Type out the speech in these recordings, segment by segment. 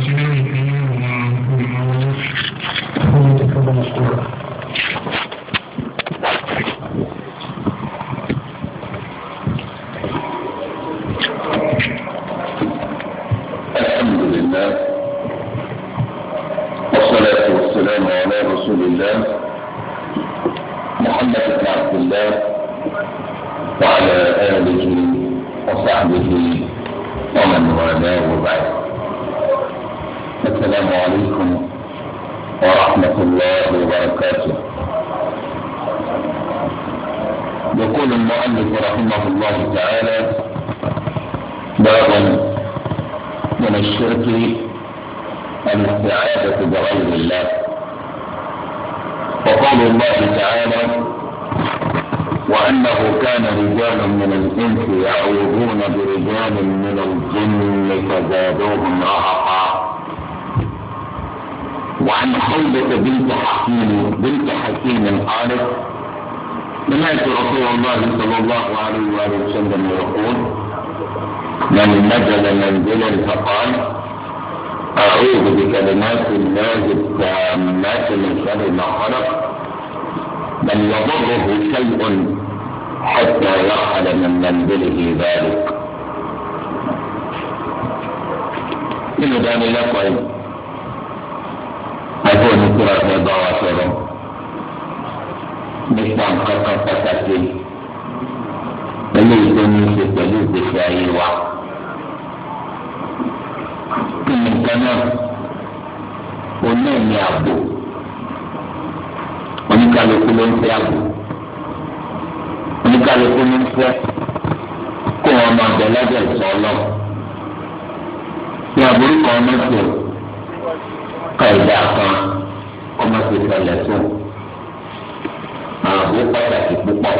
Deus الله تعالى وأنه كان رجال من الإنس يعوذون برجال من الجن فزادوهم رهقا وعن خلدة بنت حكيم بنت حكيم قالت سمعت رسول الله صلى الله عليه وآله وسلم يقول من نزل منزلا فقال أعوذ بكلمات الله التامات من شر ما خلق بل يضره شيء حتى يرحل من منزله ذلك إلى داني يقعد أكون كرة ضواصر مثل أن قطع فتاتي بلي دني في تلوك بشايوة من كنف ونين يعبدو oníkàlùkù ló ń fẹ́ àbò oníkàlùkù ló ń fẹ́ kó wọn máa bẹ̀ lọ́dẹ̀ sọ́ọ́lọ́ ní àbúrò kan mọ́tò ká ìdá kan kó má ti ṣẹlẹ̀ tó àbò pàtàkì púpọ̀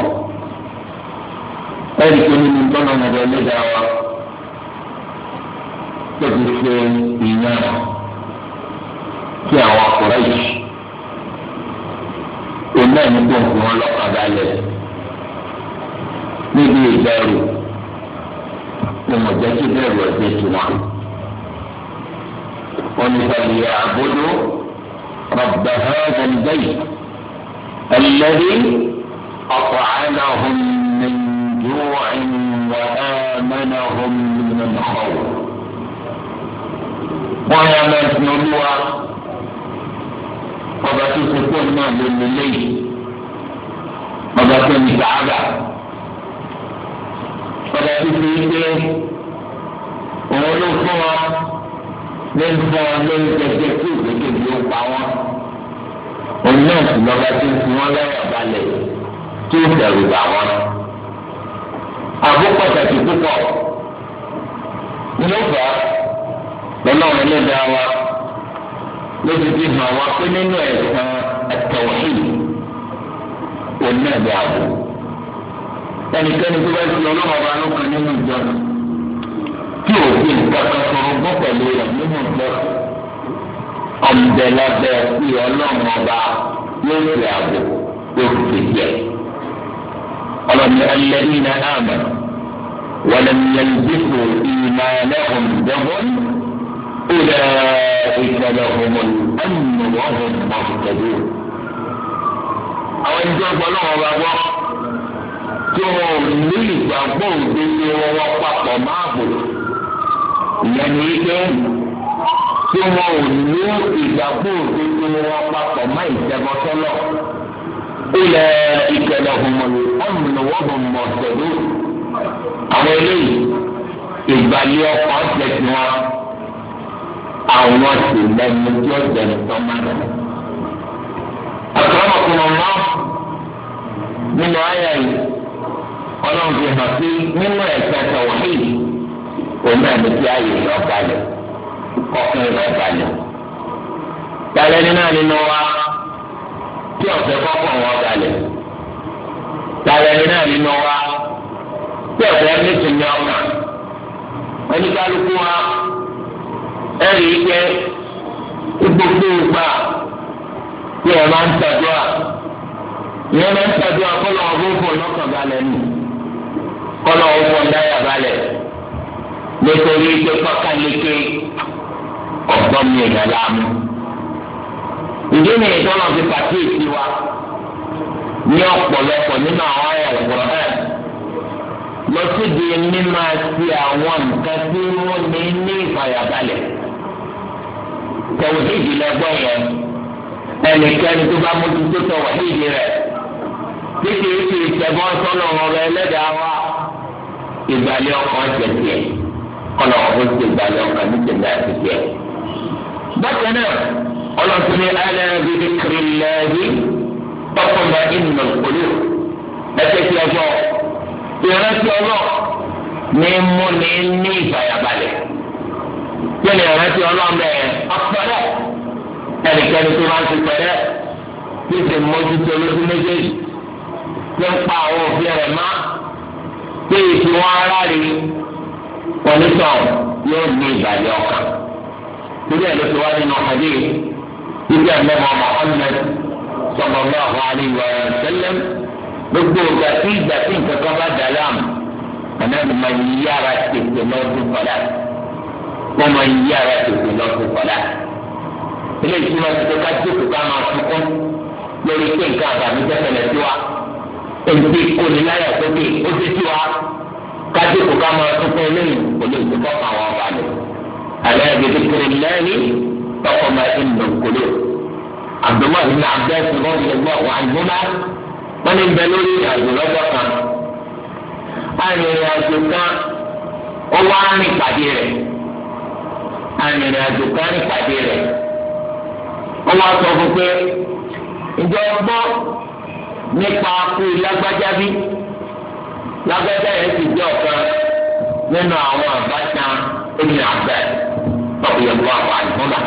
ẹ̀rí pé nínú tọ́nà ọmọdé ọlọ́dà wa tó ti ṣe ìyàn kí àwọn akọ̀rọ̀ yìí. òun náà ní kó ń fi wọn lọ́kàn balẹ̀ níbi ìbẹ̀rù ìmọ̀jẹ́ tí bẹ̀rù ọ̀jẹ̀ tí wọn. onífẹ̀lẹ̀ àbójú rọ̀bẹ̀ hẹ́ẹ̀dẹ̀n bẹ́yì ẹlẹ́rìí ọ̀pọ̀ àná hùn mí jùwọ̀ ìwọ̀ ẹ̀ẹ́mẹ́nà hùn mí nìkan. wọ́n yà mẹ́sìn olúwa. ọba tó ti kó náà ló lè léyìí ọba tó ní sàábà ọba tó ti gbé òun ló fún wa ló ń fún wa ló ń tẹ̀sẹ̀ tí òkèké ló pa wọn òun náà sì lọ́ba tó ń fún wọn lọ́wọ́ balẹ̀ tó dẹ̀rù bà wọn. àbó pàtàkì púpọ̀ ni ó lọ́nà òun wa ló ti fi hàn wá pé nínú ẹ̀sán ẹ̀tọ̀wọ̀sì òun náà bẹ àbò ẹnikẹ́ni tó bá ti ọlọ́mọ ọba lọ́kàn nínú ìjọ tí ò fi ìtàkà sọ̀rọ̀ gbọ́ pẹ̀lú rẹ̀ nínú ìjọ ọ̀mùdẹ̀lábẹ́ sí ọlọ́mọ ọba yóò fi àbò yóò fi jẹ ọlọ́mọ ẹlẹ́yìn náà àmà wọ́n lè yẹn dìbò ìmọ̀ ẹlẹ́kùn dẹ́gbọ́n. أولئك لهم الأمن وهم مهتدون àwọn ìjọ ọlọ́wọ́ bá wọ́ tí wọn ò ní ìgbàgbọ́ òde ní wọn wọ́n papọ̀ máa bò ìyẹn ní ike tí wọn ò ní ìgbàgbọ́ òde ní wọn papọ̀ máa ìjẹ́bọ sọ́lọ̀ ilẹ̀ ìkẹlẹ̀ ọ̀hùnmọ̀lẹ̀ ọ̀mùnúwọ̀bùn mọ̀ọ́sẹ̀dó àwọn eléyìí ìgbàlẹ̀ ọkọ̀ ọ̀sẹ̀ tiwọn. àwọn sì lẹ́nu tí ó jẹun tán máa nínú ayé yìí ọlọ́run fi hàn sí nínú ẹ̀sẹ̀ òun náà ní kí ayé rẹ̀ balẹ̀ rẹ̀ balẹ̀. Tàlẹ́ náà nínú wa tí ọ̀sẹ̀ wọn balẹ̀. Tàlẹ́ náà nínú wa tí ọ̀sẹ̀ ní Oníkálukú ẹ̀rí yẹ gbogbo ìgbà tí ẹ máa ń tàdúrà ìyẹn máa ń tàdúrà kọ́lọ̀ ọ̀gbọ́n fún ọlọ́kàn balẹ̀ nù kọ́lọ̀ ọ̀gbọ́n dáyà balẹ̀ nítorí pé pákàleke ọ̀gbọ́n mi ìyá láàmú. ìdí ni ìtọ́nà ti pàkíyèsí wa ní ọ̀pọ̀lọpọ̀ nínú àwọn àyà ìgbọ̀n náà lọ síbi mímáa ti àwọn nǹkan tí wọ́n ní ní ìfàyàbalẹ̀ tẹ̀wọ̀hídì lẹ́gbọ́n yẹn ẹnikẹ́ni tó bá mójútó tẹ̀wọ̀hídì rẹ̀ títí ti ìtẹ̀bọ́ sọ́nà ọ̀rọ̀ ẹlẹ́dàá wa ìgbàlẹ̀ ọkàn tẹ̀tẹ̀ kọ́nà ọ̀hún ti ìgbàlẹ̀ ọkàn ní tẹ̀lẹ̀ àtẹ̀tẹ̀. bákan náà ọlọ́sìn ní alẹ́rẹ́bí ní kìrìlẹ́ẹ̀bí tọkùnmọ́ ìnùnà òkúlù ẹ̀ṣẹ̀ ti ìrántí ọlọ́ ní mú ní ní ìfàyàbalẹ̀ kí ni ìrántí ọlọ́mọ ẹ̀ ọ̀pẹ̀rẹ̀ ẹnikẹ́ni tó máa ń ti pẹ̀rẹ̀ tí ì sì mójútó lójú méjèèjì tí ń pa àwọn òbí rẹ̀ má tí ì fi wọ́n ara rí onítọ̀ yóò ní ìbàjẹ́ ọkàn. Torí ẹ̀ ló ti wá nínú ọ̀hádé ibi àmẹ́mọ́ Muhammad sallallahu alaihi wa sallam gbogbo ìgbà tí ìgbà tí nǹkan kan bá dà láàmú ọ̀nà ìmọ̀ yíyára tètè lọ́dún padà wọ́n máa yí ara tòkè lọ́sùn kọ́lá. ilé ìtura ti tó ká jókòó ká máa sunkún lórí pé nǹkan àbàmì tẹ́tẹ̀lẹ̀ sí wa èdè ìkóniláyà sókè ó ti sí wa ká jókòó ká máa sunkún lóyún kò lè tó kọ́ àwọn ọba lò. àlẹ́ àgbẹ̀dẹ̀ kiri lẹ́yìn tọkọ máa ń lò kóló. abdullahi ibn abdul sọgbọn ti gbọ́ wà nígbà wọ́n ní bẹ lórí àjò kan. arìnrìn àjò kan ó wá rìn pàdé rẹ̀ arìnrìn àjò kan nípàdé rẹ̀ ó wá sọ fún pé ǹjẹ́ ẹ gbọ́ nípa kú lágbájá bí lágbájá yẹn ti jẹ́ ọ̀kan nínú àwọn àbátan ẹni àbẹ́ tọ́kù yẹn bọ́ àwọn àdúgbò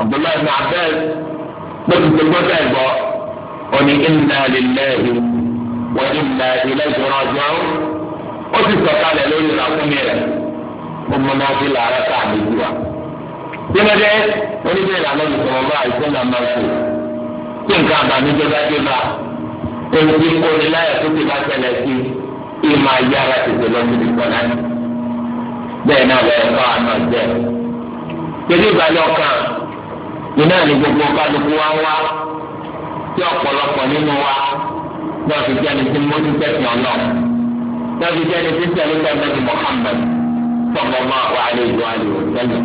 àbúlá ẹni àbẹ́ lórí gbogbo bẹ́ẹ̀ gbọ́ ó ní inna lillahi wa inna ilayhi raji'un ó ti sọ̀kalẹ̀ lórí ìlàkúnmí rẹ̀ mo mọ náà fi làárá ká àmì wúwa. Bímọdé oníbẹ̀ ìlànà ìsọ̀rọ̀ bá àìsàn náà máa fò. Kí nǹkan àbànújẹ́ bá dé bá ẹni tí kò ní láyà tó ti bá ṣẹlẹ̀ sí ìmọ̀ ayára tètè lọ sí ìgbọ̀n náà. Bẹ́ẹ̀ náà lọ́yẹ̀ fún àwọn náà jẹ́. Pẹ̀lú ìbálẹ̀ ọkàn, iná ní gbogbo kálukú wá wá tí ọ̀pọ̀lọpọ̀ nínú wa náà fi jẹ́ni tí mo ti tẹ̀sán náà. Náà fi jẹ́ni tí tẹ̀lé tẹ̀lé Muhammad sallallahu alaihi wa sallam.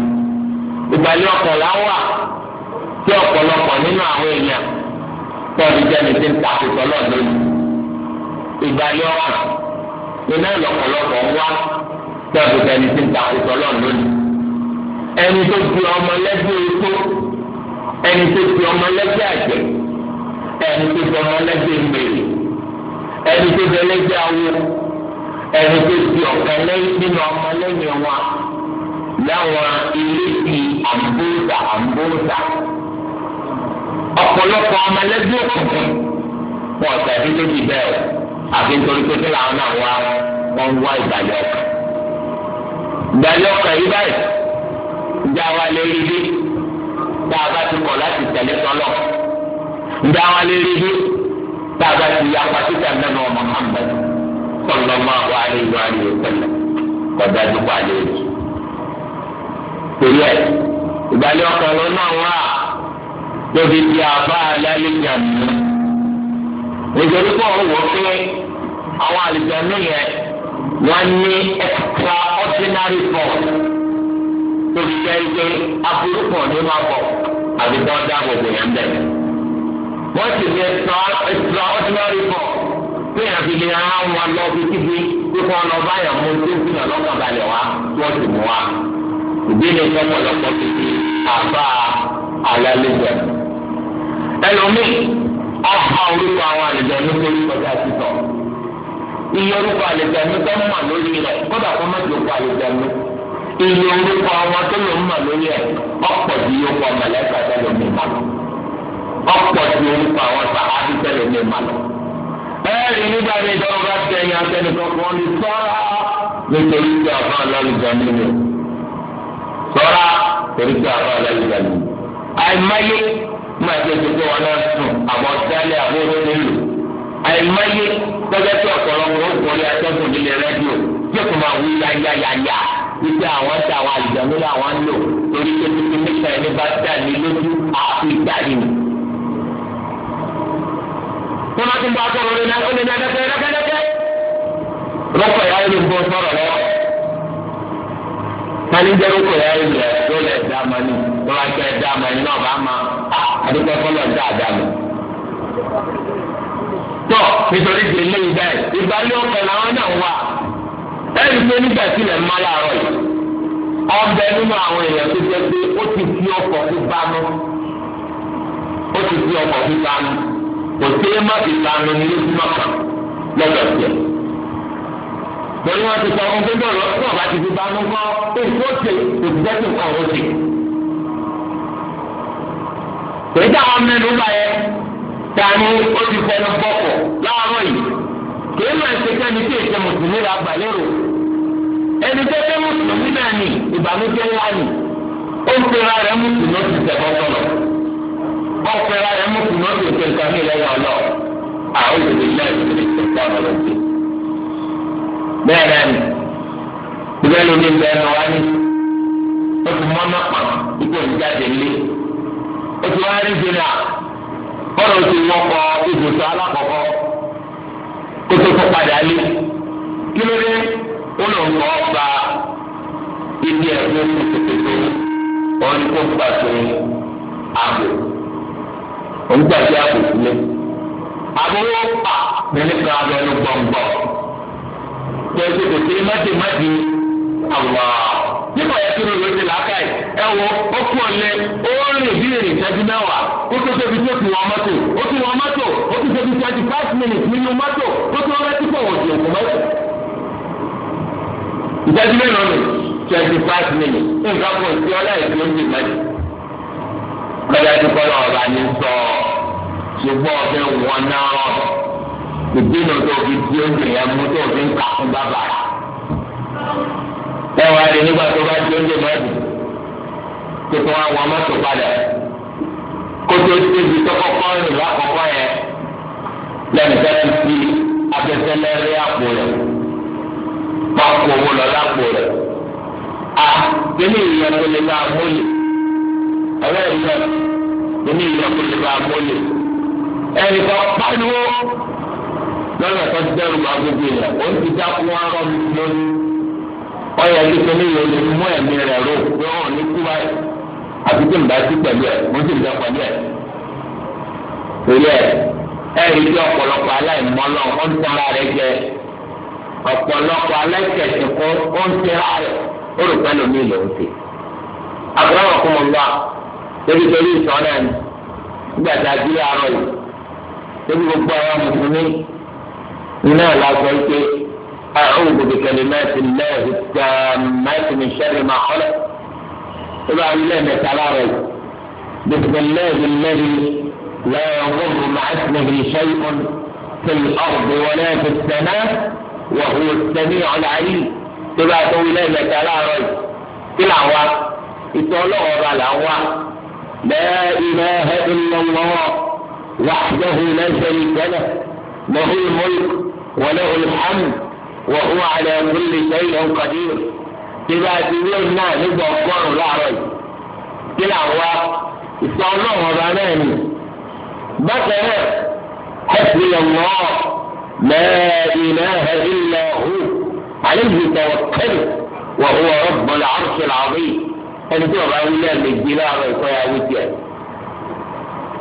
ìgbàlẹ̀ ọ̀kànlá wà tí ọ̀pọ̀lọpọ̀ nínú àwọn èèyàn tọ́ọ̀dù jẹ́ni tí ń ta àfihàn náà lónìí. ìgbàlẹ̀ ọ̀kàn nínú ọ̀pọ̀lọpọ̀ wá tọ́ọ̀dù jẹ́ni tí ń ta àfihàn náà lónìí. ẹni tó di ọmọ lẹ́gbẹ́ ikú ẹni tó di ọmọ lẹ́gbẹ́ àjẹ́ ẹni tó di ọmọ lẹ́gbẹ́ mèrè ẹni tó di ọmọ lẹ́gbẹ́ awo ẹni tó di ọ̀kan nínú ọmọ lẹ́yìn wọn láwọn ilé ti àǹbóòdà àǹbóòdà ọ̀pọ̀lọpọ̀ ọmọlẹ́bí òkùnkùn wọn ọ̀sẹ̀ àdéjọ́ ti bẹ́ẹ̀ àfi nítorí pé kí làwọn náà wá wọn wá ìgbàlẹ̀ ọkàn ìgbàlẹ̀ ọkàn yìí báyìí ìjà wa lè rí bí tá a bá ti kọ̀ sallallahu alaihi wa alihi wa sallam kọjá dúpọ̀ àlẹ́ yìí. torí ẹ̀ ìgbàlẹ̀ ọkọ̀ ló náà wà lóbi di àbá alẹ́ jàmù. nítorí pé òun wò pé àwọn àlùjànnú yẹn wọ́n ní extraordinary force tó fi jẹ́ ike aburú pọ̀ nínú ọkọ̀ àbí tó ń dáàbò bò yẹn bẹ̀rẹ̀. wọ́n sì ní extraordinary force. bẹ́ẹ̀ fi lè ra wọn lọ bí kíbi bí wọ́n lọ báyọ̀ mú tó ń gbìyànjú lọ́kàn balẹ̀ wá tí sì mú wa. ti di àbá ẹlòmíì orúkọ àwọn àlejò kọjá iye orúkọ àlejò mọ̀ lórí rẹ̀ kó má jòkó àlejò iye orúkọ àwọn tó lò ń mọ̀ lórí ẹ̀ ọ̀pọ̀ tẹ́lẹ̀ mi bẹ́ẹ̀ ni nígbà mi ìjọba bá tẹ ẹ̀yìn àtẹnìkan kan ní sọ́ra nítorí pé àbá alágbèjà nínú sọ́ra torí pé àbá alágbèjà nínú. àìmáyé máa ṣe tó wọn náà sùn àbọ̀ dálẹ̀ àbúrò nílò àìmáyé gbẹ́gbẹ́ tí ọ̀pọ̀lọpọ̀ ó gbọ́lé atẹ́gùn nílé rẹ́díò yóò tún máa wí yáyáyáyá wípé àwọn tí àwọn àlùjá nílò àwọn ń lò torí pé tuntun nípa ẹni bá dà wọn bá ti ń bọ akọrọ rẹ náà ó lè ní adẹ́tẹ́ rẹ́kẹ́rẹ́kẹ́ rọ́pò ìyá rẹ ló sọ̀rọ̀ lọ. tani jẹ́ ma ní dá ma ní náà bá ma àdúgbò fọlọ́ dá dá mi. tọ́ nítorí ti ìgbà ìgbà làwọn náà wà nígbà tí ilẹ̀ má láàárọ̀ kò sí ẹ má ìlànà ní ojú náà kàn lọ́dọ̀ tiẹ̀. Bẹ́ẹ̀ni wọ́n ti sọ ọkùnrin tó ń bọ̀ lọ́wọ́ tí ọba ti fi bá mú kọ́ òkú òsè òṣìṣẹ́ tó kọ̀ ọ̀rọ̀ sí. Èyí táwọn bá yẹ tani ó ti fẹnu bọ̀kọ̀ láàárọ̀ yìí. Kìí lọ ẹsẹ̀ kẹ́ni tí èsì mùsùlùmí la gbà lérò. Ẹni tó dé mùsùlùmí náà nì ìbànújẹ́ wá nì. Ó ń pera rẹ̀ mùsùlùmí ó ti tẹ̀ bọ́ ọ̀pẹ̀ra rẹ̀ mú kùnà tó tó nǹkan mi lẹ́yìn ọ̀nà àwọn olùdílé ìdílé tó ń bá wọn lọ sí. bẹ́ẹ̀ náà ni ìbẹ́ ló ní ìgbẹ́ ẹnu wá ní ó ti mọ́ náà pàmò ipò ìjáde lé ó ti wá rí jìnnà bọ́ọ̀lù ti wọ́pọ̀ ibùsọ̀ alákọ̀ọ́kọ́ kó tó tó padà lé kí ló dé ó lọ ń kọ́ ọba ilé ẹ̀kọ́ kòtòkòtò wọn ni kó gbà tó àbò onígbàtí àpòsílẹ̀ àbúrò pa nípa abẹnú gbọ̀ngbọ̀ pẹ̀lú kòtò mọ́tìmọ́tì àwọ̀ nípa ẹ̀ kí ló ló ti làákàyè ẹ wo ó kú ọ̀lẹ́ ó rìn bí èrè ìtẹ́jú mẹ́wàá ó tó tóbi tó ti wọ mọ́tò ó ti wọ mọ́tò ó ti tóbi twenty five minutes nínú mọ́tò ó tó rẹ́ tíkọ̀ wọ̀ jù òkú mọ́tò. ìtẹ́jú mélòó ni twenty five minutes nǹkan kan sí ọlá ìdúró ti mọ́tò lọ́dájú kọ́ náà ọba ní sọ ṣùgbọ́n ọ̀fẹ́ wọn náà ìdínà tó fi di oúnjẹ yẹn mú tó fi ń kà fún bàbà. ẹ wá rí nígbà tó bá di oúnjẹ mẹ́rin tó tó wá wọn mọ́tò padà kó tó débi tó kọ́kọ́ rìn lákọ̀ọ́kọ́ yẹn lẹ́nu tó ti fi abẹ́sẹ́lẹ́ rí àpò rẹ̀ pàpò owó lọ lápò rẹ̀. a kí ni ìyẹn tó lè máa múlẹ̀ ọ̀rẹ́ ìlọ oní ìyọkùnrin bá mọ́lẹ̀ ẹnì kan pariwo lọ́nà tó ti dẹ́rù bá gbogbo ìyà ó ti dákú wọn rọ́ mi lórí ọyọ ẹni tó ní ìyọ lè mú ẹ̀mí rẹ̀ ró pé wọn ò ní kú báyìí àti tí n bá sí pẹ̀lú ẹ̀ mo sì ń dá pẹ̀lú ẹ̀ pẹ̀lú ẹ̀ ẹ̀rí bí ọ̀pọ̀lọpọ̀ aláìmọ́lọ́ ó ń tara rẹ̀ jẹ ọ̀pọ̀lọpọ̀ alẹ́kẹ̀ẹ́sìnkún ó ń tẹ́ra rẹ̀ ó rò pẹ́ lómi ìlò òsè àbúrò ọ̀kùnrin náà débi torí ìtàn náà ni nígbà tá a di àárọ̀ yìí débi gbogbo àwọn mùsùlùmí iná làásọ pé àwọn òbòdìkẹlẹ náà ti lẹ́ẹ̀hìn tá a máa ti ní sẹ́rì máa kọ́lẹ̀ nígbà wọn ilé mẹ́ta láàárọ̀ yìí bísí lẹ́ẹ̀hìn lẹ́ẹ̀hìn lẹ́ẹ̀hìn wọ́n máa ti ní ìṣẹ́yìn في الأرض ولا في السماء وهو السميع العليم تبعته إلى متى لا ريب تلعوا ìtọ́ ọlọ́wọ́ ọba là لا إله إلا الله وحده لا شريك له له الملك وله الحمد وهو على كل الليل قدير إذا تزيلنا هذا الضر لا ريب كلا هو استعلم وبناني بكرة حسبي الله لا إله إلا هو عليه توكلت وهو رب العرش العظيم ẹni tí ọba wílẹ̀ lè gbé láàárọ̀ ìkọ́ ya wí tiẹ̀.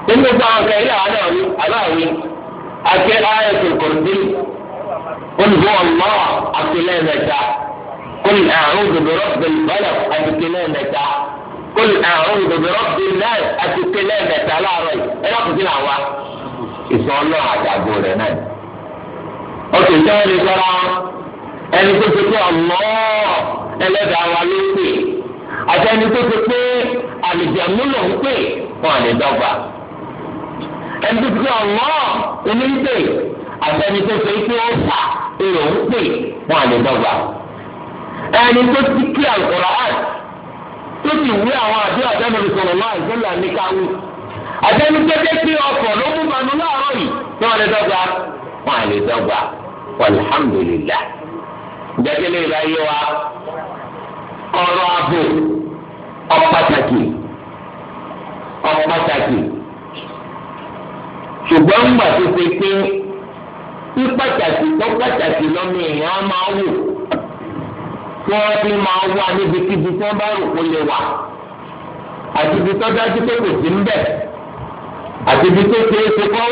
nínú gbogbo àwọn kẹrin àwọn náà wí aláwí àti ayé kòkòrò olùkọ́ ọ̀nà àtúlẹ̀ mẹ́ta kul àrùn dòdòrò bẹ̀lẹ̀ àtúlẹ̀ mẹ́ta kul àrùn dòdòrò bẹ̀lẹ̀ àtúlẹ̀ mẹ́ta láàárọ̀ yìí ẹ̀rọ kùtì là wá. ìsàn ọlọ́ àdàbò rẹ̀ náà. ọkè jẹ́ ẹni sọ́ra ẹni tó ti kú ọ̀nà ẹlẹ́dàá wa ló àtẹni tó ti pé àlìjẹ̀mú ló ń pè wọn à lè dọ́gba ẹni tó ti pé ọ̀wọ́ onígbè àtẹni tó ti pé ó fà èrò ń pè wọn à lè dọ́gba ẹni tó ti kí Al-Qur'an tó ti wí àwọn àdúrà tẹ́lẹ̀ sọ̀rọ̀ náà ìṣẹ̀lẹ̀ àníkàwé àtẹni tó ti pé ọkọ̀ ló mú banú láàárọ̀ yìí wọn à lè dọ́gba wọn à ìlà yé wa. ọrọ ààbò ọ̀pàtàkì ọ̀pàtàkì ṣùgbọ́n ńgbà tó ṣe pé pípàtàkì tó lọ́mọ èèyàn máa wò tí wọ́n fi máa wà níbikíbi tí wọ́n bá rò kó lè wà àti ibi tó dájú pé kò sí àti ibi tó ṣe é ṣe kọ́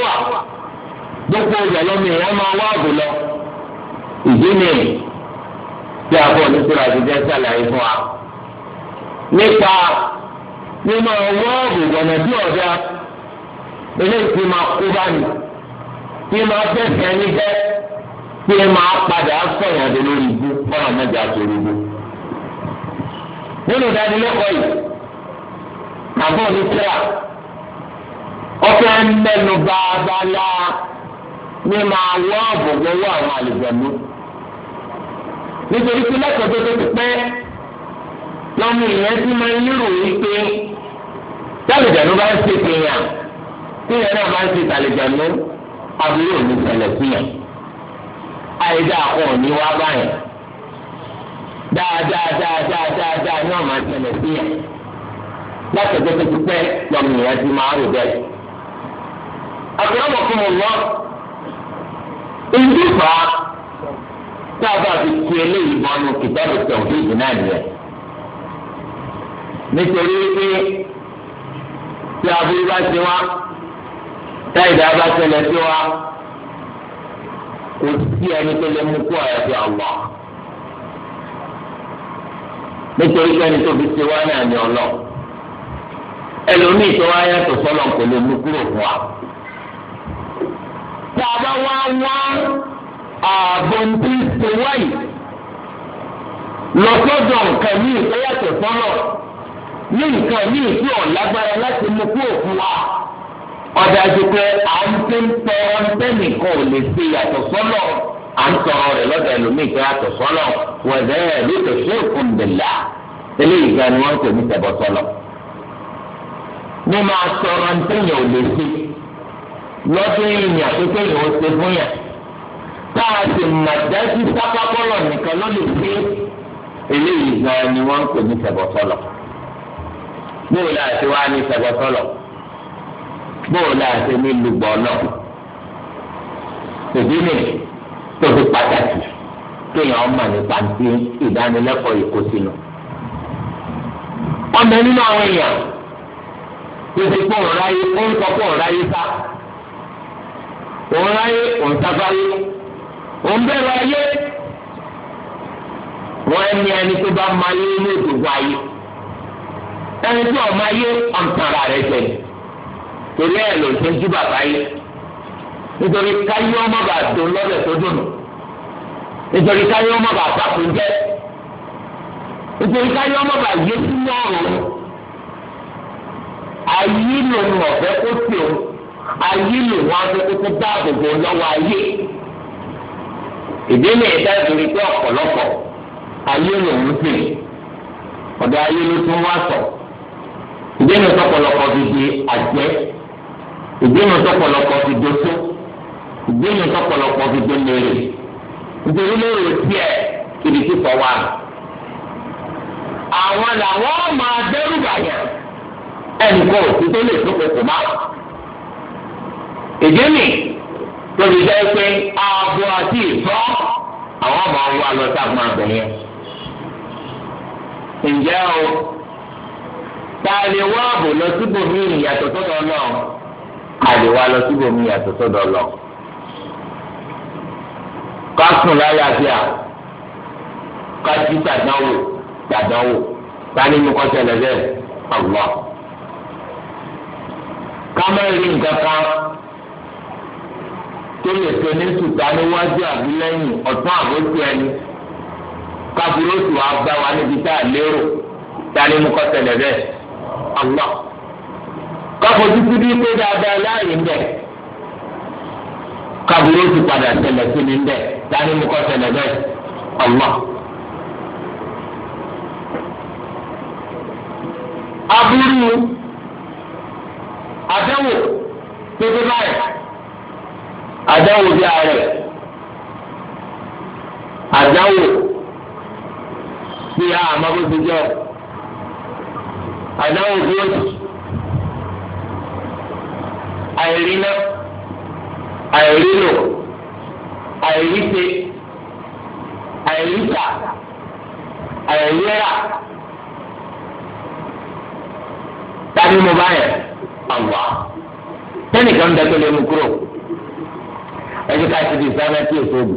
bí a bọ̀ nítorí àtijọ́ sàlàyé fún wa. nípa nínú ọwọ́ ògùnbọ̀nà tí ọ̀dà eléyìí ti máa kú báyìí tí máa bẹ̀sẹ̀ ní bẹ́ tí máa padà sọ̀yàn dé lórí ibú ọ̀rọ̀ mẹ́jọ àtòrí ibú. nínú ìdánilẹ́kọ̀ọ́ yìí àbọ̀ ọ̀fẹ́ mẹ́nu bá a bá ní nítorí pé lẹ́kọ̀ọ́ tó ti pẹ́ lọ́mú ìyẹn tí máa ń nírò wípé tálẹ̀jànú bá ń ṣe tìyàn tíyẹn náà bá ń ṣe tàlẹ̀jànú àbúrò òní ṣẹlẹ̀ síyàn àìdá àkọ́ òní wá báyìí dáadáa dáadáa dáadáa ní ọ̀mà ṣẹlẹ̀ síyàn lẹ́kọ̀ọ́ tó ti pẹ́ lọ́mú ìyẹn tí máa ń rò bẹ́ẹ̀. àkùrọ̀mọ̀kùnmọ̀ lọ ìdúfà tá a bá fi ti eléyìí bọ́nu kìtàbù tọ̀hídì náà nìyẹn. nítorí pé tí aburú bá ti wá táyìdá bá ṣẹlẹ̀ sí wa kò sí ẹni tó lè mú kó àyàfi Allah. nítorí sẹ́ni tó fi ti wá náà ní ọlọ́ ẹlòmíì tó wá yàtọ̀ sọ́lọ̀ kò lè mú kúrò fún wa. tá a bá wá wá ààbò tí ń ṣe wáyé lọ́sọ̀dọ̀ nǹkan míì tó yàtọ̀ sọ́nà ní nǹkan míì tí ò lágbára láti mú kú òkú wa ọ̀dájú pé à ń tí ń tọrọ ntẹ́nìkan ò lè ṣe yàtọ̀ sọ́nà à ń tọrọ rẹ̀ lọ́dọ̀ ẹlòmíì tó yàtọ̀ sọ́nà wọ̀dẹ́ ẹ̀ ló tó ṣe òkun bìlà eléyìí gan ni wọ́n ń pè ní tẹ̀bọ̀ sọ́nà. mo máa tọrọ tá a sì mọ̀ dájú sábàbọ̀lọ̀ nìkan ló lè pé eléyìí gan ni wọ́n ń pè ní sẹ̀bọ̀sọ̀lọ̀ bóò la ṣe wá ní sẹ̀bọ̀sọ̀lọ̀ bóò la ṣe ní lùgbọ̀ náà tòbí mi tó fi pàtàkì kéèyàn mọ̀ nípa ti ìdánilẹ́kọ̀ọ́ ìkó sínú. ọmọ nínú àwọn èèyàn tó ti pọ̀ ọ̀ráyé ó ń sọ pọ̀ ọ̀ráyé sá ọ̀ráyé òǹtàbáyé òun bẹ̀rù ayé wọ́n ní ẹni tó bá máa yé ní ìdìbò ayé ẹni tí ọ̀ máa yé ọ̀ǹtara rẹ̀ jẹ torí ẹ̀ ló ti ń jú bàbá yé nítorí káyé ọmọ bàá dùn lọ́dẹ̀ tó dùn nítorí káyé ọmọ bàá bàkún jẹ́ nítorí káyé ọmọ bàá yé sínú ọ̀rọ̀ ayé lòun kó tiò ayé lòun afẹ́ tó dáàbò bò lọ́wọ́ ayé ìdílé ìdájúri pé ọ̀pọ̀lọpọ̀ ayé lòún pè ọ̀dọ̀ ayé ló tún wá sọ ìdílé tọ̀pọ̀lọpọ̀ ti di àjẹ́ ìdílé tọ̀pọ̀lọpọ̀ ti dosó ìdílé tọ̀pọ̀lọpọ̀ ti dolèrè nítorí lóòrò tiẹ̀ kìdí kíkọ wa àwọn làwọn máa dẹ́rù bàyàn ẹnì kan ò sí tó lè tó kòkò máa ìdílé tóbi jẹ́ pé aago àti ìfọ́ àwọn ọmọ wa lọ sáfún abẹ́yẹ. ǹjẹ́ o ta lè wá ààbò lọ síbò mí ìyàtọ̀ sọ́dọ̀ náà a lè wá lọ síbò mí ìyàtọ̀ sọ́dọ̀ lọ. ká sùn lálàáfíà ká jí tàdánwò tàdánwò ta ni mo kọ́ ṣẹlẹ̀ bẹ́ẹ̀ ọ̀gbọ́n. ká má rí nǹkan kan tó lè pe ní sùtá níwájú àbí lẹ́yìn ọ̀tún àbójú ẹni kábíyèsí wa bá wa níbi tá a lérò dání mú kọ́sẹ̀lẹ̀ bẹ́ẹ̀ Allah káfojú sí bí pé dáadáa láàyè ń bẹ̀ kábíyèsí padà ṣẹlẹ̀ sí ni ń bẹ̀ dání mú kọ́sẹ̀lẹ̀ bẹ́ẹ̀ Allah. aburú àdéhùn pépé báyìí àdáwò bí àárẹ̀ àdáwò bí àmọ́ bó ti jẹ́ àdáwò bí ó ti àìríná àìrílò àìríṣe àìríṣà àìríra tani mo bá yẹn àwọn tẹnìkan dẹ́gbẹ́lẹ́ mu kúrò ẹjẹ ká ti di ìsáná tí èso ògùn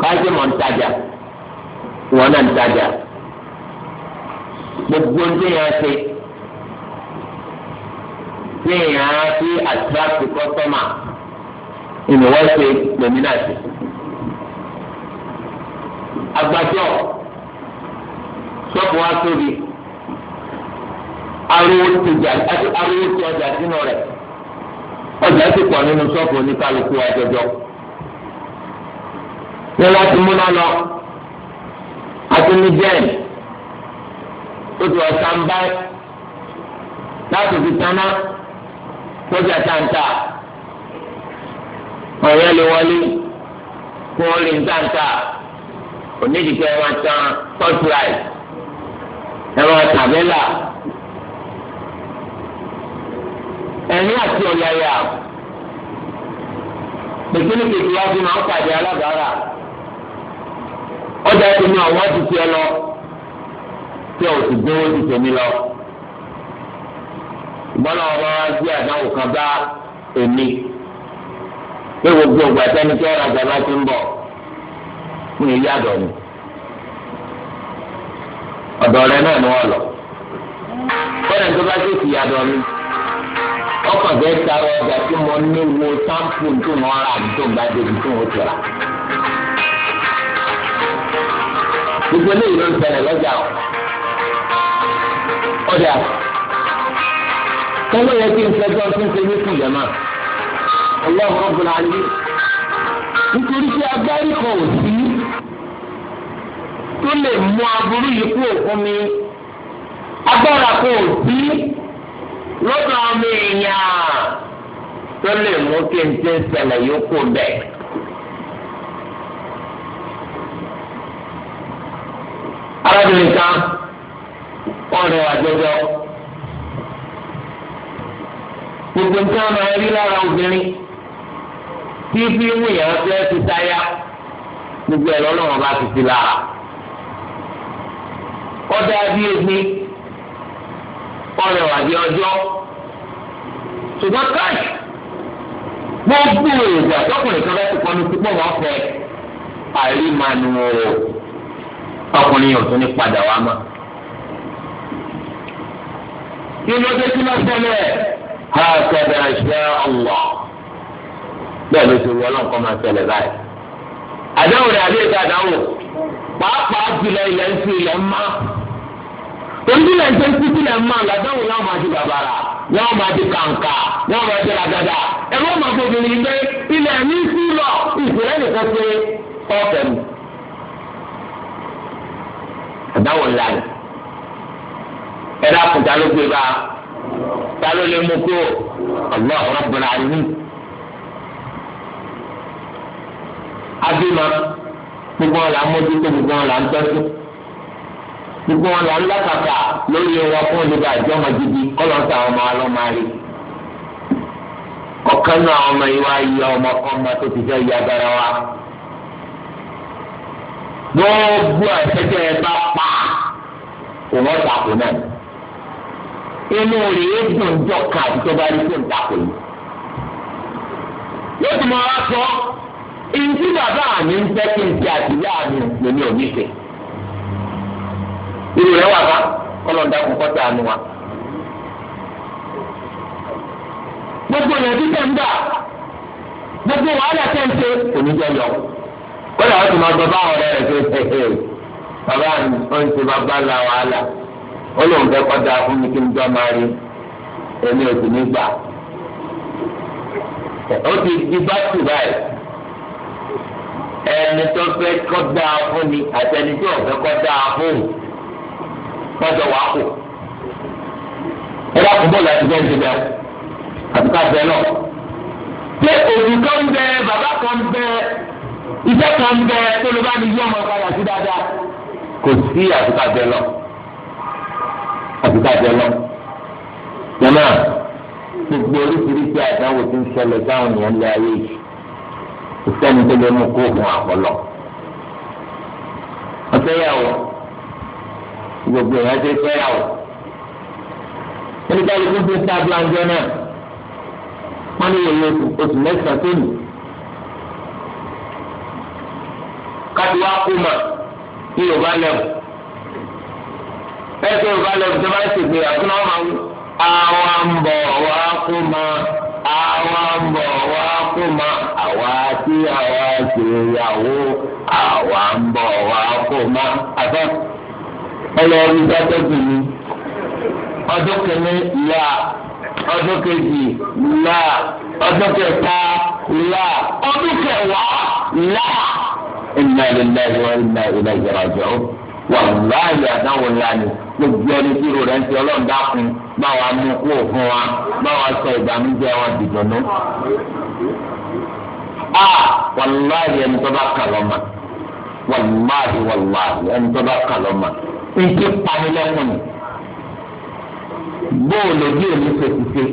káyọ̀tì mọ̀ ń tajà wọn náà ń tajà gbogbo ń tẹ̀yàn ṣe tẹ̀yàn fi attract kọ́sọ́mà ìnáwọ́sẹ̀ lèmi náà ṣe. agbájọ ṣọ́ọ̀bù wa tóbi ariwo ti ọjà sínú rẹ̀ ọjà ti pọ̀ nínú ṣọ́ọ̀bù oníkálukú àjọjọ. ní láti múná lọ àti ní jẹ́ẹ̀n ó ti ọ̀sán báyìí láti fi taná lọ́jà táǹtà ọ̀rẹ́ lè wọlé kó o lè táǹtà onídìgbẹ́ wọn tán tọ́jú àì ẹ̀rọ tàbẹ́là. ẹ̀rín àti ọ̀yàyà pèkínní kejì wá sí máa ń pàdé alábàárà ọjà ti ní ọwọ́ ti tiẹ̀ lọ tí sì ti lọ ọba wa sí àdáwò kan bá èmi pé gbogbo tí ọ̀rọ̀ àgbà bá ti ń bọ̀ fún èyí àdọ̀ ni ọ̀dọ̀ rẹ náà ni wọ́n lọ kọ́lẹ̀ tó bá ọkàn fẹ́ tara ọjà tí mo ní wo sáǹpù tó wọ́n rà tó gba débi tó wọ́n tẹ̀ra. gbogbo eléyìí ló ń ṣẹlẹ̀ lọ́jà o. ọjà kọ́wé yẹ kí n fẹjọ́ tó ń ṣe ní kùlẹ̀ máa. ọlọ́run ọ̀gbìn ayé. nítorí pé agbárí kan ò sí tó lè mú aburú yìí kúrò fún mi agbára kan sí lọ́dọ̀ ọmọ èèyàn tó lè mú kí n ti ń yókù bẹ́ẹ̀. arábìnrin kan wọ́n rẹ̀ àjọjọ gbogbo nǹkan máa rí lára obìnrin tí bí wíyàn fẹ́ ti táyà gbogbo ẹ̀ lọ́lọ́run bá ti ti lára. ọ̀dà bíi egbin ọrẹ wà bí ọjọ́ ṣùgbọ́n káì gbogbo èròjà tọkùnrin kan bá ti kọ́ ní púpọ̀ wọ́n fẹ́ àìrímanu o ọkùnrin yóò tún ní padà wá mọ́. kí ló dé tí wọ́n sẹ́lẹ̀ ha kẹ́dà ṣe ọ̀wọ́ bẹ́ẹ̀ ló ti wọ ọlọ́nkọ́ máa ṣẹlẹ̀ báyìí. àdáwò rẹ̀ àbí ètò àdáwò pàápàá jùlọ ilẹ̀ ń fi ilẹ̀ ń máa onídìlẹ̀ ń sẹ́ńtì sílẹ̀ ń máa làdáwò náà máa di bàbàrà wọ́n máa di kàǹkà wọ́n máa di làgàdà ẹ̀rọ máa fi obìnrin gbé ilẹ̀ ní sílọ̀ ìṣẹ̀lẹ̀ nìkan ṣe ọ̀fẹ́ mu. àdáwò ńlá ni ẹ̀rọ àkùtà ló gbé bá ta ló lè mú kó ọ̀gbọ́n ọ̀rọ̀ bọ̀rọ̀ àìní. abimá gbogbo ọ̀la mójútó gbogbo ọ̀la ń tọ́jú gbogbo wọn lọ lọ́kàkà lórí wọn fún olùgbà àjọmọ gidi kọlọ́sà ọmọ alọ́mọarí. ọ̀kan náà ọmọ yìí wá yọ ọmọ kan máa tó ti fẹ́ yí agbára wa. gbogbo àtẹ́tẹ́ ẹ bá pa òun ọ̀tàkù náà. inú rẹ̀ yóò dùn jọ̀ka àti tó bá rí tó ń takò yìí. yóò tún máa wá sọ ìdí bàbá mi ń fẹ́ kí n ṣe àtìyá mi lèmi ò fẹ́. irú rẹ̀ wà bá kọ́lọ̀ dákun wa. gbogbo yẹn ti tẹ̀ ń gbogbo wàhálà tẹ̀ ń ṣe oníjẹ lọ. kọ́lọ̀ wọn ti máa gbọ́ báwọn ọ̀rẹ́ rẹ̀ ṣe ṣe bàbá mi ó ń ṣe bàbá la wàhálà ó lóun fẹ́ kọ́ fún mi kí n lọ́jọ́ wàá kù. ẹ dákun bọ́ọ̀lù àti bẹ́ẹ̀ ti bẹ́ẹ̀ àti ká bẹ́ẹ̀ náà. pé òbí kan bẹ bàbá kan bẹ iṣẹ́ kan bẹ tó ló bá ní yí ọmọ padà sí dáadáa. kò sí àti ká bẹ́ẹ̀ lọ. àti ká bẹ́ẹ̀ lọ. jọ̀nà gbogbo oríṣiríṣi àdáwò ti ń ṣẹlẹ̀ sáwọn èèyàn lé ayé yìí. ìṣẹ́ni tó lè mú kó òkun àpọ̀lọ́. ọ̀sẹ̀ yà wọ̀. gbogbo èèyàn ṣe fẹ́yàwó oníkálukú ti ń ta blanjọ náà wọn ní yẹyẹ oṣù mẹ́sàn-án tó nù kátiwá kó mà ní yorùbá lẹ́wọ̀ ẹ̀sẹ̀ yorùbá lẹ́wọ̀ tó bá máa ń wá mà wá ọlọ́run gbàdọ́gbìn mi ọdún kìíní là ọdún kejì là ọdún kẹta là ọdún kẹwàá là inna lillahi wa inna ilayhi raji'un wàláyé àdáwò lánìí gbogbo ẹni tí rò ń ti ọlọ́run dákun bá wa mú kó fún wa bá wa sọ ìbànújẹ́ wọn dìgbònú. a wàláyé ẹni tó bá kà lọ́mà wàláyé wàláyé ẹni tó bá kà lọ́mà ètò panilẹ́kùn bóòlù bí èmi ṣe ti ṣe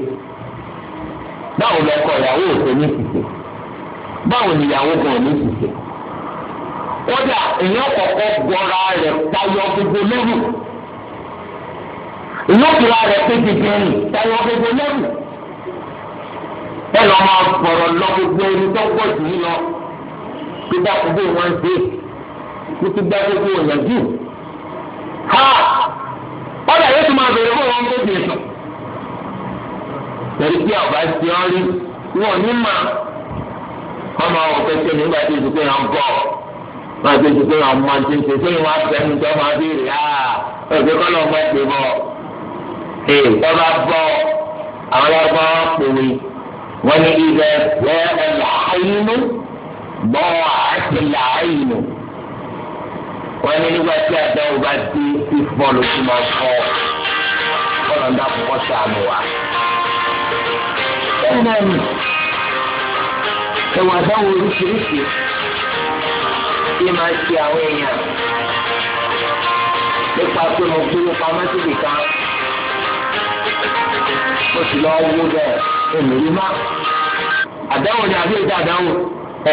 báwo lọkọ ìyàwó òṣè ní ti ṣe báwo ni ìyàwó kan ní ti ṣe kódà èèyàn kọ̀kọ́ gbọ́ra rẹ̀ tayọ gbogbo lẹ́rù èèyàn gbọ́ra rẹ̀ pé gbogbo rìn tayọ gbogbo lẹ́rù ẹ lọ́ máa gbọ̀rọ̀ lọ gbogbo ẹni tó gbọ́ jù yín lọ gbígbà gbogbo wọn ṣe títí gbà gbogbo òyìnbó ha ọ̀dà yóò tún máa bèrè fún wọn tó dé sùn. torí pé ọba ti ọ rí wọn ní mà ọmọ ọ̀hún pẹ̀sẹ̀ nígbà tí ìdúpẹ́ yẹn ń bọ̀ máa ti ìdúpẹ́ yẹn ń mọ ti ń ṣe wọn fẹ́ mi tó máa bèrè ha ọ̀gbẹ́ kọ́ lọ́ọ́ máa pè bọ̀ ee ọba bọ̀ àwọn ọba pèwé wọn ní ilẹ̀ bẹ́ẹ̀ ẹ̀ láàyè mú bọ́ọ̀ àti láàyè mú wọn ní nígbà tí àdáwò bá dé fífọ́ lójú máa fọ́ bọ́ọ̀lù ń dákun kọ́ sànù wa. bẹ́ẹ̀ náà ni ẹ̀wọ̀n àdáwò oríṣiríṣi tí máa ṣe àwọn èèyàn nípa pé mo gbówó pamọ́ síbi kan mo sì lọ wó bẹ́ẹ̀ èmi rí má. àdáwò ni àbí ìdá àdáwò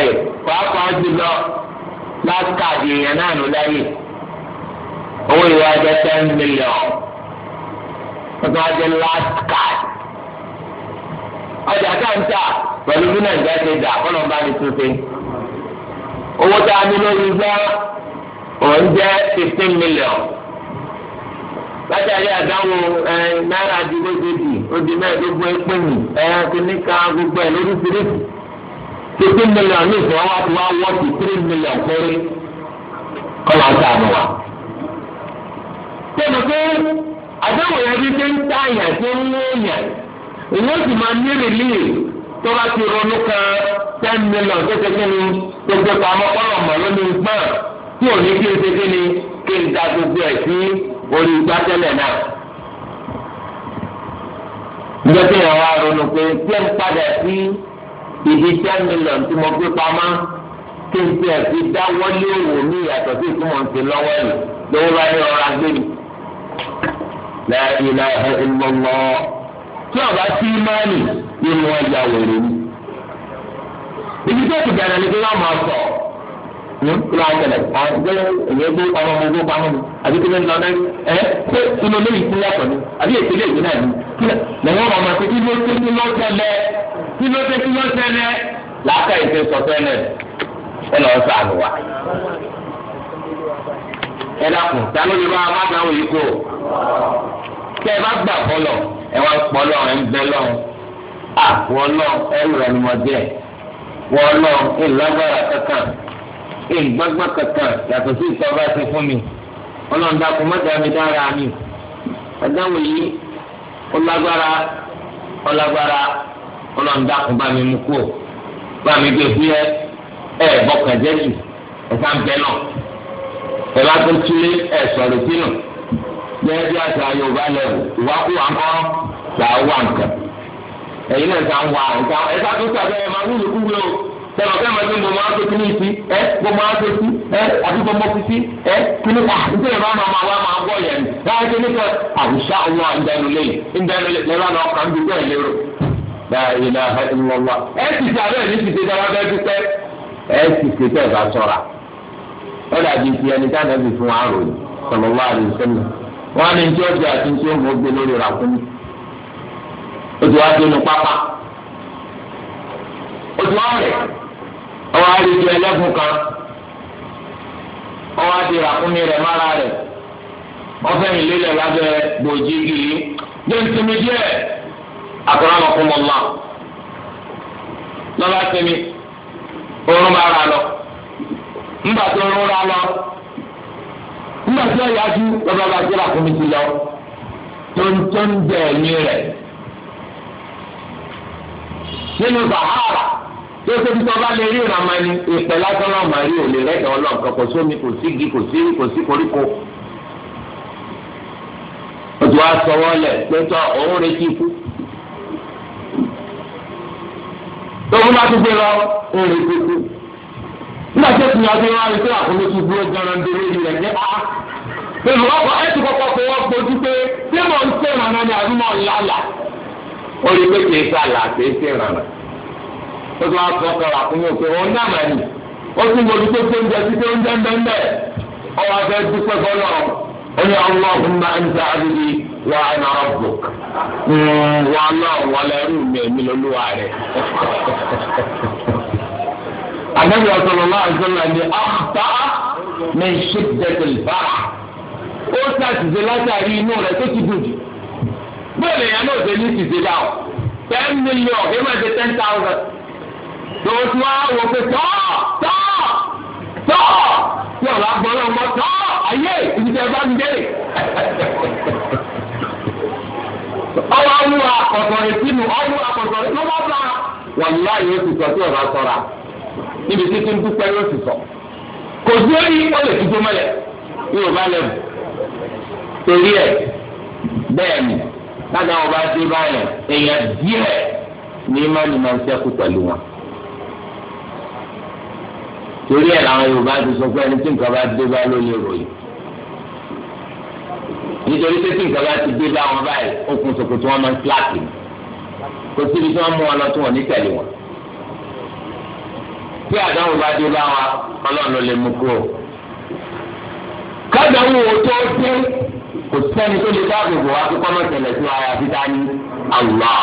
ẹ̀ pàápàá jùlọ. lákàdì èèyàn náà ló láyè owó ìwà jẹ ten million wọ́n tún last card ọjà káńtà pẹ̀lú bí nàìjíríà ṣe dà kọ́nà ní tuntun owó tá a ní lórí gbọ́ òun jẹ́ fifteen million látàrí àdáwò náírà di lójijì ó di mẹ́ẹ̀ẹ́dógún ẹ̀pẹ́ mi ẹ̀ẹ́dínníkà gbogbo ẹ̀ siri. fifteen million ní ìfẹ́ wa ti wá wọ́ ti three million péré kọ́lá ń sànù wa. Sọ́nà pé àdéhùn yẹn bí ṣe ń tààyàn ṣe ń wéèyàn ìwọ́n sì máa ní rìlíì tó bá ti ronú kan ten million tó ṣe kíni gbogbo pamọ́ kọ́lọ̀ mọ̀ ló ní gbọ́n tí ò ní kí n ṣe kíni kí n da gbogbo ẹ̀ sí orí igbátẹ́lẹ̀ náà. Ìjọba ìyàwó àrùn pé jẹ́ ń padà sí ìdí ten million tí mo gbé pamọ́ kí n tiẹ̀ fi dáwọ́lé òwò mi yàtọ̀ sí ìtumọ̀ ti lọ́wọ́ ẹ̀ lówó bá ní ọ̀rọ̀ agbé mi. La ilaha illallah tí ọba sí imáàlì nínú ọjà wèrè mi. ibi tó ti dànù ni pé wọ́n máa sọ̀rọ̀ kí ló ń tẹ̀lé àgbẹ̀ èyẹ gbé ọmọ ọmọ ogun pamọ́ ni àbí kí ló ń lọ náà ẹ ṣé inú lórí ìpín yàtọ̀ ni àbí ètò ilé ìpín náà ni lẹ́yìn ọmọ àti kí ló dé kí ló tẹ̀lé kí ló dé kí ló tẹ̀lé làákà ìfẹ́ sọ tẹ́lẹ̀ ẹ lọ́ọ́ sàánù wa. ẹ dákun ta ló lè bá a má gbà wò yìí kó kí ẹ bá gbà fọlọ ẹ wá pọlọ ẹ ń bẹ lọ àwọn ọlọ ẹ rẹ ni mo jẹ wọn lọ ìlágbára kankan ìgbàgbọ́ kankan yàtọ̀ sí ìtọ́ba ti fún mi ọlọ́run dàpọ̀ mọ́tò mi dára mi ọ̀dáwọ̀ yìí ọlágbára ọlágbára ọlọ́run dàpọ̀ bá mi mú kúrò bá mi gbé fúyẹ́ ẹ̀ bọ́kànjẹ́ jù ẹ̀ka ń bẹ náà ẹ̀ bá tó túlé ẹ̀ sọ̀rọ̀ sínú bẹ́ẹ̀ bí àti ayọ̀bá lẹ́wọ̀ ìwákùwà ńkọ́ là á wà nǹkan ẹ̀yin náà ń ta ń wà nǹkan ẹ̀ka tó sàbẹ̀ ẹ̀ máa wúlò kúwúlò. tẹ̀lé ọ̀gá ìmọ̀ ẹ̀sìn gbogbo aṣọ kìíní ìsí ẹ gbogbo aṣọ sí ẹ àti gbogbo fífi ẹ kìíní ká ìdí ìrọ̀ àwọn ọmọ wa máa gbọ́ yẹn láyé tó ní kẹ́ àwùṣà ọwọ́ ìdánulẹ̀ ìdánulẹ̀ lẹ́la náà kàn dùgbò ẹ̀ lérò. dáìlà ìlọ́lá ẹ ti ṣe abẹ́ ní ti dára bẹ́ẹ̀ dúpẹ́ ẹ ṣe tẹ̀ bá sọ̀ra. ó dàbí ti ẹni tá ọwọ́ àrídìí ẹlẹ́gùn kan ọwọ́ àti ràkúnmí rẹ̀ mára rẹ̀ ọfẹ́ lábẹ́ yìí díẹ̀ sẹ́mi bá ra lọ ra lọ lọ́ba bá jẹ́ ti lọ tóńtóń rẹ̀ nínú yóò tóbi tó bá lè rí ìrànmọ́ni ìpẹ́ lásán náà màá rí òlè lẹ́tọ̀ ọlọ́ọ̀kan kò sómi kò sí igi kò sí kò sí koríko. òtù wa sọwọ́ lẹ̀ pé tọ́ òun retí ikú. tóbi bá tún gbé lọ òun retí ikú. nígbà tí ètùnú ọdún wa rí sí àkókò tó dúró jẹran dé lórí rẹ̀ ní a. pẹ̀lú ọkọ̀ ẹ̀sìn kọ̀ọ̀kan kò wọ́n gbójú pé ṣé mò ń ṣèrànà ni àbí mò ń lálà. ó rí pé ó tún wá fọ́ ọkọ̀ àkúnyẹ̀ òkè wọn náà mà ní ó sì mọ ibi tó tó ń jẹ sí tó ń jẹ ńbẹ́ńbẹ́ ọwọ́ afẹ́ dúpẹ́ fọlọ́ ó ní Allahumma anta abdi wa ana rabbuk hmm, wọn ó látàrí inú tó ti dùn jù náà ṣe ní ten million kí ṣe ten thousand. lọ́wọ́ tí wọ́n á wọ pé tọ́ tọ́ tọ́ tí ọ̀la gbọ́ náà mọ́ tọ́ ayé ibi tí ẹ bá ń dé. ọwọ́ ọmú akọ̀sọ̀rẹ̀ sínú ọmú akọ̀sọ̀rẹ̀ ló bá bá wàlúwà yóò ti sọ tí ọ̀la sọ̀ra níbi títí ń dúpẹ́ yóò ti sọ. kò sí orí ó lè fi jómọ́lẹ̀ ní yorùbá lẹ́bù torí ẹ̀ bẹ́ẹ̀ ni lágbàá wọn bá dé èèyàn díẹ̀ ní má ni máa ń sẹ́kù pẹ̀lú wọn torí ẹ̀ làwọn Yorùbá ti sọ pé ẹni tí nǹkan bá dé bá ló lè ròyìn nítorí pé tí nǹkan bá ti dé bá wọn báyìí okùn ṣòkòtò wọn máa ń kíláàkì ni kò síbi tí wọ́n mú wọn lọ tí wọ́n ní tẹ̀lé wọn tí àdánwò bá dé bá wa Ọlọ́run ló lè mú kúrò kádàáwò tó dé kò sẹ́ni tó lè dáàbò bò wá kí kọ́mọ̀tẹ̀lẹ̀ sí wa àyàfi dání Allah.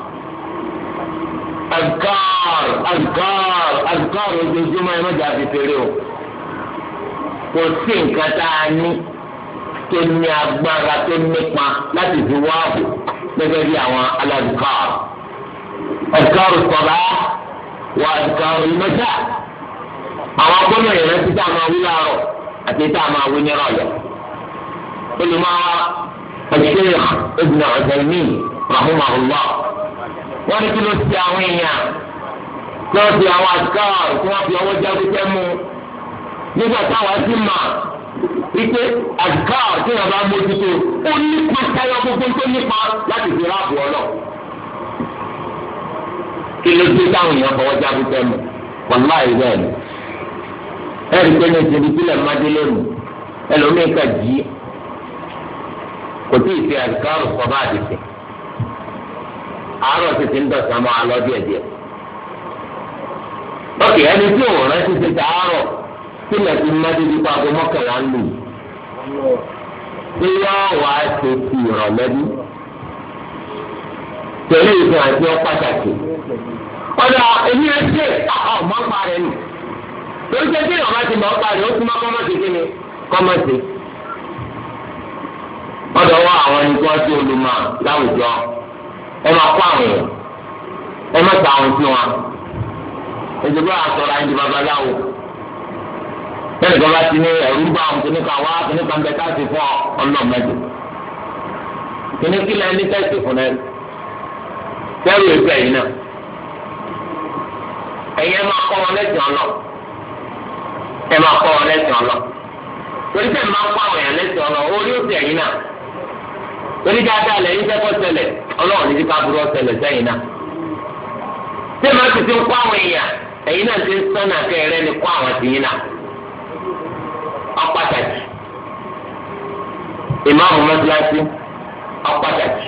azkar azkar azkar ojoojúmọ́ ẹ mọ̀jà fi péré o kò sí nǹkan tá a ní tó ní agbára tó nípa láti fi wá ààbò gẹ́gẹ́ bí àwọn alazkar azkar sọ̀rọ̀ wà azkar ìmọ̀jà àwọn agbọ́nà ìrántí tá a máa wí láàárọ̀ àti tá a máa wí nírọ̀lẹ́ olùmọ̀ wa الشيخ ابن عثيمين رحمه الله wọ́n ní kí ló ti àwọn èèyàn kí wọ́n fi àwọn àṣìká tí wọ́n fi ọwọ́ jáde tẹ́ mu nígbà táwọn ti mà wípé àṣìká tí wọ́n bá mójútó ó nípa táyọ̀ gbogbo tó nípa láti fi ráàbù ọ lọ. kí ló dé táwọn èèyàn fọwọ́ jáde tẹ́ mu wàláì bẹ́ẹ̀ ni ẹ̀rí pé ní ìṣèlú sílẹ̀ mádélé mu ẹlòmíín kà jí kò tí ì fi àṣìká rò sọ bá àdìsẹ́. àárọ̀ si ń dọ̀sán mọ́ alọ́ díẹ̀díẹ̀. lọ́kì ẹni tí òun rántí ti ta àárọ̀ tí lẹ́sí mọ́tò ti pa àgọ́ mọ́kànlá ń lù. tí wọ́n wá ṣe ti ìrànlẹ́bí. tẹ̀lé ìfẹ́ àti ọ́pàtàkì. ọ̀dà èmi ẹ ṣe àwọn ọmọ pa nù. lórí ṣe kí ti máa ó ti máa kọ́mọ́ ṣe kí ẹ máa kó àwọn èèyàn ẹ má gba àwọn sí wọn ìdìbò àtọ̀rọ̀ àyìndì babaláwo bẹ́ẹ̀ ni bàbá ti ní ẹ̀rú bá àwọn kìnnìkan wá kìnnìkan bẹ ká sí fún ọlọ́mọdé kìnnìkì lẹ́yìn ní tẹ̀sí fún ẹ kẹ́rù ètò ẹ̀yìn náà ẹ̀yìn ẹ máa kọ́ wọn lẹ́sìn ọlọ́ ẹ máa kọ́ wọn lẹ́sìn ọlọ́ torí bẹ́ẹ̀ máa kọ́ àwọn èèyàn lẹ́sìn ọlọ́ orí ó ti ẹ̀yìn náà. torí dáadáa lẹ́yìn tẹ́kọ̀ ṣẹlẹ̀ ọlọ́run ní dípa burú ọ̀sẹ̀lẹ̀ sẹ́yìn náà. tí èèmọ̀ sì ti ń kó àwọn èèyàn ẹ̀yìn náà ti ń sọ́nà kẹrẹ́ ni kó àwọn sì yín náà. ọ̀pàtàkì ìmáàmù mọ́tíláṣí ọ̀pàtàkì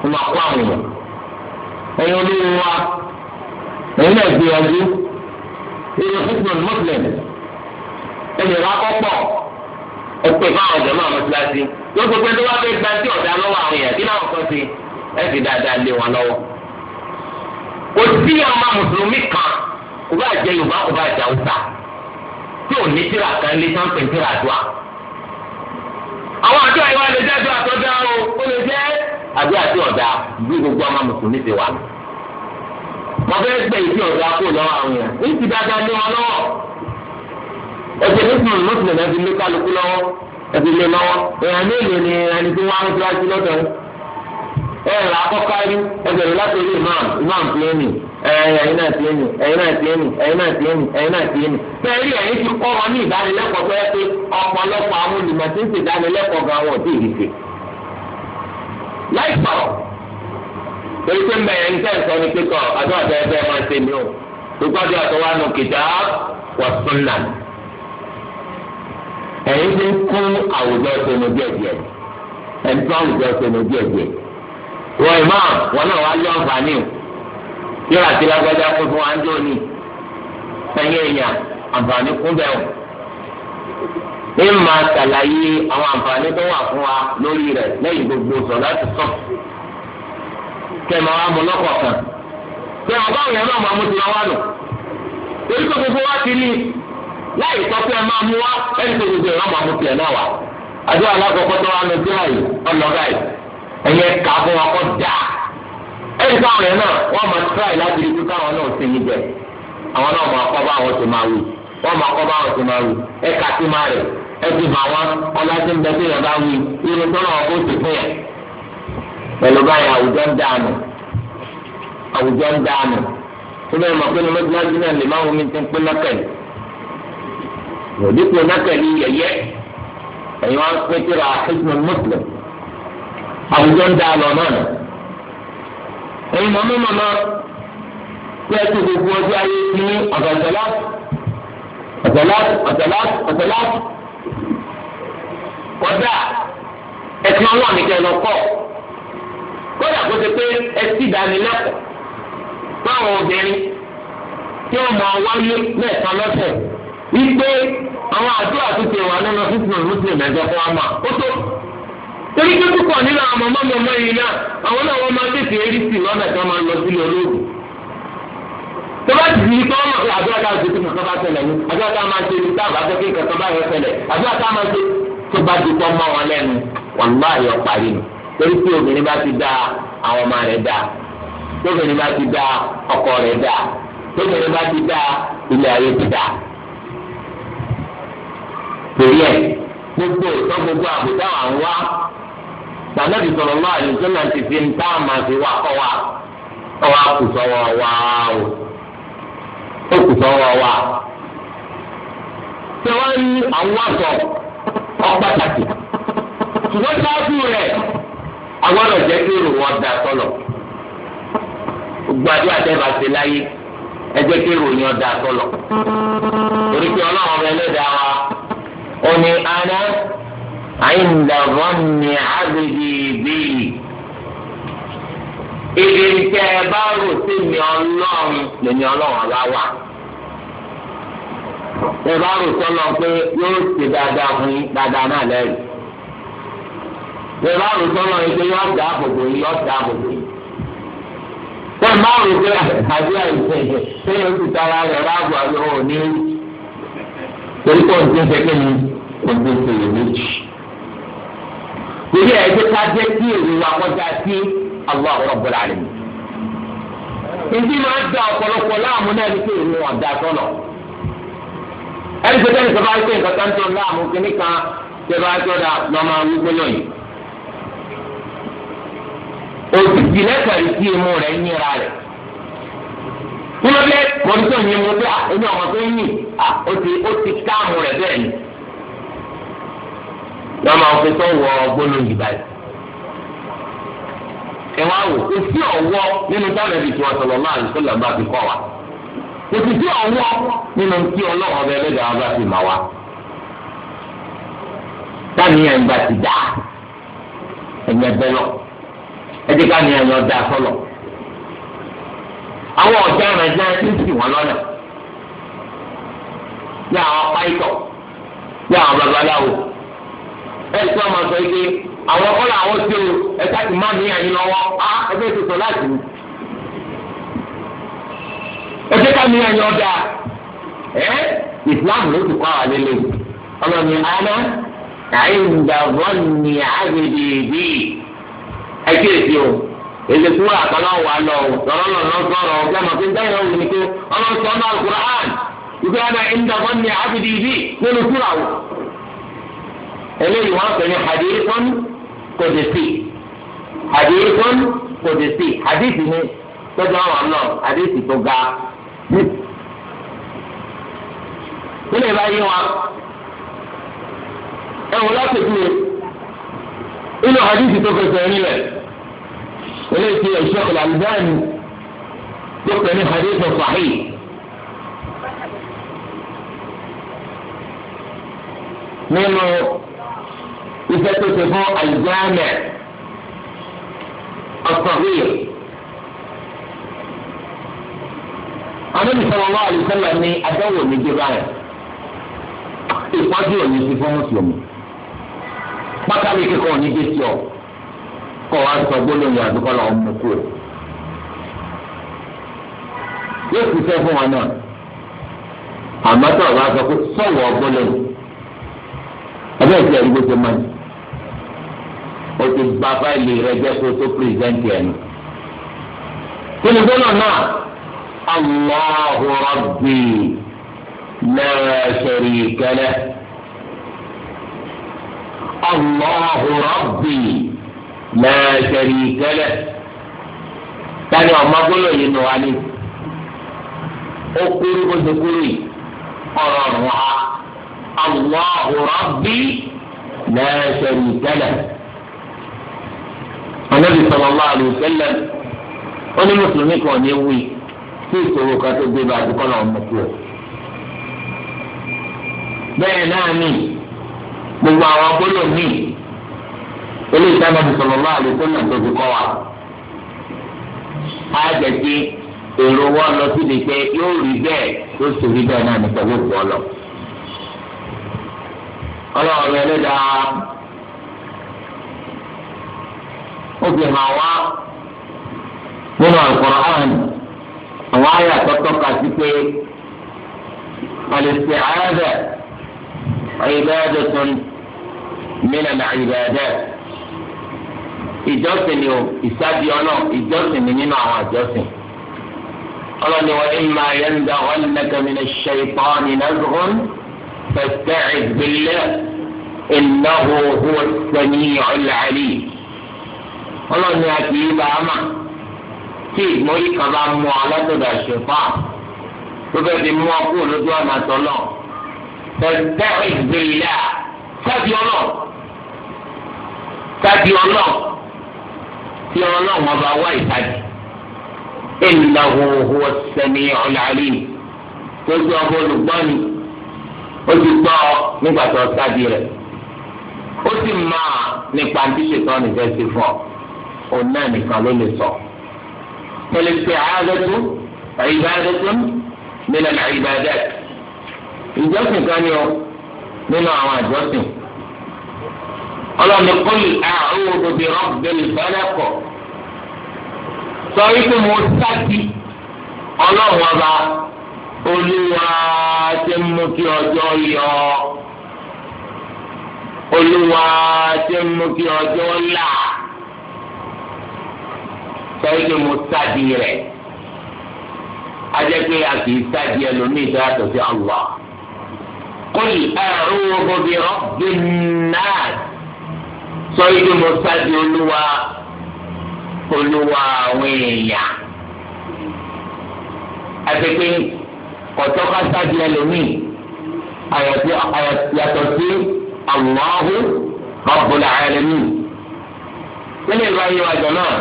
ni máa kó àwọn èèyàn. ẹ̀yin olówó wa ẹ̀yin náà ẹgbẹ́ fáwọn jọmọ́ àwọn mọ́sálásí yóò gbogbo ẹni tó wá fẹ́ gba tí ọ̀dà lọ́wọ́ àwọn èèyàn kí láwọn kan ti ẹ fi dáadáa lé wọn lọ́wọ́. kò sí ọmọ mùsùlùmí kan kò bá jẹ yorùbá kò bá jẹ haúsá tí ò ní tíra kan lé sáńpẹ̀ tíra àwọn lè jẹ́ àdúrà tó dá o ó lè jẹ́ àdúrà tí ọ̀dà bí gbogbo ọmọ ẹsẹ̀ nípa mùsùlùmí náà ti lé kálukú lọ́wọ́ ẹsẹ̀ lé lọ́wọ́ èèyàn mélòó ni ẹni tí wọ́n á ń fúláṣí lọ́dọ̀ ẹ̀rọ akọ́kárí ẹsẹ̀ rẹ̀ láti orí imam imam pléènì ẹ̀yin náà pléènì ẹ̀yin náà pléènì ẹ̀yin náà pléènì ẹ̀yin náà pléènì. pẹ̀lú ẹ̀yin ti kọ́ wọn ní ìdánilẹ́kọ̀ọ́ tó yẹ pé ọ̀pọ̀lọpọ̀ àwọn olùmọ̀ tí ń ṣe ìdánilẹ́kọ̀ọ́ gan wọn ò tí ì láì sọ̀rọ̀ torí pé mbẹ yẹn nìkan sọ ni pé kọ àdúrà tẹ ẹ máa ṣe ni o gbogbo àdúrà tó wà nù kìtà wà sunnah ẹ̀yin ti ń kún àwùjọ sínú díẹ̀díẹ̀ ẹni tó àwùjọ sínú díẹ̀díẹ̀ wọ ìmọ̀ wọn náà wá lé ọ̀fààní o yóò àti lágbájá kó fún wa ń ni ẹ̀yin èèyàn àǹfààní kún bẹ́ẹ̀ o ní máa ṣàlàyé àwọn àǹfààní tó wà fún wa lórí rẹ̀ lẹ́yìn gbogbo sọ láti sọ kẹmọ wa mú lọ́kọ̀ọ̀kan kẹmọ wá lò gbogbo láì sọ pé ẹ máa mú wá ẹni tó gbogbo ìrọ̀mọ̀ àmútiẹ̀ náà wá àjọ alákọ̀ọ́kọ́ tó wà lójú àyè ọlọ́gà yìí ẹ̀yẹ kà fún wọn kọ́ dà ẹni táwọn yẹn náà wọ́n máa tíráì láti rí káwọn náà ṣe níbẹ̀ àwọn náà máa kọ́ bá wọn máa wù wọ́n máa kọ́ bá wọn máa wù ti bà ọlá tí ń bẹ tí wù irun tó náà kó fún yẹn pẹ̀lú báyìí àwùjọ wọ́n ní pé náà kẹ́lí yẹ̀yẹ́ ẹ̀yin wọn pé tí ra ẹ̀sìn mùsùlùm àwùjọ ń da lọ náà ẹ̀yin mọ̀mọ́ mọ̀mọ́ tí ẹ ti gbogbo ọjọ́ ayé ní ọ̀gàdàlá ọ̀gàdàlá ọ̀gàdàlá ọ̀gàdàlá kọjá ẹ̀sìn ọlọ́run ní kẹ́ lọ kọ́ kódà kó ṣe pé ẹtí ìdánilẹ́kọ̀ọ́ fáwọn obìnrin tí wọ́n mọ wáyé mẹ́ẹ̀kan lọ́sẹ̀ wípé àwọn àdúrà ti wà nínú fífún muslim ẹjọ fún ọmọ ó torí pé púpọ̀ nínú àwọn ọmọ mọ̀mọ́ yìí náà àwọn náà wọ́n máa tètè sí lọ́nà tí wọ́n máa di àdúrà tá a ṣe kí nǹkan bá tẹ̀lé ní àdúrà tá a máa ṣe ní táàbà tó kí nǹkan bá tẹ̀lé àdúrà tá a máa ṣe tó bá di tọ́ mọ́ wọn torí obìnrin bá ti torí gbogbo ìtọ́ gbogbo àbùdá wà ń wá tànàbì sọ̀rọ̀ lọ́wọ́ àdìsọ́nà ti fi ń tá àmà sí kọ́ wa ọwọ́ o ó wọ́n ní àwọn àtọ̀ ọgbàtàkì ṣùgbọ́n sáájú rẹ̀ àwọn ọ̀jẹ̀ wọn da sọ̀lọ̀ tẹ́ bá ṣe láyé ẹgbẹ́ yẹn òní àná àyìndàbọ̀n ní àbèdì bíi ibi tẹ ẹ bá rò sí mi ọlọ́run lèmi ọlọ́run ọ̀la wà ẹ bá rò sọlọ pé yóò ṣe dáadáa fún dáadáa náà lẹ́yìn ẹ bá rò sọlọ yìí pé yóò dá àbòbò yìí yóò dá àbòbò yìí ẹ má rò pé àbí àìsàn ṣé yóò ti tara rẹ̀ láàbù àbí òní torí pé òun ṣe kí ojú ìṣòro méjì. Torí ẹ̀ ṣe ká jẹ́ kí èrò wa kọjá sí Allah Rabbul Alamin. Ìdí máa ń da ọ̀pọ̀lọpọ̀ láàmú náà ní pé èrò wọn da sọ́nà. Ẹni tó tẹ́lẹ̀ sọ bá ń pè nǹkan tó ń tó láàmú kínní kan tẹ́ bá tó da lọ́ máa yìí. Òtítì lẹ́kọ̀ọ́ ìdí imú rẹ̀ ń yíra rẹ̀. Kúlọ́dé kò ń tó yín mú pé ẹni ọmọ tó ń yìn ó ti káàmù rẹ̀ bẹ́ẹ̀ ni wọ́n máa fi tó wọ gbólóhùn yìí báyìí. ẹ wá wò kò sí ọ̀wọ́ nínú táwọn tí wọ́n sọ̀rọ̀ máa ń tó lọ́ba fi wa kò sì sí ọ̀wọ́ nínú tí ọlọ́run ọbẹ̀ ẹlẹ́dàá wọn bá fi mà wá. táwọn ń bá ti dà ẹ̀yìn ẹ̀bẹ̀ lọ ẹ̀jẹ̀ káwọn yẹn lọ da àwọn ọ̀daràn jẹ́ ẹ̀ ń sì wọ́n lọ́nà bí àwọn pàìtọ̀ bí àwọn babaláwo. ẹ tí wọn máa sọ pé àwọn kọ́lá àwọn tí o ẹ sáàtì má ní àyín lọ́wọ́ á ẹgbẹ́ ìtòsọ láti wù. ẹ ká ní àyín ọ̀dà ẹ́ ìsìláàmù ló ti kọ́ àwọn lélẹ̀ ọlọ́ni àná àìǹdàbọ̀ ni èsì o èdè kúrò àkàlà wà lọ lọ́rọ́ lọ́rọ́ sọ̀rọ̀ màá fi ń dáhùn ìgbéyàwó eléyìí wọ́n pè ní hadithun qudsi hadithun qudsi hadithi ni tọ́jú àwọn àmì náà hadithi tó ga nílẹ̀ bá yé wa ẹ wò lásìkò inú hadithi tó fẹsẹ̀ nílẹ̀ eléyìí ti ẹ̀ṣọ́ al tó pè ní hadithu sahih. nínú iṣẹ́ tó ṣe fún àìjáàmẹ̀ ọ̀sọ̀hìn. Ànábì sallallahu alaihi wasallam ní adáwò ní gbé báyìí. Ìpọ́jú òní ti fún Mùsùlùmí. Pátákì kíkọ́ òní dé sí ọ. Kọ́ wa sọ gbólóyìn àdúgbò lọ́wọ́ mú kúrò. Yóò fi fẹ́ fún wa náà. Àmọ́ tó o bá sọ̀wọ́ gbólóyìn. Ẹgbẹ́ ìṣẹ́ ìdíje máa ń o ti gba fáìlì rẹ jẹ́ kó o tó pírẹsẹ̀ntì ẹ̀ nù. kíni gbọ́nà náà Allahu Rabbi la sharika lah Allahu Rabbi la sharika lah tani ọmọ gbọ́dọ̀ yìí nù wá ní. ó kúrú bó ṣe kúrú yìí ọ̀rọ̀ ọ̀rùn wa Allahu Rabbi la sharika Ànábì sallallahu alaihi wasallam ó ní mùsùlùmí kan ní wí tí ìṣòro kan tó gbé bá àdúgbò náà mú kú ọ. bẹ́ẹ̀ náà ni gbogbo àwọn agbóyò mi eléyìí tí Ànábì sallallahu alaihi wasallam tó fi kọ́ wa. á jẹ́ sí èrò wọn lọ síbi pé yóò rí bẹ́ẹ̀ yóò sì rí bẹ́ẹ̀ náà nípa gbogbo ọlọ. ọlọ́run ẹlẹ́dàá. obìnrin àwa nínú Al-Qur'an àwọn àyà tọ́tọ́ ka sí pé al-isti'adha ibadatun min al-ibadat ìjọsìn ni o ìsádi ọ̀nà ìjọsìn ni nínú àwọn àjọsìn ọlọ́ni wọn máa yẹn ń ni wa imma yanzaghannaka mina ash-shaytani nazghun fasta'iz billah innahu huwa as-sami'ul ọ̀làlì. ọlọ́ni àti ibà ama tí ìgbọ́rí kan bá mú ọ látọ̀dọ̀ àṣẹfà tó bẹ́ẹ̀ fi mú ọ kúrò lójú ọ̀nà tọ́lọ̀ tẹ̀sítẹ́ ìgbéyìlá sábì ọlọ́ sábì ọlọ́ tí ọlọ́run ọba wá ìsájì ìnáwó owó sẹ́ni ọ̀làrí lójú ọba olùgbọ́ni ó ti gbọ́ nígbà tó sábì rẹ̀ ó sì máa nípa tí ṣètọ́ nìfẹ́ sí fún ọ ọ̀nà nìkan ló lè sọ. pẹ̀lú pé àádọ́tú àyíbáyádọ́tú nílẹ̀ àyíbáyádẹ́ ìjọsìn kan ni ọ nínú àwọn àjọsìn. ọlọ́run kọ́lì a'udhu bi rabbil falaq sọ wípé mo sáàkì ọlọ́run ọba olúwa ti mú kí ọjọ́ yọ olúwa ti mú kí ọjọ́ là sọ́yìn pé mo sáàdì rẹ̀ ajẹ́ pé a kì í sáàdì ẹlòmíì tó yàtọ̀ sí Allah. qul a'udhu bi rabbin nas sọ́yìn pé mo sáàdì olúwa olúwa àwọn èèyàn. àti pé ọ̀tọ́ ká sáàdì ẹlòmíì yàtọ̀ sí Allahu rabbul alamin. nínú ìbáyé wa jọ náà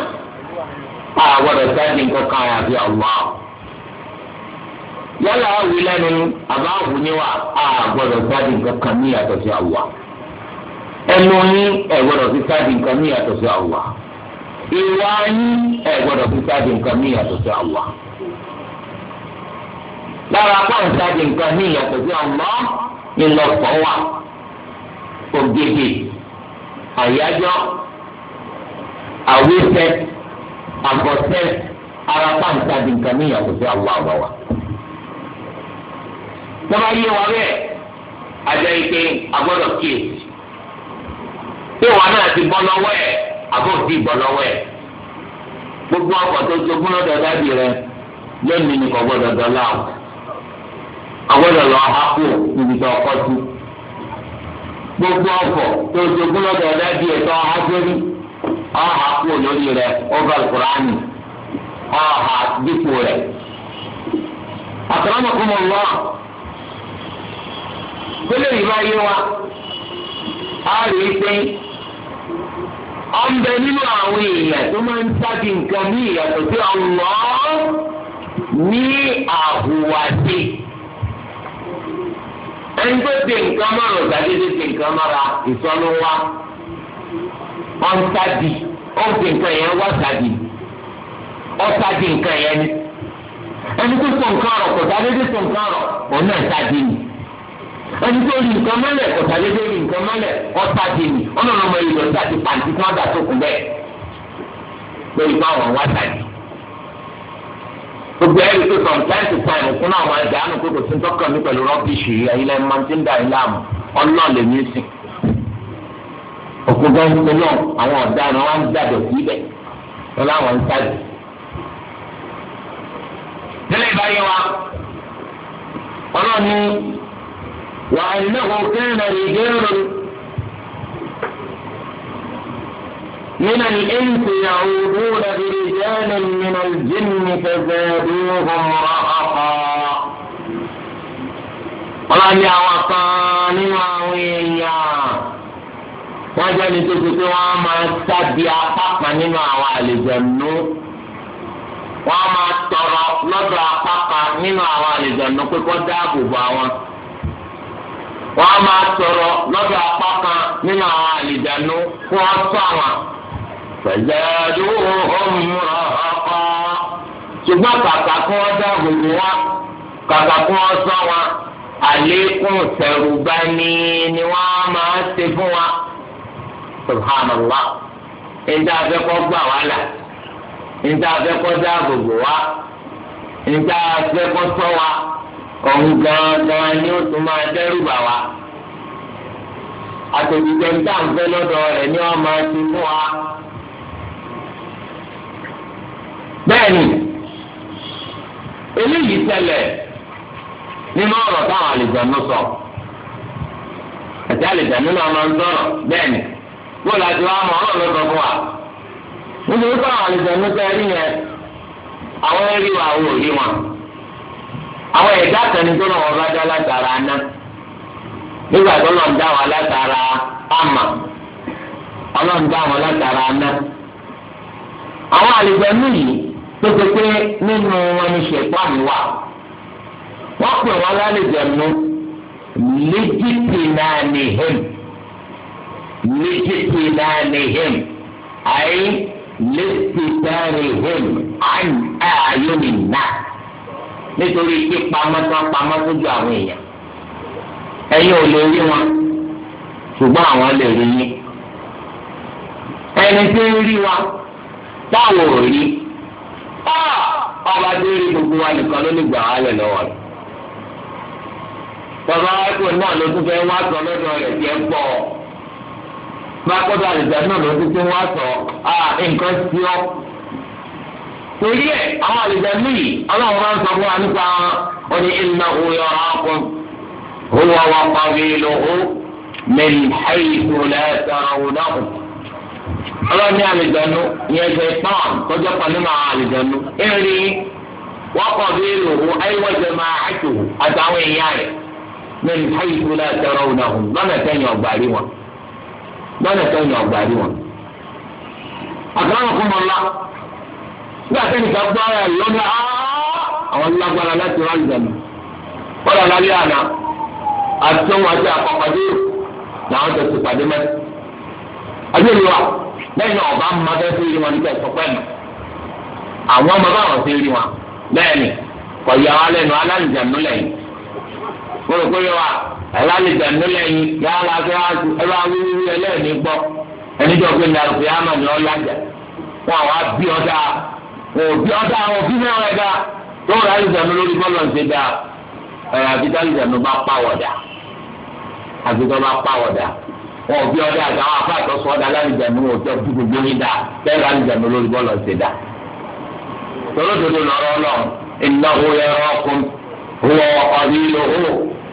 àgbọ̀dọ̀ sáàdì nǹkan kan àyàfi Allah. yálà àwì lẹ́nu àbá àwù níwà àgbọ̀dọ̀ sáàdì nǹkan kan ní ìyàtọ̀ sí Allah. ẹnu yín ẹ̀gbọ́dọ̀ sí sáàdì nǹkan ní ìyàtọ̀ sí Allah. ìwà yín ẹ̀gbọ́dọ̀ sí sáàdì nǹkan ní ìyàtọ̀ sí Allah. lára pọ́ùn sáàdì nǹkan ní ìyàtọ̀ sí Allah ńlọpọ̀ wà ògèdè àyájọ́ àwíṣẹ́ àbọ̀tẹ́ ara pàǹtà di nǹkan ní ìyàwó sí àwọn àgbà wa. Tọ́ba yé wa bẹ́ẹ̀ ajá ike agbọ́dọ̀ kíyèsí. Bí ìwà náà ti bọ́ lọ́wọ́ ẹ̀ àbọ̀ ti bọ́ lọ́wọ́ ẹ̀. Gbogbo ọkọ̀ tó jogún lọ́dọ̀ dábì rẹ lónìí ni kò gbọ́dọ̀ dọ́là o. Agbọ́dọ̀ lọ hápò níbi tó ọkọ̀ sí. Gbogbo ọkọ̀ tó jogún lọ́dọ̀ dábì ẹ̀ tó hápò rí ọ̀hà kúrò lórí rẹ̀ ọba alukurani ọ̀hà dípò rẹ̀. àtàlámọ̀kùnmọ̀ lọ gbélé ìlú ayé wa a rí i pé ọ̀nbẹ nínú àwọn èèyàn tó máa ń tábì nǹkan ní ìyàtọ̀ sí ọ̀nà ní àhùwàsí ẹni tó ti nǹkan mọ̀ràn tàbí ti nǹkan mọ̀ra ìsọlówá. ọ̀ntàdì ọ̀ntì nǹkan yẹn wá sàdì ọ̀ntàdì nǹkan yẹn ni ẹni tó sọ nǹkan ọ̀rọ̀ kò sàdédé sọ nǹkan ọ̀rọ̀ òun náà sàdì ni ẹni tó rí nǹkan mọ́lẹ̀ kò rí nǹkan mọ́lẹ̀ ọ̀ntàdì ni pàǹtí dà tó kù bẹ́ẹ̀ lórí báwọn gbogbo náà òkúta ń pe náà àwọn ọ̀daràn wa ń dàbọ̀ síbẹ̀ wọn láwọn ń sáàdì. nílẹ̀ ìbáyé wa ọlọ́ọ̀ni wà á iná kò kéèna ìdérò من الإنس يعودون برجال من الجن فزادوهم رهقا ولا يعوصان وعويا wọ́n jẹ́ ní tuntun pé wọ́n máa sábì apá kan nínú àwọn àlejànú wọ́n máa tọrọ lọ́dọ̀ apá kan nínú àwọn àlejànú pé kó dáàbò bò àwọn wọ́n máa tọrọ lọ́dọ̀ apá kan nínú àwọn àlejànú kó wọ́n tọ́ àwọn. pẹ̀lẹ́dù ọ̀húnmùrọ̀ ọ̀kọ́ ṣùgbọ́n kàkà kí wọ́n dáàbò bò wọn kàkà kí wọ́n sọ wọn àlékún ìfẹ̀rùbani ni wọ́n máa ṣe fún wa subhanallah níta afẹ́kọ́ gbà wá là níta afẹ́kọ́ dáàbò bò wá níta afẹ́kọ́ sọ wá òun gan-an ni ó tún máa dẹ́rù bà wá àtòjìjẹ níta nfẹ́ lọ́dọ̀ rẹ̀ ni wọ́n máa ti fún wa. bẹ́ẹ̀ni eléyìí ṣẹlẹ̀ nínú ọ̀rọ̀ táwọn àlejò ń sọ àti àlejò nínú ọmọ ń sọ̀rọ̀ bẹ́ẹ̀ni. bóòlù àti wàá mọ ọlọ́run ló fún wa nítorí pé àwọn àlejò ẹni tẹ́ yẹn àwọn ẹrí wa àwọn òrí wọn àwọn ẹ̀dá kẹni tó lọ́wọ́ bá dá látara ná nígbà tó lọ́n dá wọn látara àmà ọlọ́n dá wọn látara ná àwọn àlejò ẹni yìí nínú wọn ni wà wọ́n pè لكتمانهم أي لاستتارهم عن أعين الناس nítorí pé pamọ́ tán pamọ́ sójú àwọn èèyàn ẹ̀yin ò lè rí wọn ṣùgbọ́n àwọn lè rí yín ẹni tí ń rí wa táwọn ò rí ah, ọba tó rí gbogbo wa nìkan ló gbà wá lẹ̀ lọ́wọ́ rẹ̀ bàbá wa kò náà ló tún fẹ́ wá sọ bá gbọ́dọ̀ àlùjá náà lọ títí wọ́n sọ nǹkan sí ọ́. torí ẹ̀ àwọn àlùjá míì ọlọ́run máa ń sọ fún wa nípa wọn ó ní iná òye ọ̀rọ̀ ọkùn òun àwọn pàmì mẹ́rin ọlọ́run ní nù ṣe lọ́nà na ọ̀gbà rí wọn. àkàrà kò mọ̀ ńlá nígbà tẹ́ni ká gbọ́ ara rẹ̀ lọ́nà àwọn lágbára láti rán ìdàmú. kọ́lá lálẹ́ àná àti ohun àti àpapàdé làwọn pàdé lẹ́yìn ọba máa fẹ́ sí wọn nígbà ìsọpẹ́ nù. àwọn ọmọ báwọn wọn mo rò pé wa ẹlálejò ẹnulẹyìn yàrá lásán wá sí ẹ ẹlẹ́ẹ̀ni gbọ́ ẹnìjọ pé nàìjíríà yàmà ni ọlájà wọn àwọn àbí ọ̀dà òbí ọ̀dà wọn òbí náà rẹ̀ dá tó rà àlùjànnú lórí bọ́ọ̀lù ṣe dá ẹ̀yà bá pàwọ̀dà bá pàwọ̀dà wọn òbí ọ̀dà afáàtọ̀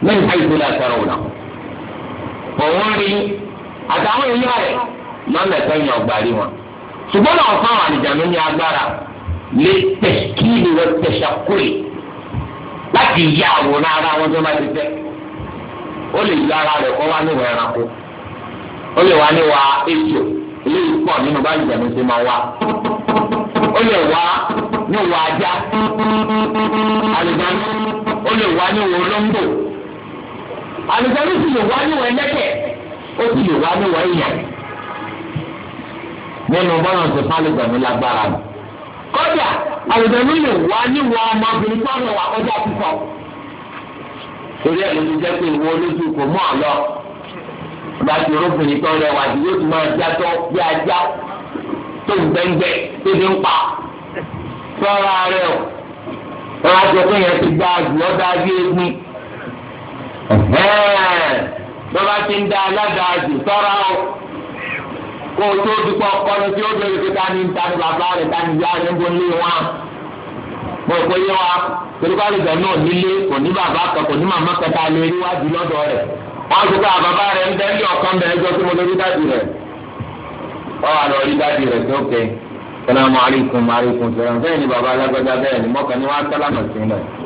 من حيث لا ترونه òun rí àtàwọn èèyàn rẹ̀ lọ́nà sẹ́yìn ya wọn ṣùgbọ́n náà fáwọn àlìjàmí na agbára lè tẹ̀kíìlì rẹ̀ tẹ̀ṣàkúrì láti yá àwòrán ara wọn tó bá ti ara rẹ̀ kọ́ wá níwọ̀ ẹranko ó lè wá àlùjọ́nù sì lè wá níwọ̀n ẹlẹ́kẹ̀ ó sì lè wá níwọ̀n èèyàn. nínú bọ́lá ti pálígbẹ̀mí lágbára nù. kọ́dà àlùjọ́nù lè wá níwọ̀n ọmọbìnrin tó àwọn àkọ́jà púpọ̀. torí ẹ̀ ló ti jẹ́ pé ìwọ olójú kò mú àlọ́. ìgbà tí orúkùnrin tó rẹwà tí yóò tún máa játọ́ bí ajá tó ń gbẹ́ngbẹ́ tó ti ń pa. sọ́ra rẹ̀ ọ̀ ọ̀ bí wọ́n ti ń da aládàá jù sọ́ra o kó o tó dupọ̀ ọkọni tí ó bẹ̀rẹ̀ pé tani tani bàbá rẹ̀ tani ìyá rẹ̀ ń wa náà nílé kò ní bàbá kan kò ní màmá kan a lè rí wájú lọ́dọ̀ rẹ̀. wọ́n ti ká bàbá rẹ̀ ń ọ̀kan bẹ̀rẹ̀ jọ sí mo dájú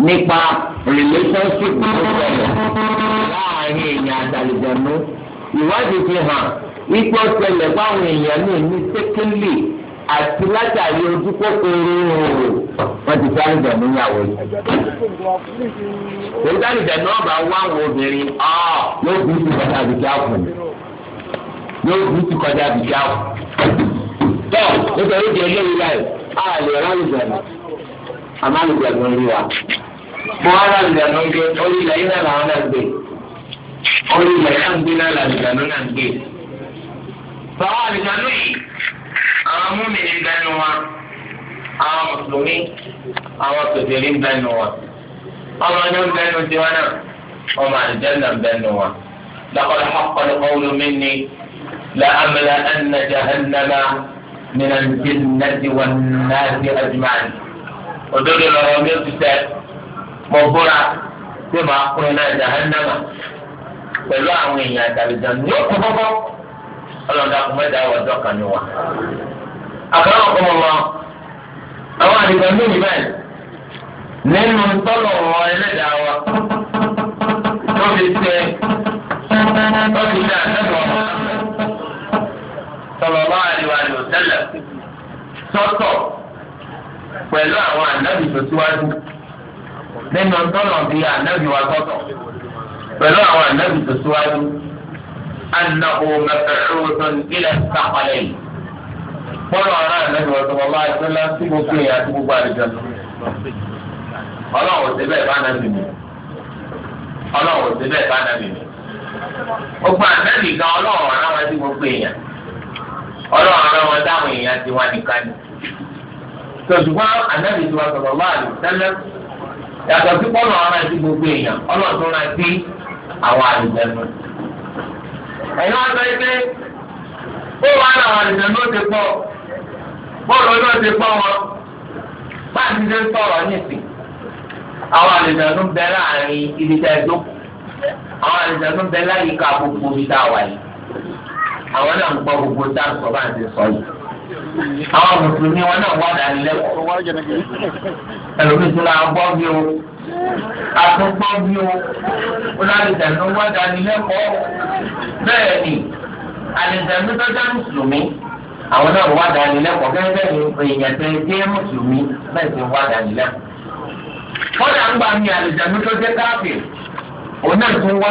nípa relationship tó bẹ̀rẹ̀ láàrin èèyàn àtàlùjẹ̀mú ìwádìí fi hàn ipò ṣẹlẹ̀ báwọn èèyàn náà ní sẹ́kẹ́lì àti látàrí ojú kòkòrò wọn ti sáré jẹ̀mú ìyàwó yìí. èyí sáré jẹ̀mú ọba wá àwọn obìnrin ah, yóò bí ti kọjá àbíkí àfọ̀ yóò bí ti kọjá àbíkí àfọ̀. tọ́ nítorí di eléyìí láì a lè rán ìjẹ̀mú àmàlùjẹ ló ń rí wa bó wá làlùjẹ ló ń gbé orí ilẹ̀ yìí náà làwọn náà gbé orí ilẹ̀ náà ń gbé náà làlùjẹ ló náà gbé. báwa àlùjẹ ló yìí àwọn múmi ní bẹnu wa àwọn mùsùlùmí àwọn tòṣèlú ń bẹnu wa ọmọ ní bẹnu tiwa náà ọmọ àlùjẹ náà ń bẹnu wa. لقد حق القول مني لأملأن جهنم من الجنة والناس أجمعين òdodo lọrọ mi ò ti tẹ mọ búra tí màá kún iná jahannama pẹ̀lú àwọn èèyàn àtàlùjọ ní òkú kọ́kọ́ ọlọ́dà kò mẹ́ta ọjọ́ kan ní wa. àkàrà ọ̀kọ́ mọ̀ mọ́ àwọn àdìgbà mímì bẹ́ẹ̀ nínú tọ́lọ̀ wọn ẹlẹ́dàá wa tó fi tẹ tó fi tẹ àtẹ́wọ̀ tọ̀lọ̀ bá àdìgbà àdìgbà tẹ́lẹ̀ sọ́tọ̀. pẹ̀lú àwọn ànábì tó síwájú nínú tọ́nà bí ànábì wa tọ̀tọ̀ pẹ̀lú àwọn ànábì tó síwájú anahu mẹfẹ̀rún ilẹ̀ sàkọlẹ̀ yìí bọ́lá ọ̀rọ̀ ànábì wa tọ̀tọ̀ bá ti lọ sí gbogbo èèyàn àti gbogbo àlejò ọlọ́wọ́ sí bẹ́ẹ̀ bá ànábì mi ọlọ́wọ́ sí bẹ́ẹ̀ bá ànábì mi gbogbo ànábì gan ọlọ́wọ́ gbogbo èèyàn wọn dáhùn èèyàn nìkan ni. tòṣùgbọ́n ànábì tí wọ́n sọ̀rọ̀ wá àlùsẹ́lẹ̀ yàtọ̀ sí pọ́nà ọ̀rọ̀ àti gbogbo èèyàn ọlọ́run tó rán sí àwọn àlùjẹ̀nu. ẹ̀yin wọn sọ pé ó wà ní àwọn àlùjẹ̀nu ó ti pọ̀ bọ́ọ̀lù ló ti pọ̀ wọn bá a ti ṣe ń sọ̀rọ̀ nísìn àwọn àlùjẹ̀nu bẹ láàrin ibi tẹ́ ẹ àwọn àlùjẹ̀nu bẹ láyìíká gbogbo ibi tá a wà yìí àwọn náà ń gbọ́ gbogbo àwọn mùsùlùmí wọn náà wà dání lẹ́kọ̀ọ́ ẹlòmíì tó la gbọ́ bí o àtúgbọ́ bí o bẹ́ẹ̀ ni àlejànú tó jẹ́ mùsùlùmí àwọn náà wà èèyàn jẹ́ mùsùlùmí bẹ́ẹ̀ wà ń gbà mí àlejànú tó jẹ́ òun náà tún wà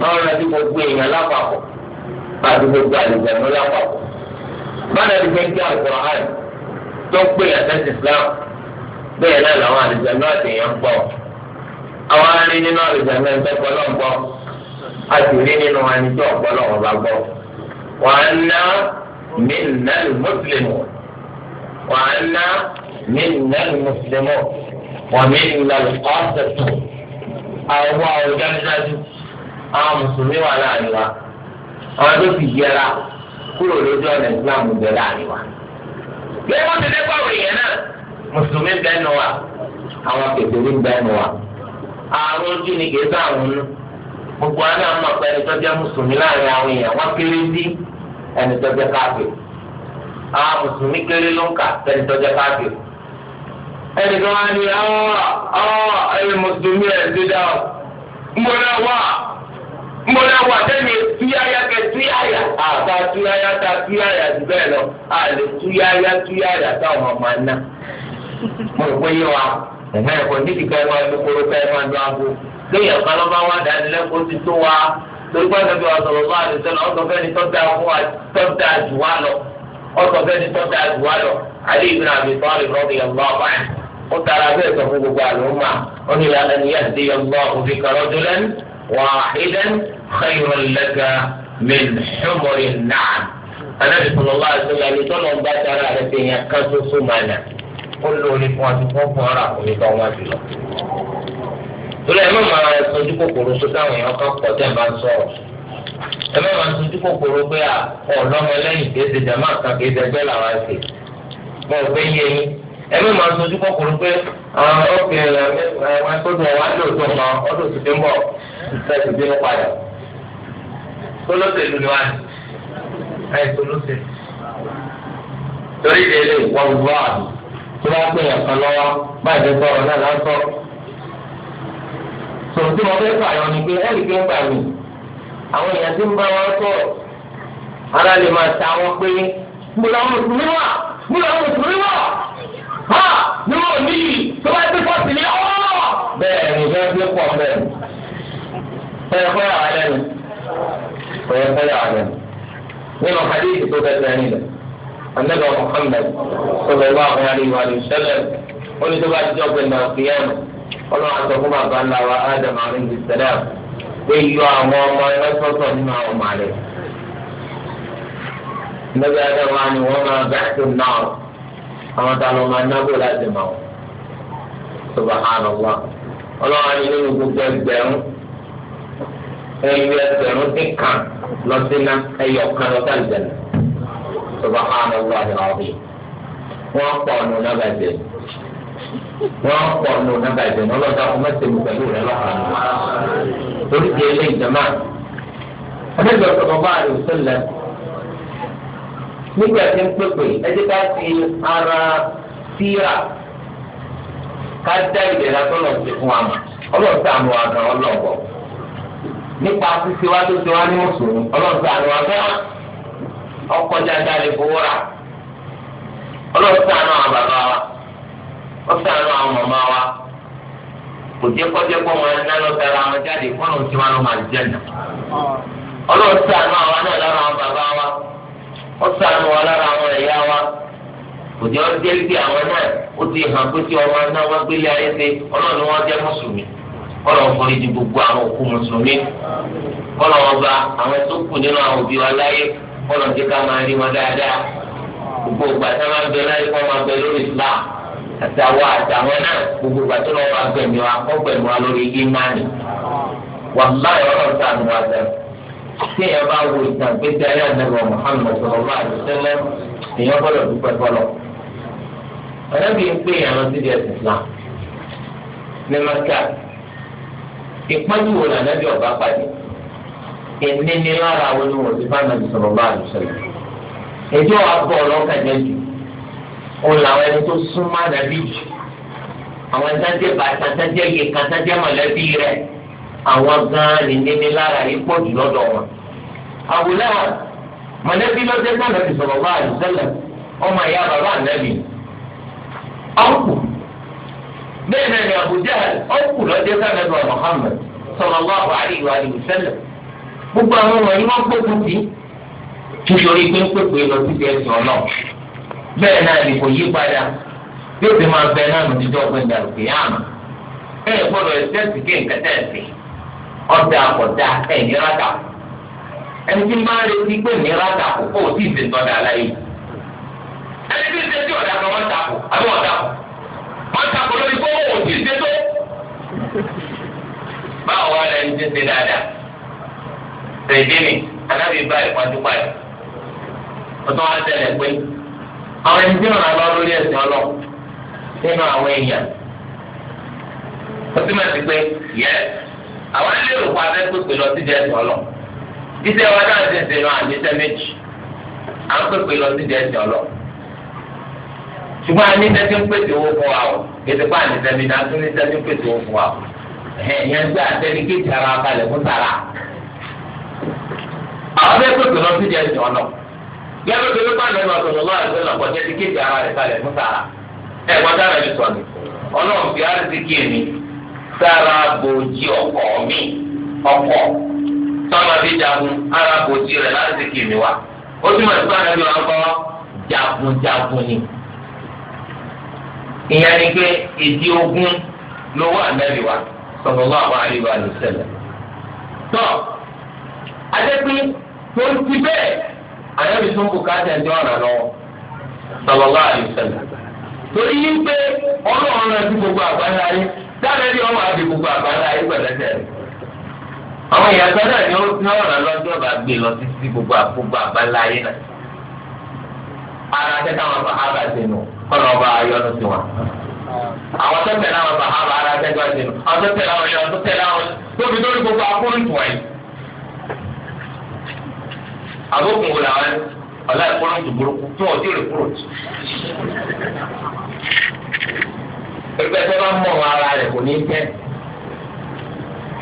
wọn rántí gbogbo èèyàn lápapọ̀ àti gbogbo àlùjẹ̀nu lápapọ̀ báyìí láti gbé kí àlùkòrò tó ń pè àtẹ́sí Islam bẹ́ẹ̀ náà làwọn àlùjẹ̀nu àtẹ̀yàn ń bọ̀ àwọn arin nínú àlùjẹ̀nu ẹ̀ ń tọ́kọ lọ́n àti rí nínú ẹni tó ọ̀pọ̀ gbọ́ mùsùlùmù mùsùlùmù àwọn mùsùlùmí wà láàrin wa àwọn tó sì yẹra kúrò lójú ọ̀nà ìsìláàmù bẹ̀ láàrin wa. bí wọ́n ti dé pàwọ̀ náà mùsùlùmí ń wa àwọn kèfèrí ń wa. àrùn ojú ni kì í sáàrùn nù. gbogbo àná tó jẹ́ mùsùlùmí láàrin àwọn èèyàn wọ́n kéré sí ẹni tó jẹ́ káàkiri. àwọn mùsùlùmí kéré ló ń kà tó jẹ́ káàkiri. ẹni tó wá ní ọ́ ọ́ ẹni mùsùlùmí ẹ̀ mọ̀lá wà sẹ́yìn túyáyá kẹ túyáyá àbá túyáyá ta túyáyá jù bẹ́ẹ̀ lọ àlè túyáyá túyáyá táwọn ọmọ ẹ̀ náà. mo rò pé yé wa ẹ̀mọ́ ẹ̀kọ́ níbi ká ẹ̀ máa ń kóró ká ẹ̀ máa ń lọ abo lóyè kan ló bá wá dánilẹ́kọ̀ọ́ ti tó wa torí pé ẹ̀sọ́ bí wàá sọ̀rọ̀ bá àlè sọ́nà ọ̀sọ̀ fẹ́ni tó dáa fún wa tó dáa jù wá lọ ọ̀sọ̀ fẹ́ni tó jù wá lọ àlè ibn ó tara bẹ́ẹ̀ sọ fún gbogbo àlùmọ́ ó ní ìlànà ìyá ìdíyẹ ọgbọ́n òfin kan lọ́dún lẹ́nu. واحدا خير لك من حمر النعم النبي صلى الله عليه وسلم يقول بات على الذين يكسوا سمانا كل لفوات فوق وراء لقومات الله torí ẹ má máa sojú kòkòrò tó táwọn èèyàn kan pọ̀ tẹ̀ máa ń sọ̀rọ̀ ẹ má máa sojú kòkòrò pé ọ̀lọ́mọ lẹ́yìn kéde jama kan kéde ẹgbẹ́ làwọn ṣe mọ̀ pé yẹ yín ẹ̀mí máa sojú kòkòrò pé ọ̀kẹ́ wọn tó dùn wọn lóòótọ́ mọ ọdún tó ti ń bọ̀ láti bínú padà tólóṣèlú ni wà ní ẹ̀ tólóṣèlú torí ilé wọ́n wọ́ àdùn tí wọ́n pè yàn kan lọ́wọ́ báyìí lè sọ̀rọ̀ náà lásọ̀. sọ̀rọ̀ tí wọ́n fẹ́ fààyàn ni pé ẹ̀rí pé ń gbà mí. àwọn èèyàn tí ń bá wọn sọ̀rọ̀ ara lè máa ta wọn pé mo làwọn mùsùlùmí wà mo làwọn mùsùlùmí wà ha ni wọn ò ní yìí tó bá ti pọ̀ sí ni ọ́. bẹ́ẹ̀ ni bẹ́ẹ̀ ti pọ̀ bẹ́ẹ̀ ọ̀yẹ̀ fẹ́ yàrá lẹ́nu ọ̀yẹ̀ fẹ́ yàrá lẹ́nu nínú hadith tó bẹ́ẹ̀ tẹ̀ nílẹ̀ anabi muhammed sọlọ wa àwọn àlejò àlejò sẹlẹ̀ wọn ni tó bá jọ pé nà kíyàmù ọlọ́run àti ọkùnrin bàbá ńlá wa adam alayhi salam pé yọ àwọn ọmọ ẹgbẹ́ sọ́tọ̀ nínú àwọn ọmọ àlẹ́. النبي آدم عن وما بعث النار àwọn ta ló máa náwó láti mọ̀ subhanallah ọlọ́run àti nínú gbogbo ẹgbẹ̀rún ẹyọ ẹgbẹ̀rún dín kan lọ sínú ẹyọ kan lọ sáré jẹ̀lẹ̀ subhanallah ni wọ́n rí wọ́n pọ̀ nù náà bàjẹ́ wọ́n pọ̀ nù náà bàjẹ́ ọlọ́dà ọmọ pẹ̀lú rẹ lọ́kàn nù. orí ti ẹlẹ́yìn jẹ́ máa. ẹgbẹ́ ìjọba ọba àdùn sílẹ̀. nígbà tí ń pèpè ẹjẹ ká ti ara síra ká dá ìdẹ̀ra tọ́lọ̀ sí fún wa mọ̀ ọlọ́run tí àánú wa gan ọlọ́run nípa ṣíṣe wá tó ṣe wá ní mùsùlùmí ọlọ́run tí àánú wa gan ọkọ̀ jáde àlè fowó rà ọlọ́run tí wa tí àwọn wa kò ọsànù wa lára àwọn ẹ̀yà wa òjò ọjọ́ ibi àwọn náà ó ti hàn pé tí ọmọ náà wọ́n gbélé ayé ṣe ọlọ́run wọn jẹ́ mùsùlùmí kọ́lọ̀ forí gbogbo àwọn òkú mùsùlùmí kọ́lọ̀ àwọn tó kù nínú àwọn òbí wa láyé kọ́lọ̀ jẹ́ ká máa rí wọn dáadáa gbogbo ìgbà tí bẹ láyé kọ́ máa bẹ lórí àtàwọn àtàwọn náà gbogbo ìgbà tí wa kọ́ wa lórí wàhálà ọlọ́run sànù wa tí èèyàn bá wo ìtàn gbèsè ayé ànábì Muhammad sallallahu alaihi wasallam èèyàn gbọ́dọ̀ dúpẹ́ fọlọ ọlọ́bì ń pè yàn lọ sí di ẹ̀sìn Islam ní Mẹ́kà ìpọ́njú wo là nábì ọba pàdé èmi ni lára wo ni wọ́n ti bá nàbì sallallahu alaihi wasallam ẹjọ́ abọ́ ọlọ́kàjẹ́ jù òun làwọn ẹni tó súnmọ́ nàbì jù àwọn ẹ̀sán jẹ́ bàtà ẹ̀sán jẹ́ àwọn gan-an ní níní lára yìí pọ̀ jù lọ́dọ̀ wọn. àbúlá mọ̀lẹ́bí ló dé bá nàbì sọ̀rọ̀ bá ọmọ ìyá bàbá ànábì. ọ̀pù bẹ́ẹ̀ náà ni àbújá ọ̀pù ló dé bá nàbì Muhammad sọ̀rọ̀ bá àwárí ìwà àdìsẹ́lẹ̀. gbogbo àwọn wọ́n pé ń pèpè lọ sí ẹ̀sìn ọ̀nà bẹ́ẹ̀ náà ọ̀dà ọ̀dà ẹ̀ nira ẹni tí máa ń retí pé kó tí tọ́ da láyé ẹni tí ń ṣe tí ọ̀dà kan wọ́n ta kù àbí wọ́n ta kù wọ́n ta kù lórí kó tí ì tó báwo wá tí ń ṣe dáadáa bá ìpọ́njú pàdé ọ̀tọ́ wa tẹ̀lé pé àwọn ẹni tí lórí ẹ̀sìn àwọn lérò pa fẹ́ lọ sí jẹ́ sọ́lọ̀ iṣẹ́ wa náà ti ṣe lọ àníṣe méjì à ń pèpè lọ sí jẹ́ sọ́lọ̀ ṣùgbọ́n àníṣe ti ń pèsè owó fún wa o kìtì pa àníṣe mi náà tún níṣe ń pèsè owó fún wa o ẹ̀yẹn gbé àtẹnikéjì ara balẹ̀ fún sàrà àwọn fẹ́ lọ sí jẹ́ sára bòjì ọkọ mi ọkọ sọ́nà bí jagun ara bòjì rẹ̀ láti kì wa wá ó túmọ̀ sí pé àyẹ̀wò àwọn kọ́ jagunjagun ni ìyẹn ni pé ogun ló wà nẹ́bí wa sallallahu alaihi wa sallam. tọ́ adẹ́pín tó ń ti bẹ́ẹ̀ àyẹ̀wò tó ń bù ọrụ ẹ̀jọ́ ọ̀rọ̀ lọ́wọ́ pé ọlọ́run rẹ̀ ti gbogbo àgbáyé ayé. dáre bí ọmọ àbí gbogbo àgbàlá ayé rẹ̀ àwọn ìyàtọ̀ náà ni ó ní ọ̀ràn lọ́jọ́ bá gbé lọ títí gbogbo àgbogbo àgbàlá ayé náà ara tẹ́ táwọn sàhábà ti kọ́nà ọba ayọ́nu sí wọn àwọn tó tẹ̀lé àwọn ara tẹ́ gbà àwọn tó tẹ̀lé àwọn tó tẹ̀lé àwọn tóbi ẹgbẹ́ tó bá mọ̀ wọn ara rẹ̀ kò ní tẹ́.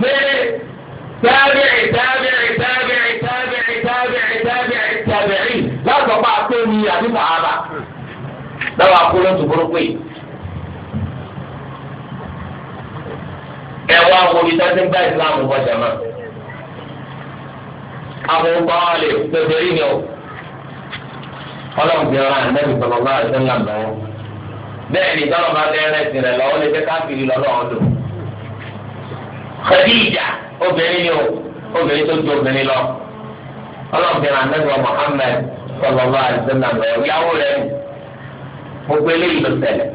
ṣé tábìrì tábìrì tábìrì tábìrì tábìrì tábìrì tábìrì mi tó burúkú yìí. ìsìlámù àwọn lè pèsè ìyẹn o. ọlọ́run ti rán bẹ́ẹ̀ ni tọ́lọ̀ máa bẹ́ẹ̀ rẹ̀ tirẹ̀ lọ ó lè fẹ́ káfíìrì lọ́lọ́ ọ̀dọ̀. Khadija obìnrin ni o obìnrin tó ju obìnrin lọ ọlọ́ọ̀bìnrin anábìwọ̀n Muhammad sọlọ́lá àdìsẹ́nà lọ́yọ̀ ìyàwó rẹ̀ gbogbo eléyìí ló ṣẹlẹ̀.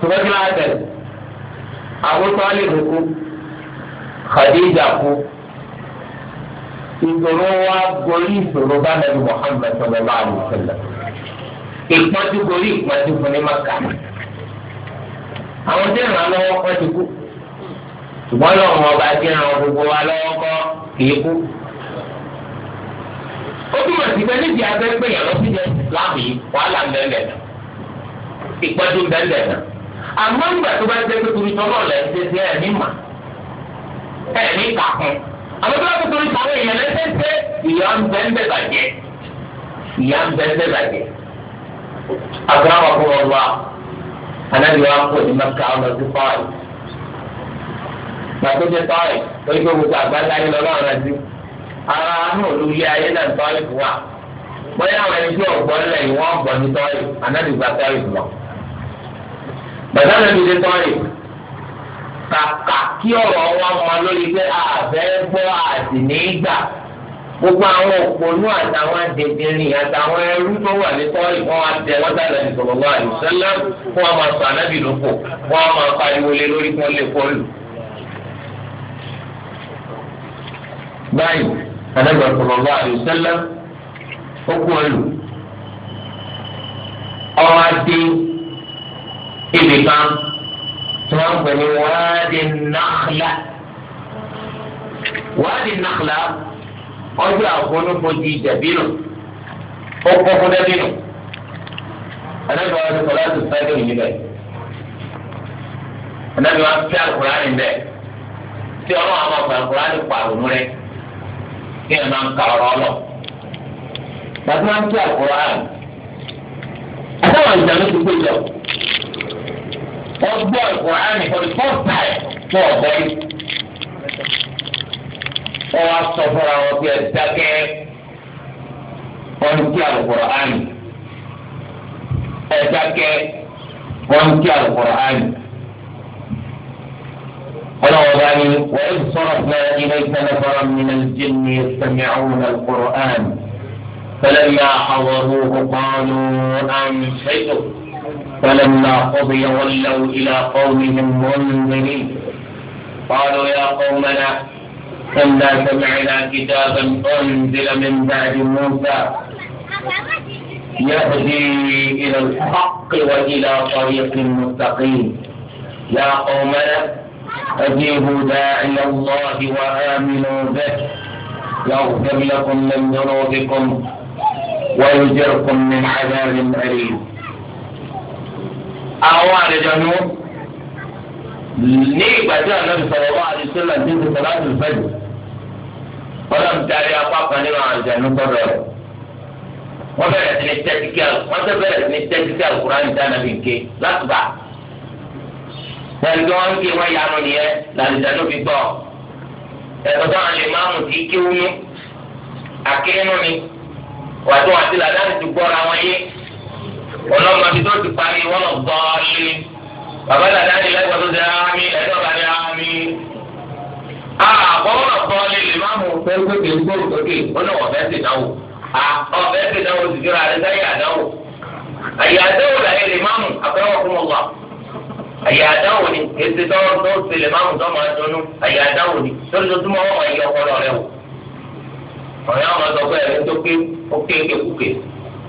tùmọ̀tì máa tẹ̀lé àwọn tọ́lì kú Khadija kú ìṣòro wa gorí ìṣòro bá nàbì Muhammad sọlọ́lá àdìsẹ́nà lọ́yọ̀ ìpọ́njú borí ìpọ́njú fún ní maka àwọn tí ìrànlọ́ lọ́wọ́ pọ́n ti kú ṣùgbọ́n lọ́wọ́ ọba tí ìrànlọ́ gbogbo wa lọ́wọ́ kọ́ kìí kú. ó túmọ̀ sí pé níbi abẹ́ pé yàrá sí jẹ́ láàbù yìí wàhálà mẹ́lẹ̀ náà ìpọ́njú mẹ́lẹ̀ náà àmọ́ ìgbà tó bá jẹ́ pé torí tọ́lọ́ lẹ́ ń tẹ́tẹ́ ẹ̀ ní mà ẹ̀ ní kàkún àwọn tó bá agbára fún wọn wá anábì wa kò ní maka ọmọ sí fáwọn gbàtó jẹ tọ́ọ̀ì torí pé gbogbo àgbáńlá yìí lọ́wọ́ ọ̀rọ̀ sí ara àánú òlu ilé ayé náà tọ́ọ̀ì fún gbogbo àwọn òpònú àtàwọn adèdèrìn àtàwọn ẹrú tó wà ní tọ́lì wọn wá tẹ wọn sáré ní sọlọ́wọ́ àdùsẹ́lá fún wọn máa sọ ànábì lóko wọn máa pariwo lé lórí kí wọn lè kọlù. báyìí ànábì sọlọ́wọ́ àdùsẹ́lá ó kú ọlù ọwọ́ adé ibì kan tí wọ́n pè ní wáàdì náxlá wáàdì náxlá ọjọ́ àfonúfojì dẹ̀bínú ó kún fún dẹ̀bínú anabi wa sọ láti sáyẹn yìí bẹ anabi wa fi alukurani bẹ tí ọlọ́run àwọn ọ̀gbà alukurani pa àrùn rẹ kí ẹ máa ń ka ọ̀rọ̀ lọ bàtí wọn fi alukurani àtàwọn ìjànú ti gbé jọ wọn gbọ́ alukurani for the first time fún ọ̀gbẹ́ni. wọ́n wá sọ fúnra wọn bí ẹ̀dákẹ́ wọ́n ti àlùkòrò àmì ẹ̀dákẹ́ wọ́n ti àlùkòrò àmì. ولو يعني وإذ صرفنا إليك نفرا من الجن يستمعون القرآن فلما حضروه قالوا أنصتوا فلما قضي ولوا إلى قومهم منذرين قالوا يا قومنا كلا سمعنا كتابا أنزل من بعد موسى يهدي إلى الحق وإلى طريق مستقيم يا قومنا أجيبوا داعي الله وآمنوا به يغفر لكم من ذنوبكم ويجركم من عذاب أليم àwọn àlejànú ní ìgbà tí صلى الله عليه وسلم ti صلاه الفجر ọlọ́run darí apá kan nínú àwọn àjẹnú gbọ́dọ̀ rẹ̀ wọ́n bẹ̀rẹ̀ sí ní tẹ́tíkẹ́lì wọ́n tẹ́ bẹ̀rẹ̀ sí ní tẹ́tíkẹ́lì kúránì dáná bí nké láti bá pẹ̀lú wọn kí wọ́n yanu nìyẹn làlùjáde fi gbọ́ ẹ̀sọ́tọ́ àlè máa mú kí kí wúnú àkínú ni wàtí wọn àti làdáni ti gbọ́ra wọn yé ọlọ́mọdé tó ti parí wọn lọ gbọ́ bàbá làdáni lẹ́gbọ́n tó ti rà á mí ẹ̀dọ́ àbọ̀wọ̀ sọ́ọ́lì lè má mú fẹ́ gbèsè gbòòrò sókè wọn náà ọ̀fẹ́ sì náwó ọ̀fẹ́ sì náwó sì kíra rẹ̀ sáyé àdáwò àyè àdáwò làyè lè má mú àfẹ́wọ̀ fún ọgbà àyè àdáwò ni èsì tó tó ṣe lè má mú tó máa dùnnú àyè àdáwò ni lórí tó túmọ̀ wọn máa yí ọpọlọ rẹ wò ọ̀yàn ọmọ sọ pé ẹ̀rí tó ké ó ké kékùké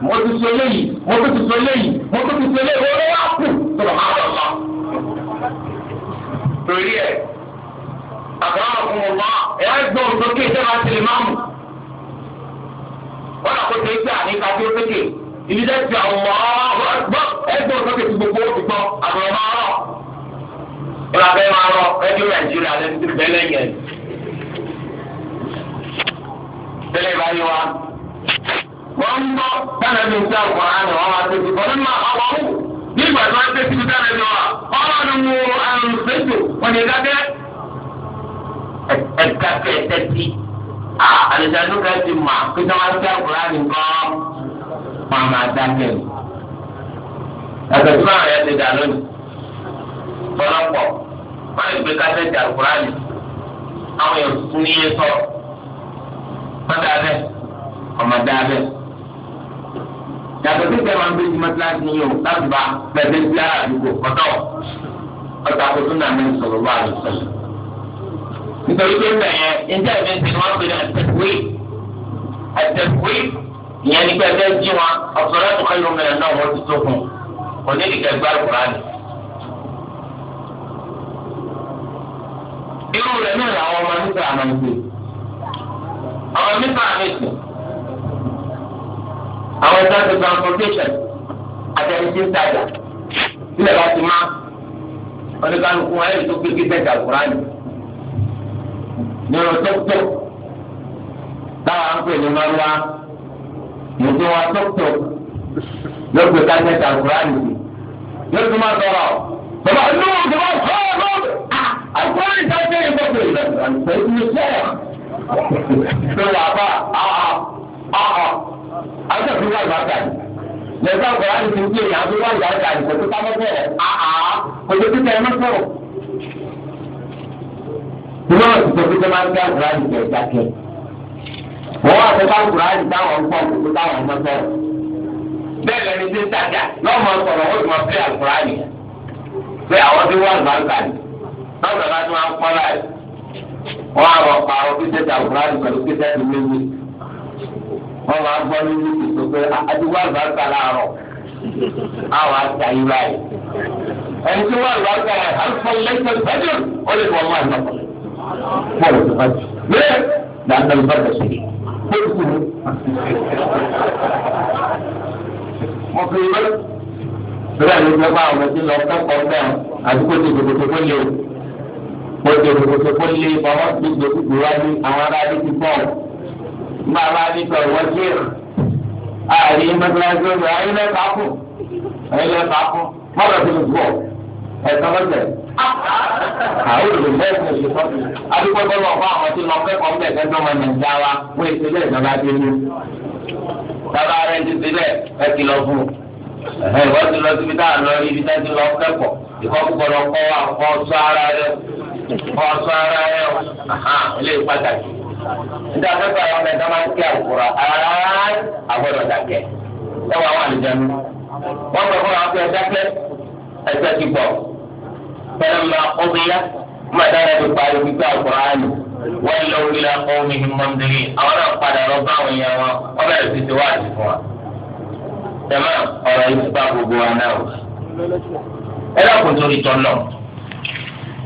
mo ti sọ eléyìí mo ti sọ eléyìí mo ti sọ eléyìí wọ́n wá kù tó máa lọ lọ. torí ẹ àbúrò fún mi wá ẹ á gbọ́ òun sókè tẹ́ máa tẹ̀lé máàmù. wọ́n àkó tẹ̀ gbé àníkà tó sókè ìdílé ti àwọn ọmọ ọgbọ́ ẹ gbọ́ òun sókè tí gbogbo ó ti gbọ́ àbúrò máa rọ̀. ìwà bẹ́ẹ̀ máa rọ ẹjọ́ nàìjíríà lẹ́nu ti bẹ́ẹ̀ lẹ́yìn ẹ̀. tẹ́lẹ̀ báyìí wá. wọ́n ń gbọ́ dáná ní ìta ọ̀gbọ̀n àná wọn máa tètè bọ́ nínú àwọn ọ̀hún bí ìgbà tí wọ́n tètè bí dáná um, ní wa ọlọ́run wo àrùn sẹ́jọ wọn ni dákẹ́ ẹ̀ka àlejò ti dà lónìí wọ́n lè gbé àwọn èèyàn tuntun ní iye sọ̀rọ̀ wọ́n yàtọ̀ sí pẹ́ẹ́ máa ń gbé jùmọ̀ kíláàsì yìí o láti bá pẹ̀lú sí àdúgbò kọ́tọ̀ ọ̀tà kò tún nàní sọ̀rọ̀ wá ló sọ̀rọ̀. nítorí pé bẹ̀yẹ ẹjẹ́ mi ti wọ́n pè ní àtẹ̀kùwé àtẹ̀kùwé ìyẹn ní pé ẹgbẹ́ jí wọn ọ̀sọ̀ láti kọ́ ìlú mẹ́rin náà wọ́n ti tó fún kò ní ìdíkẹ́ gbá ìkùránì. irú rẹ̀ náà àwọn ẹ̀dá ti transportation àtẹnudí ń tajà sílẹ̀ láti má oníkanukú wọn ẹ̀rí tó gbégbé bẹ́ẹ̀ dàgbòrá ni nínú tókító táwa ń pè ní mọ́lá nìkú wọn tókító ló gbé kájẹ dàgbòrá ni yóò tún má sọ̀rọ̀ bàbá inú wọn kò bá sọ ọ́ lọ́wọ́ àgbọ̀n ìtajà ìgbọ̀gbọ̀ ìgbọ̀gbọ̀ ìgbọ̀gbọ̀ ìgbọ̀gbọ̀ ìgbọ̀gbọ̀ ìgbọ̀gbọ̀ àwọn tẹ̀sí wà ìbáta yìí lẹ́gbẹ́ àgbọ̀rá ni ti ń gbé yàn án tó wà ìbáta yìí kò tó ká mọ́tò rẹ̀ kò tó títẹ̀ ẹ mọ́tò. ìwé wọn ti sọ pé sọ́mà ń gbé àgbọ̀rá yìí kẹ̀ ẹ̀dá kẹ̀. wọ́n wá sọ́mà àgbọ̀rá yìí táwọn ń pọ̀ kò tó táwọn mọ́tò rẹ̀. bẹ́ẹ̀ lẹni tí ń tajà lọ́mọ sọ̀rọ̀ ó pé àwọn ti wọ́n máa gbọ́ nínú ìpèsè pé àdúgbò ah, àlùbáríkà láàárọ̀ àwọn àjà yìí báyìí. ẹni tí wọ́n àlùbáríkà yẹn àlùfọ́n lẹ́sẹ̀ bẹ́jọ́ ó lè wọ́n máa lọ. bọ́ọ̀lù tó bá jù bẹ́ẹ̀ dáadáa ló bá bẹ̀ sí i. bọ́ọ̀lù tó bá jù. mo fi rẹ́ bẹ́ẹ̀ ló gbẹ́ fún àwọn ọmọdé lọ kẹ́kọ̀ọ́ náà àdúgbò tó gbogbo tó lé o. mo gbogbo tó lé ọmọ gbogbo tó ní àwọn ará máa bá ní pẹ̀lú wọ́n sí èrò ààrẹ mọ́tíláṣí ọ̀gbìn ẹ̀yin lẹ́ẹ̀ bá kù ẹ̀yin lẹ́ẹ̀ bá kù mọ́tò tó ń bọ̀ ẹ̀sán lọ́sẹ̀. àwọn olùdókòwò ẹ̀sìn ṣe fọ́ọ̀tì adúgbò tó lọ fún àwọn tí lọ kẹ́kọ̀ọ́ ń bẹ̀ẹ́ tó máa nàìjíríà wa wọ́n èsì ilé ìjọba dé ní. bàbá rẹ̀ ti sílẹ̀ ẹ ti lọ fún un ìwọ́n ti lọ síbi táà lọ ibi tá ti lọ kẹ́kọ̀ọ́ ìfọ́kùkọ̀ lọ kọ́ wa kọ́ sọ ara rẹ̀ kọ́ sọ ara rẹ̀ ilé pàtàkì níta fẹ́fẹ́ àwọn ọmọ ẹ̀dá máa ń kí àkùrọ̀ aráàlú àgbọ̀dọ̀ dàkẹ́ ẹ wọ àwọn àlùjẹnu wọ́n sọ fún àwọn akẹ́kẹ́ dákẹ́ ẹ̀sẹ̀ ti bọ̀ pẹ̀lú ọmọ ọ̀gbìnlá mọ̀dára ti parí gbígbé àkùrọ̀ àlù wọ́n lọ wílá ọ̀mí mọ̀ndìrì àwọn náà padà lọ bá àwọn èèyàn wọn wọ́n bẹ̀rẹ̀ sí ti wá àti fún wa. tẹ̀mọ́ ọ̀rọ̀ yìí bá gbogbo wa náà ẹ lọ́kùn torí tọ́ náà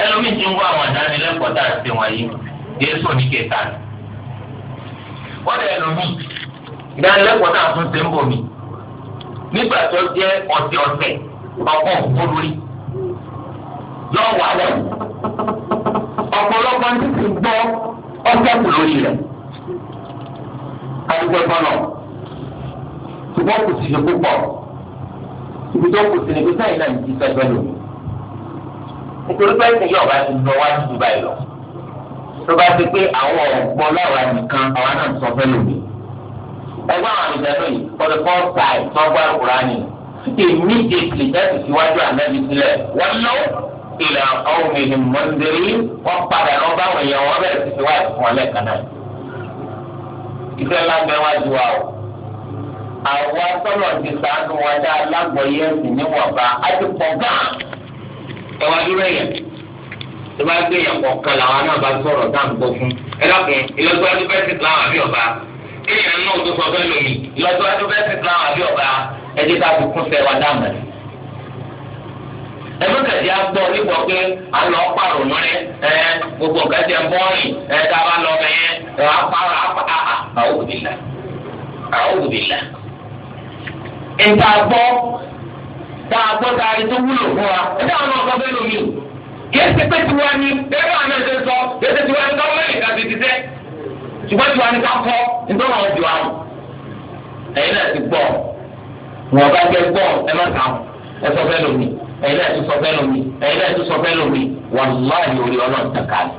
ẹlòmíì ti ń wá àwọn àdánilẹ́kọ̀ọ́ tá à ń wọ̀nyí yéésù ní kéta ni wọ́n lè lò mí ìdánilẹ́kọ̀ọ́ náà tún ṣe ń bò mí nígbà tó jẹ́ ọ̀sẹ̀ ọ̀sẹ̀ ọkọ̀ òfurufú yọ wà lẹ́wọ̀ ọ̀pọ̀lọpọ̀ ní ti gbọ́ ọ̀sẹ̀ kù lórí rẹ̀ àdúgbò gbọ́nà ṣùgbọ́n kò sì ṣe púpọ̀ ibùdó kò sì ní bí sáyìn náà ti sẹ́gbẹ́ lò nítorí pé ẹ̀sìn yọ̀ọ̀bá ti lọ wájú Dubai lọ tó bá ti pé àwọn ọ̀pọ̀ lọ́wọ́ nìkan àwọn náà sọ fẹ́ lòdì. ẹgbẹ́ àwọn àmìjẹ́nu yìí for the first time tó gbọ́ ìkúránì immediately tẹ́sí síwájú ànábi sílẹ̀ wọ́n lọ ìlà ọ̀hún ìhìn mọ́ndérí wọ́n padà lọ bá àwọn èèyàn wọn bẹ̀rẹ̀ sí síwájú fún wọn lẹ́ẹ̀kan náà. ìfẹ́ lábẹ́ wájú wa o àwa tọ́lọ̀ ti sàánú wa dá alágbọ̀yé ẹ̀sìn níwọ̀nba á ti pọ̀ gán ẹ̀wà dúró yẹn tó bá gbé yàn kọ̀ọ̀kan làwọn náà bá sọ̀rọ̀ tá à ń gbọ́ fún. ẹ dákun ìlọsíwájú bẹ́ẹ̀ sì láwọn àbí ọba kéèyàn náà tó sọ fẹ́ lómi ìlọsíwájú bẹ́ẹ̀ sì láwọn àbí ọba ẹ jẹ́ ká fi kún fẹ́ wa dáàmú rẹ̀. ẹgbẹ́ kẹ̀dí agbọ́ nípa pé a lọ pààrọ̀ múlẹ̀ ẹ gbogbo nǹkan jẹ bọ́ọ̀rìn ẹ tá a bá lọ bẹ́ẹ̀ ẹ apárọ̀ àwòbìlà àwòbìlà. ìta gbọ́ tá a gbọ́ tá a rí tó wúlò fún wa ẹ kéésì pé tiwa ni bẹ́ẹ̀ bá náà ṣe sọ kéésì tiwa ni káwọn mẹ́rin kan ti ti sẹ́ ṣùgbọ́n tiwa ni ká kọ́ nítorí àwọn tiwa mu ẹ̀yin náà ti gbọ́ wọn bá jẹ́ gbọ́ ẹ má kà ẹ sọ fẹ́ lómi ẹ̀yin náà ti sọ fẹ́ lómi ẹ̀yin náà ti sọ fẹ́ lómi wàláhì orí ọlọ́run tàkà ni.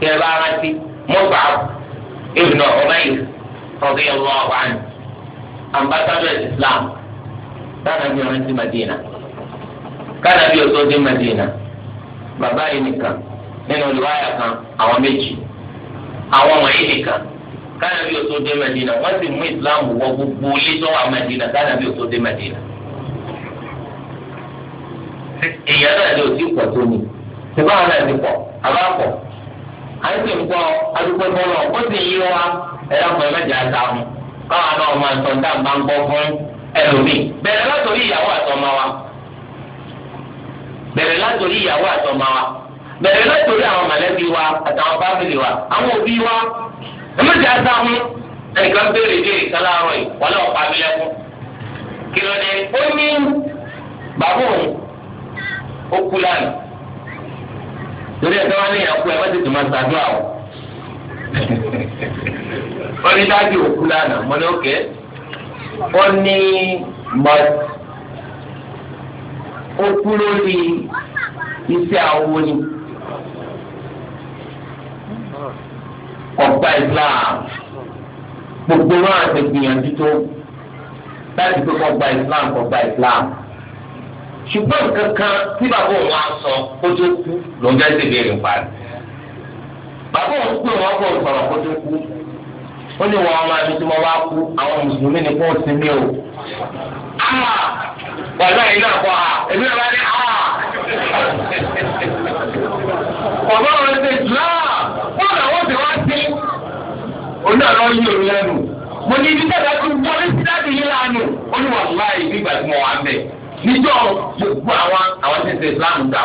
kí ẹ bá rántí mo bá ibùdó ọ̀bẹ yìí ọ̀bẹ yìí ọ̀bẹ yìí ambassador islam dáná ní ọ̀rẹ́ ti Madina. kánàbí o tó dé Madina baba yìí nìkan nínú olùwáyà kan àwọn méjì àwọn wọ̀nyí nìkan kánàbí o tó dé Madina wọ́n sì mú Islam wọ gbogbo ilé tó wà Madina kánàbí o tó dé Madina. èèyàn náà ni òsì pọ̀ tó ni ṣùgbọ́n àwọn náà ti pọ̀ àbá pọ̀ à ń sì wa ẹ̀rọ pẹ̀lú ẹ̀jẹ̀ àtàwọn káwọn náà máa sọ̀ńdà máa ń wa. bẹ̀rẹ̀ látòrí ìyàwó àtọmọ wa bẹ̀rẹ̀ látòrí àwọn mọ̀lẹ́bí wa àtàwọn fámìlì wa àwọn òbí wa ẹ̀mẹ́jì àtàwọn ẹ̀kan béèrè béèrè kálá ọ̀rọ̀ yìí wọ́n lọ́ọ́ pa mí lẹ́kún kí ló dé ó ní bàbá òun ó kú lánàá torí ẹ̀ka wọn ní ìyàkú ẹ̀ wọ́n ti tùmọ̀ sàdúrà o wọ́n ní dájú lánàá mọ́ ní ó ní mọ́tò ó kú lórí iṣẹ́ àwọn ni ọgbà Islam gbogbo wọn àti gbìyànjú tó láti pé ọgbà Islam ọgbà Islam ṣùgbọ́n nǹkan kan tí bàbá òun á sọ kó tó kú ló ń bẹ́ẹ̀ ṣèbéèrè parí bàbá òun pé wọn kò sọ̀rọ̀ kó tó kú ó ní wọn ọmọ àbí tí wọn bá kú àwọn mùsùlùmí ni kò sinmi o. wàlá yìí náà kọ́ a èmi náà bá ní a. bàbá wọn ṣe islam wọn làwọn ti wá sí. oní àná lẹ́nu mo ní ibi lánàá nígbà tí mo wà ń bẹ̀ níjọ́ gbogbo àwọn àwọn ti ṣe islam dà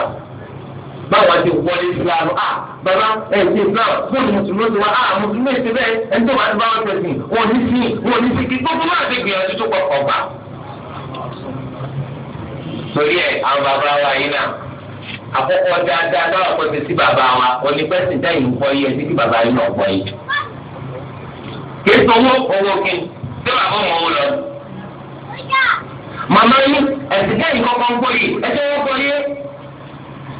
o ti islam a bàbá ti islam fún mùsùlùmí ti wá a mùsùlùmí ti bẹ́ẹ̀ ẹni tó ní sí ní sí kí gbogbo máa ti torí ẹ àwọn bàbá wa yìí náà àkọ́kọ́ dáadáa dáwà pẹ̀lú sí bàbá wa onípẹ́sìn dáyìí ń kọ́ yẹ sí kí bàbá yìí náà kọ́ yìí. kì í sanwó owó kí ṣé bàbá mọ̀ ọ́ lọ. màmá yín ẹ̀sìn dáyìí kọ́kọ́ ń kọ́ yìí ẹ̀sìn wọ́n kọ́ yé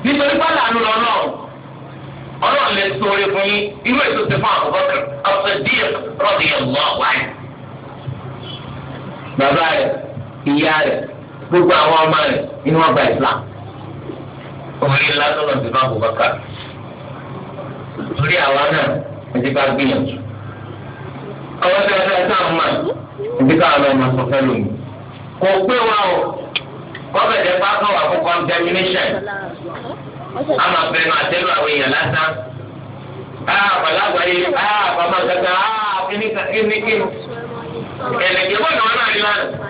nítorí pálá àánú lọ náà ọlọ́run lè so oore fún yín irú èso ti fún àkọ́kọ́ ọ̀sẹ̀ díẹ̀ rọ̀bì ẹ̀ lọ́wọ́ wáyé. bàbá rẹ̀ ìyá gbogbo àwọn ọmọ rẹ̀ inú ọgbà islam orí ńlá tọ́lọ̀ ti bá bùbákà torí àwa náà ẹtí ká gbìyànjú ọwọ́ tí wọ́n fẹ́ sáà mọ̀ ẹtí ká lọ ọmọ sọ fẹ́ lónìí kò pé wa o kọ́bẹ̀dẹ̀ pápá wà fún contamination a máa bẹ̀rẹ̀ máa tẹ́lu àwọn èèyàn lásán aa balagba yi aa bàmá gàgà wọ́n náà náà yọ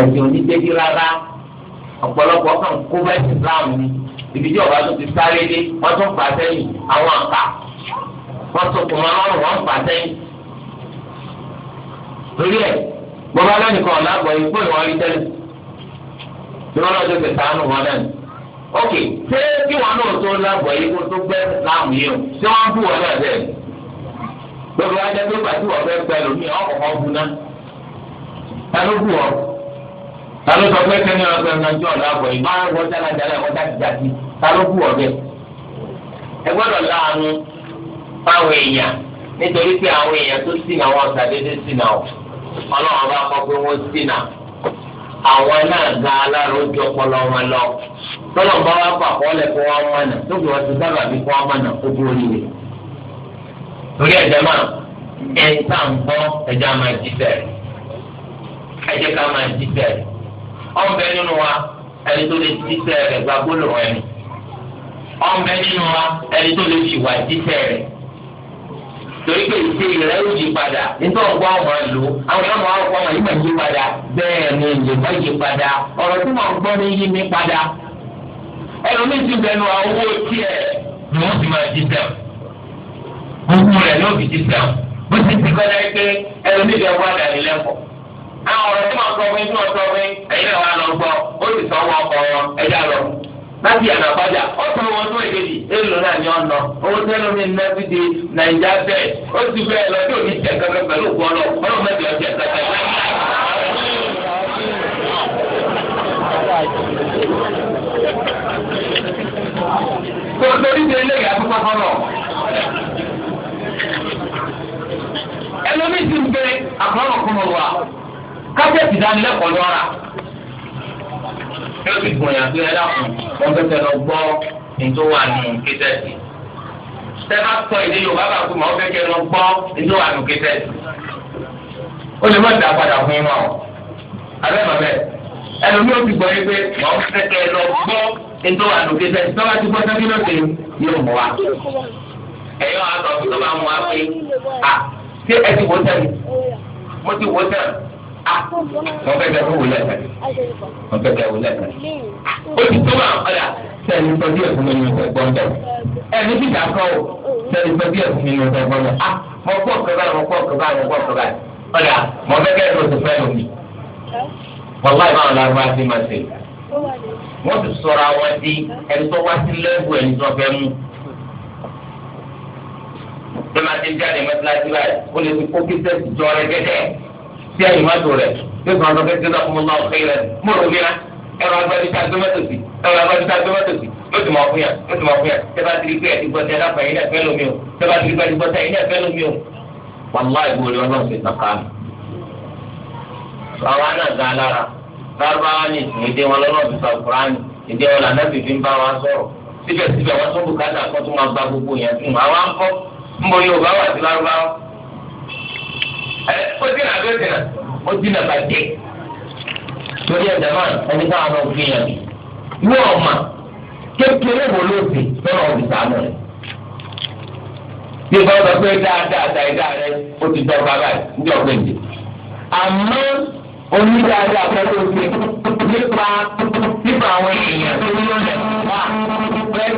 ẹ̀sìn onídéédé rárá ọ̀pọ̀lọpọ̀ kan kó bá Islam ni ibi tí ọba tó ti sáré dé wọ́n tún fà sẹ́yìn àwọn àká wọ́n tún kùmọ̀ lọ́rùn wọ́n fà sẹ́yìn. torí ẹ̀ bọ́bá náà nìkan ọ̀la gbọ́ ikú ni wọ́n rí tẹ́lẹ̀ tí wọ́n lọ́ọ́ tó ti sàánù wọn náà ok ṣé kí wọn náà tó lágbọ̀ yìí kó tó gbẹ́ Islam yìí o ṣé wọ́n bú wọn náà bẹ́ẹ̀ gbogbo ajá tó gbà tí wọ́n fẹ́ gbẹ lómi ọkọ̀ kan bu náà ta ló bú wọn ta ló sọ pé sẹ́ni ọ̀sẹ̀ ọ̀nàjọ́ ọ̀dà àbọ̀ yìí máa ń wọ jálajàlá ẹ̀kọ́ jákèjádì ta ló kú ọ̀bẹ. ẹ gbọ́dọ̀ láàánú fáwọn èèyàn nítorí pé àwọn èèyàn tó ṣìnà wọn ṣàdédé ṣìnà ọ ọlọ́run bá kọ́ pé wọ́n ṣìnà àwọn náà ga alára ojú ọpọlọ wọn lọ tọ́lọ̀ bá wá fà kọ́lẹ̀ kó wọ́n mọ̀nà tó fi wọ́n ti sábà bí kó wọ́n mọ̀nà ojú oríire. torí ẹ̀jẹ̀ máa ẹ̀ ń tà ń bọ́ ẹ̀jẹ̀ máa jí bẹ̀rẹ̀ ẹ̀jẹ̀ ká máa jí bẹ̀rẹ̀ ọ̀nbẹ nínú wa ẹni tó lè jíṣẹ́ rẹ gba gbólóhùn ẹni ọ̀nbẹ nínú wa ẹni tó lè fi wà jíṣẹ́ torí pé ìṣe ìrẹ́ ó yí padà nítorí ọgbà ọmọ lò àwọn ọmọ ọkọ ọmọ yìí máa yí padà ni ìlú máa yí padà ọ̀rọ̀ tí ní yí mi padà ẹlòmíì ti bẹnu owó ni ti àwọn ọ̀rọ̀ tí màá sọ fún yín tí wọ́n sọ fún yín ẹ̀yin náà wà lọ gbọ́ ó sì sọ wọ́n ọkọ̀ wọn ẹ̀yà lọ. láti yàrá àbájá ó sọ wọn tó èkejì èlò náà ni ọ̀nà owó tẹ́lẹ̀ mi ná sí di nàìjà bẹ́ẹ̀ ó sì bẹ́ẹ̀ lọ kájẹ́tì ìdánilẹ́kọ̀ọ́ ni wọ́n rà yóò ti gbọ̀n yàtọ̀ ẹ dákun wọ́n fẹ́ fẹ́ lọ gbọ́ ètò wà nù kẹsẹ̀tì tẹ́lá sọ èdè Yorùbá bá kú mà ó fẹ́ kẹ́ lọ gbọ́ ètò wà nù kẹsẹ̀tì ó lè má dà padà fún yín mọ́ abẹ́ bàbẹ́ ẹlòmíì ó ti gbọ́ yín pé mà ó fẹ́ kẹ́ lọ gbọ́ ètò wà nù kẹsẹ̀tì tọ́lá ti gbọ́ sẹ́kí lóde yóò mú wa ẹ̀yọ́ àtọ̀ tó bá mú wa pé à ṣé ẹ ti wò sẹ́ni mo ti wò sẹ́ni wọ́n fẹ́ dẹ́kun wò lẹ́ẹ̀kan wọ́n fẹ́ dẹ́kun wò lẹ́ẹkan. ó ti tó máa ọ̀dà sẹ́ni sọ díẹ̀ fún mi ní ìfẹ́ gbọ́n bẹ́ẹ̀. ẹ ní ti dà kọ́ o sẹ́ni sọ díẹ̀ fún mi ní ìfẹ́ gbọ́n bẹ́ẹ̀. Ah, mo gbọ́ kaba mo gbọ́ kaba ọ̀dà mo fẹ́ kẹ́ wọ́n ti sọ̀rọ̀ àwọn di ẹni tó wá sí lẹ́gùn ẹni tó fẹ́ mú. bí sí ẹ̀yìn mọ́tò rẹ̀ yóò tún ọ̀dọ́ kẹ́kẹ́ lọ́kùnrin ọmọ ọ̀kẹ́ rẹ̀ mú lómi rẹ̀ ẹ̀rọ agbẹ́bíta gbẹ́mọ́tòsí ẹ̀rọ agbẹ́bíta gbẹ́mọ́tòsí lótú máa fún yà lótú máa fún yà tẹ́bá ti di pé ẹ̀dígbọ́ tẹ́ ẹ̀dá fẹ̀yìn ẹ̀fẹ́ lómi o tẹ́bá ti di pé ẹ̀dígbọ́ tẹ́ ẹ̀yìn ẹ̀fẹ́ lómi o. wàlá ìbò rẹ ọlọ́run ṣe tàn káàmì. báwa náà gan alára lárúbáwá ní ìsìn èdè wọn lọ́rọ̀ bí sàkúránì èdè wọn làná fífi ń bá wa sọ̀rọ̀ síbẹ̀síbẹ̀ wọn tún bùkátà kó tún máa gba gbogbo yẹn fún wa. àwa ń kọ́ ń ó dínà àbí ó dínà ó dínà bàjẹ́ torí ẹ̀dá máa ẹni káwọn náà fi hàn ní ọ̀ma kékeré wo ló ti lọ́nà òbíta nù rẹ̀ bí ìbá ọ̀dọ́ pé dáadáa dáadáa rẹ ó ti dọ́ bàbá rẹ̀ ní ọ̀gbìn jù àmọ́ onídàájọ́ àfẹ́lẹ́ òfin nípa nípa àwọn èèyàn tó ní ọ̀nà wà bẹ́ẹ̀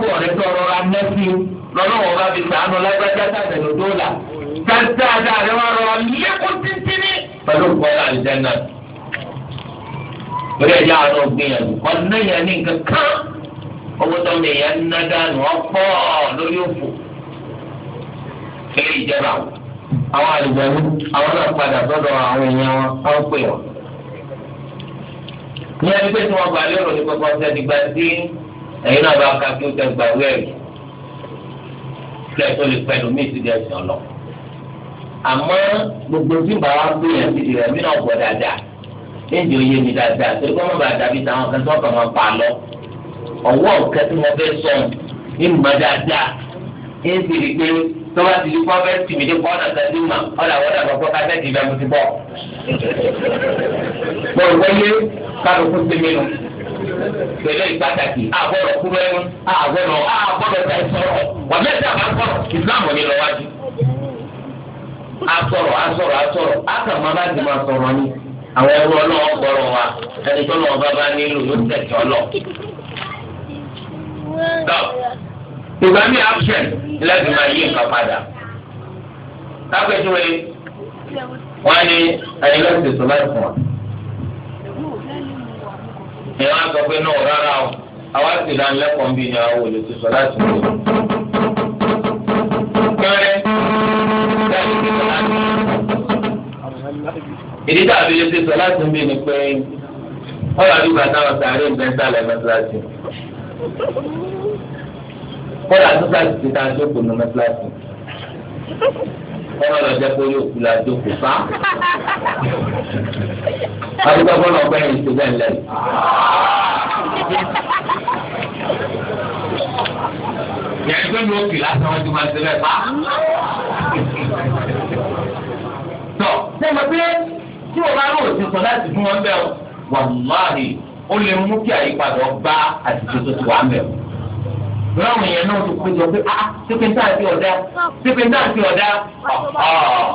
tó ọ̀rẹ́ tó ọ̀rọ̀ nẹ́sìn lọ́nà wọn bá fi sàánú lágbájá sàtẹ̀lódó là dáadáa rẹ wá rọra lékún títí ní pẹ̀lú ìpọ́nlá àlùjáná. Orí ẹ̀yà àárọ̀ gbìyànjú ọ̀nà yẹn ní nǹkan kan owó tó ń yẹn ná dànù ọ̀pọ̀ lórí òfò. Ilé ìjọba àwọn àlùjáná àwọn náà padà sọ́dọ̀ àwọn èèyàn wọn wọ́n pè wọ́n. Ní ẹni pé tí wọ́n gbà lérò ní pẹ́pẹ́ ọ̀sẹ̀ dìgbà sí ẹ̀yin náà bá ka kí ó tẹ gbàwé ẹ̀rí. Kílẹ̀ tó lè pẹ̀lú mí ìsìnkú ẹ̀sìn ọlọ́ọ̀ àmọ́ gbogbo tí bá wá gbé yẹn ti rẹ̀ mí náà gbọ́ dáadáa léèdì oyè mi dáadáa torí pé wọ́n bá dàbí táwọn kan tó kàn máa pa lọ ọwọ́ ọ̀kẹ́ tí wọ́n fẹ́ sọ ní mọ̀ dáadáa ní ti rí pé tọ́ba ti di kọ́ fẹ́ tì mí dé kọ́ ọ̀nà tẹ́tí mà ọ̀dà wọ́dà lọ́kọ́ káfẹ́ tì bẹ́ẹ̀ mo ti bọ̀. mo rò wáyé kálukú sí mi nù pẹ̀lú ìpàtàkì àbọ̀rọ̀ kúrẹ́nu àbọ̀rọ̀ àbọ̀rọ̀ tẹ̀sọ̀rọ̀ wàmẹ́sẹ̀ àbá asọ̀rọ̀ asọ̀rọ̀ asọ̀rọ̀ akàmọ́ bá ti máa sọ̀rọ̀ ni àwọn ẹrú ọlọ́wọ́ gbọ́rọ̀ wa ẹni tó lọ́wọ́ bá bá nílò yóò tẹ̀jọ́ lọ. ìgbà mi absent láti máa yí nǹkan padà. lápẹ̀tùwẹ̀ wọ́n ní ẹni lọ́sì tó láti fún wa. ìyẹn wọn sọ pé náà rárá o àwọn àti ìdánilẹ́kọ̀ọ́ ń bí ní àwọn olùsọ̀rọ̀ láti fún wa ìdí tàbí lè ṣe sọ láti ń bí ni pé ọ̀rọ̀ àdúgbò àtàwọn sàárè ń bẹ́ ń sálẹ̀ mọ́tíláṣí. kọ́lá àdúgbò àti ti ta jókòó ní mọ́tíláṣí. kọ́lá lọ jẹ́ pé yóò kú la jókòó fá. àdúgbò bọ́lá ọgbẹ́ yìí ti bẹ́ẹ̀ lẹ́yìn. yẹn tó ní òkè lásán wọn ti máa ṣe bẹ́ẹ̀ pa tọ̀ sẹ́yìn pé tí o bá lóò ti sọ láti fún wọn bẹ́ẹ̀ wàláhì ó lè mú kí àyípadà ọgbà àtijọ́ tó ti wà ń bẹ̀ láwọn èèyàn náà tó péjọ pé ah sípéńtà àti ọ̀dà sípéńtà àti ọ̀dà ọ̀ọ́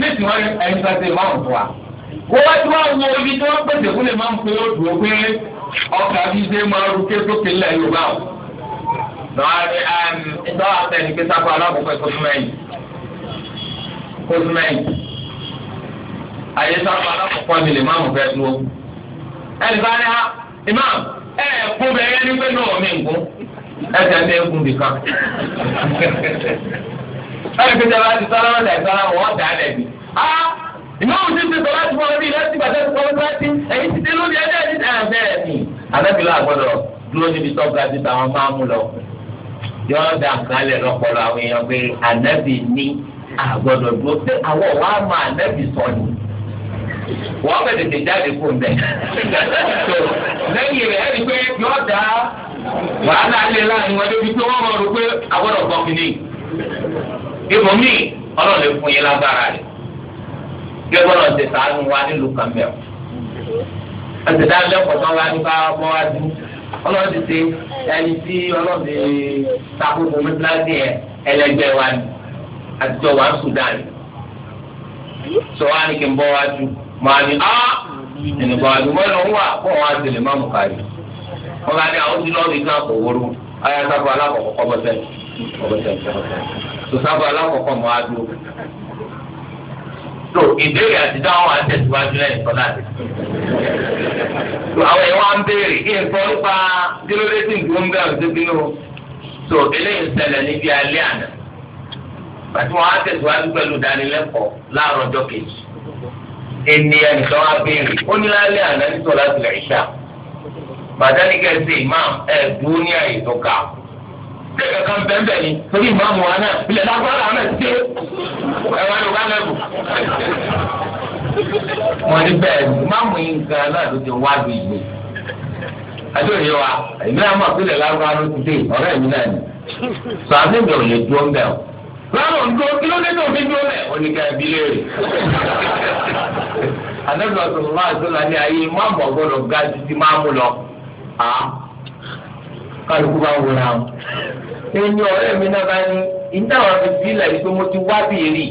ní tí wọ́n ẹni tó ṣe máa ń fún wa. wọ́n wá tí wọ́n wo ibi tí wọ́n pèsè fún lè máa ń pè ó dùn ó pé ọkà bí ṣe máa ru ké sókè ńlẹ̀ Yorùbá o. lọ́wọ́ àti ẹni pé sáfù aláàbò pẹ̀lú mẹ́yìn àyè sábà alákọ̀ọ́kọ́ ni lè má mú fẹ́ dúró. ẹnì kan ní ah, imam ẹ kún bẹ́ẹ̀ ní pé náà mi ń kún ẹsẹ̀ ń bẹ́ẹ̀ kún nìkan. ẹnì kan jẹba ti sọ́lá ọ̀dà ìsọ́lá wọ́n dà á lẹ̀bi. Ah, imam ti ti sọ́lá ti fọ́ ọdún ìlẹ́sìn bàtà ti sọ́lá ti ẹ̀yìn ti dé lóde ẹ̀dẹ́ ẹ̀dí ẹ̀ bẹ́ẹ̀ ni. anábìlá àgbọ̀dọ̀ dúró níbi tó ga ti tàwọn máa mú lọ. yọ̀ọ́dà kan lẹ̀ lọ́pọ̀lọ́ àwọn èèyàn pé ànábì ní àgbọ̀dọ̀ dúró pé àwọn wàá máa ànábì sọ ni. wọ́n fẹ́ tètè jáde kó ń bẹ̀. tó lẹ́yìn rẹ̀ ẹ̀rí pé wàhálà láàrin wọn débi wọ́n mọ̀ pé àwọn ọ̀gbọ́n fi ní. ibò míì ọlọ́run lè fún yín lágbára rẹ̀ wa nílùú kan lẹ́kọ̀ọ́ tán wá nípa ọmọ wa ọlọ́run ti ṣe ẹni tí ọlọ́run mẹ́tíláṣí máa ní á ẹnìkan àdúgbò ló ń wà fún àwọn àtẹlẹ máa mú kárí wọn bá ní àwọn tí lọ́ọ̀rì náà kò wọ́rú ayé sábà alákọ̀ọ́kọ́ kọ́bọ̀tẹ́ kọ́bọ̀tẹ́ tó sábà alákọ̀ọ́kọ́ mọ́ á dúró. tó ìbéèrè àti dáhùn àtẹ̀síwájú lẹ́yìn kan náà tó àwọn ẹ̀wọ̀n á ń béèrè kí n sọ nípa kílódé tí nǹkan ń bẹ̀rù tó bínú tó eléyìí ṣẹlẹ̀ níbi alẹ́ àná àti wọn á tẹ̀síwájú pẹ̀lú ìdánilẹ́kọ̀ọ́ láàárọ̀ ọjọ́ kejì ènìyàn nìkan wá béèrè ó ní lálẹ́ àná ní sọ̀rọ̀ láti rẹ̀ ṣá bàtàní kẹsì imam ẹ̀ dúró ní àyè tó ga ṣé kankan bẹ́ẹ̀ ni torí imam wa náà ilẹ̀ lágbára àwọn ẹ̀ ṣe ẹ̀ wá ló bá lẹ́bù. wọ́n ní bẹ́ẹ̀ imam yìí gan náà ló ti wá lu ìwé àdóòye wa ìmí àmọ́ àpilẹ̀ lágbára ló ti dé ọ̀rẹ́ mi náà ni sọ àbí mi ò dúró mbẹ́ o báwo ń tó kí ló dé tó fi dúró lẹ̀ oníkà ẹbí léèrè. àdébùlọ sọ̀rọ̀ máa tó ní ayé má bọ̀ gbọ́dọ̀ ga títí máa mú lọ. kálukú bá wúra o. ẹni ọ̀rẹ́ mi náà bá ní ìdá àwọn fi bí ilà ìgbé mo ti wá bìrì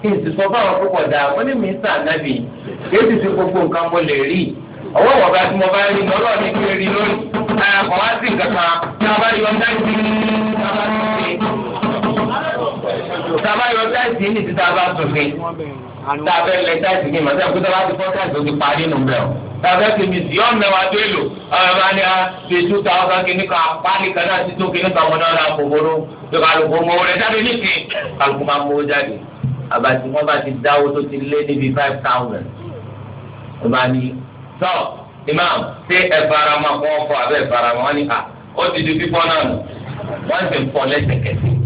kí n sì sọ fáwọn púpọ̀ dáa wọ́n ní mínísítà nábì èyí ti gbogbo nǹkan mo lè rí ọwọ́ wọ̀ bá tí mo bá rí lọ́rọ̀ ní kí tàbá yọ táìsì yìí nìtí tàbá tòfin tàbá lẹ táìsì yìí màtí àkútà bá ti fọ́ táìsì ó ti parí nù bẹ́ẹ̀ o tàbá ti mi sí ọ̀nà wa tó èlò ọ̀rọ̀ bá ní a ti tú ta ọ̀gá kìíní kan apáni kan náà ti tó kìíní kan mọ́nà ọ̀la kòkòrò tó kálukú mọ òwúrẹ̀ jáde nìkì kálukú máa mọ owó jáde àbàtì wọn bá ti dáwó tó ti lé níbi five thousand ọba ní tọ́ imam ṣé ẹ fara ma kọ́ fọ́ abẹ́ ẹ fara ma wọ́n ní a ó ti di fífọ́ náà nù wọ́n ti fọ́ lẹ́sẹ̀kẹsẹ̀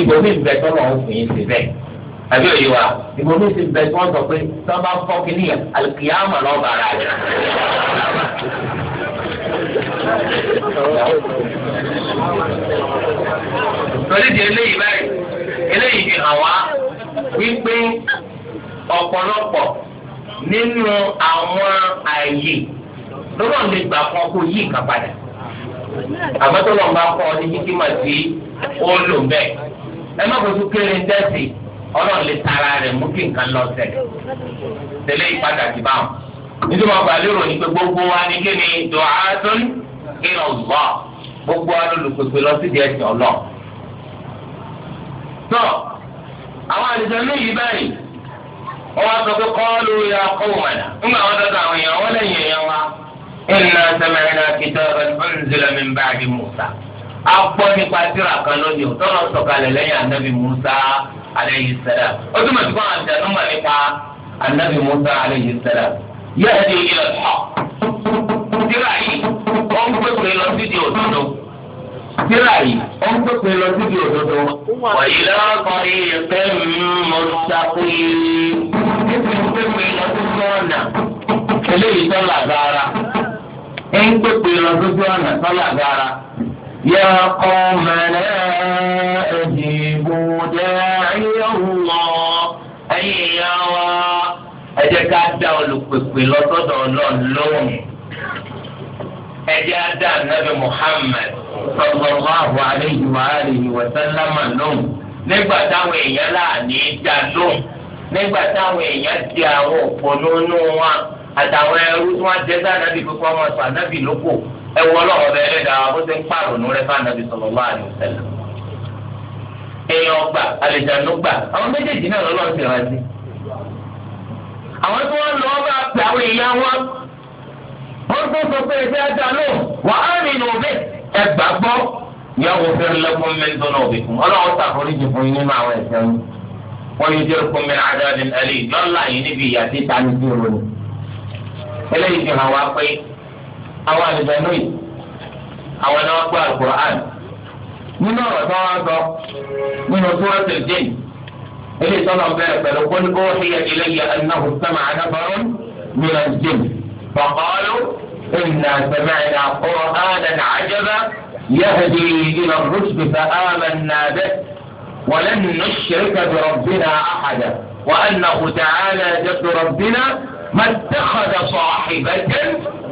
ìbò mi bẹ tọ́lọ̀ ń fún yín sí bẹ́ẹ̀ àbí òye wa ìbò mi sì bẹ tí wọ́n sọ pé tí wọ́n bá fọ́ kínní yẹn alùkìyàmà lọ́ọ́ bàrà rẹ̀. torí di eléyìí báyìí eléyìí fi hàn wá wípé ọ̀pọ̀lọpọ̀ nínú àwọn àyè lọ́dọ̀ lè gbà fún ọkọ̀ yí ìkan padà àmọ́ tó lọ́n bá kọ́ ọ ní kíkí màá sí ó lò bẹ́ẹ̀ ẹ má fojú kéré ń tẹ̀sí ọlọ́run lè tara rẹ̀ mú kí nǹkan lọ sẹ̀ tẹ̀lé ìpàdàkì báwọn. nítorí wọn gbà lérò ní pé gbogbo wa ní kí ni dùhátún ìlọ gbọ́ gbogbo wa ló lùpèpè lọ sí díẹ̀ tì ọlọ́. tó àwọn àlejò ní yìí báyìí wọ́n wá sọ pé kọ́ọ́lù ya kọ́wù mọ̀nà ńgbà wọn dọ́dọ̀ àwọn èèyàn wọ́n lẹ́yìn èèyàn wa. inna sami'na kitaban unzila agbọ́ nípa tírà kan lónìí o tọ́lọ̀ sọ̀kalẹ̀ lẹ́yìn anabi musa aleyhi salam o tún bẹ̀ tí wọ́n àdánù mọ̀ nípa anabi musa aleyhi salam yahdi ila al-haqq tírà yìí ó ń pèpè lọ sídìí òdodo tírà yìí ó ń pèpè lọ sídìí òdodo wa ila tariqin mustaqim ó ti ń pèpè tọ́lá gara ń pèpè lọ sídìí ọ̀nà tọ́lá gara. يا قومنا أجيبوا داعي الله أيا ẹ jẹ́ ká dá olùpèpè lọ́sọ́dọ̀ Ọlọ́run lóhùn ẹ jẹ́ á dá Ànábì Muhammad sallallahu alayhi wa alihi wa sallama lóhùn nígbà táwọn èèyàn láàánú dá lóhùn nígbà táwọn èèyàn di àwọn òpó nínú wọn àtàwọn ẹrú tí wọn jẹ sáà nábì pípọ́ wọn sọ ànábì lóko ẹwọ ọlọ́wọ́ bẹ ẹlẹ́dàá bó ṣe ń pààrọ̀ nù rẹ fáànàbí sallallahu alaihi wasallam. èèyàn gbà àlejànú gbà àwọn méjèèjì náà lọ́lọ́ ti rántí. àwọn tí wọ́n lọ bá pè àwọn èèyàn wọn wọ́n tó sọ pé ẹgbẹ́ ajá lò wà á rìn nù bẹ́ẹ̀ ẹ gbàgbọ́ yàwó fẹ́rẹ́ lẹ́kùn mẹ́tọ́ náà bẹ̀ fún ọlọ́wọ́ sàforíjì fún yín àwọn ẹ̀ṣẹ̀ yín wọ́n yóò jẹ́ kó mẹ́rin àdáyé lọ́la yìí níbi ìyá tí ta ní bí ronú. eléyìí fi hàn wá pé àwọn àlùbẹ̀nú yìí àwọn ni wọ́n gbọ́ alukur'an nínú ọ̀rọ̀ tó wọ́n sọ nínú suratul jinn ilé ìtọ́nà bẹ̀rẹ̀ pẹ̀lú qul uhiya ilayya ni istama'a nafarun min al-jinn faqalu inna sami'na qur'anan 'ajaba yahdi ila ar-rushd fa'amanna bihi ولن نشرك بربنا أحدا وأنه تعالى جد ربنا ما اتخذ صاحبة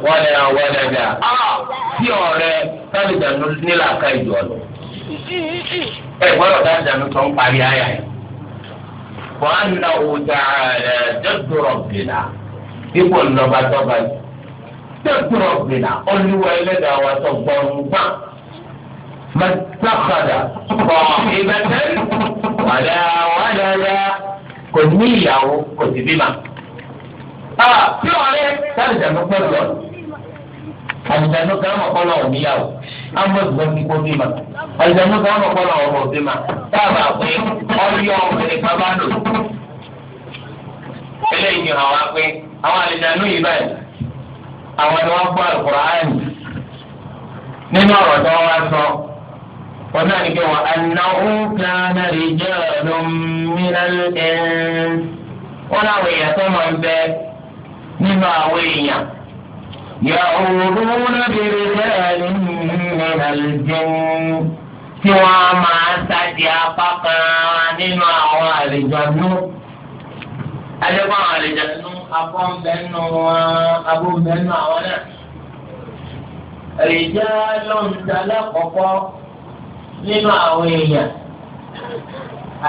ولا ولدا آه في أولى تلد نلا كيد ولو إيه ولو نتوم قال يا آية. وأنه تعالى جد ربنا يقول لما تبن جد ربنا قل ولدا وتضمن من اتخذ صاحبة ولا ولدا كن ياو كن بما tí ọ̀rẹ́ sáré ìdàgbà pẹ̀lú ọ̀rọ̀ àlùjáde kan mọ̀ kọ́lọ̀ òní yà o àwọn ìgbà kíkó bí ma àlùjáde kan mọ̀ kọ́lọ̀ ọ̀rọ̀ òbí ma dábàá pé ọ̀yọ́ obìnrin kan bá lò eléyìí hàn wá pé àwọn àlùjáde yìí báyìí àwọn ni wọ́n gbọ́ àlùkò ráàyè nínú ọ̀rọ̀ tí wá sọ wọn náà ní kí wọn anáwó kan rìjẹ́ ọ̀dọ́ mìíràn ẹ̀ wọ́n láwọn èèyàn tó máa ń bẹ́ẹ̀ nínú àwọn èèyàn. يعوذون برجال من الجن tí wọ́n máa sáàdì apá kan nínú àwọn àlejànú. Adébọ̀ àwọn àlejànú abọ́nbẹ́nu abọ́nbẹ́nu àwọn náà. Èrìjà lọ́nta lákọ̀ọ́kọ́ nínú àwọn èèyàn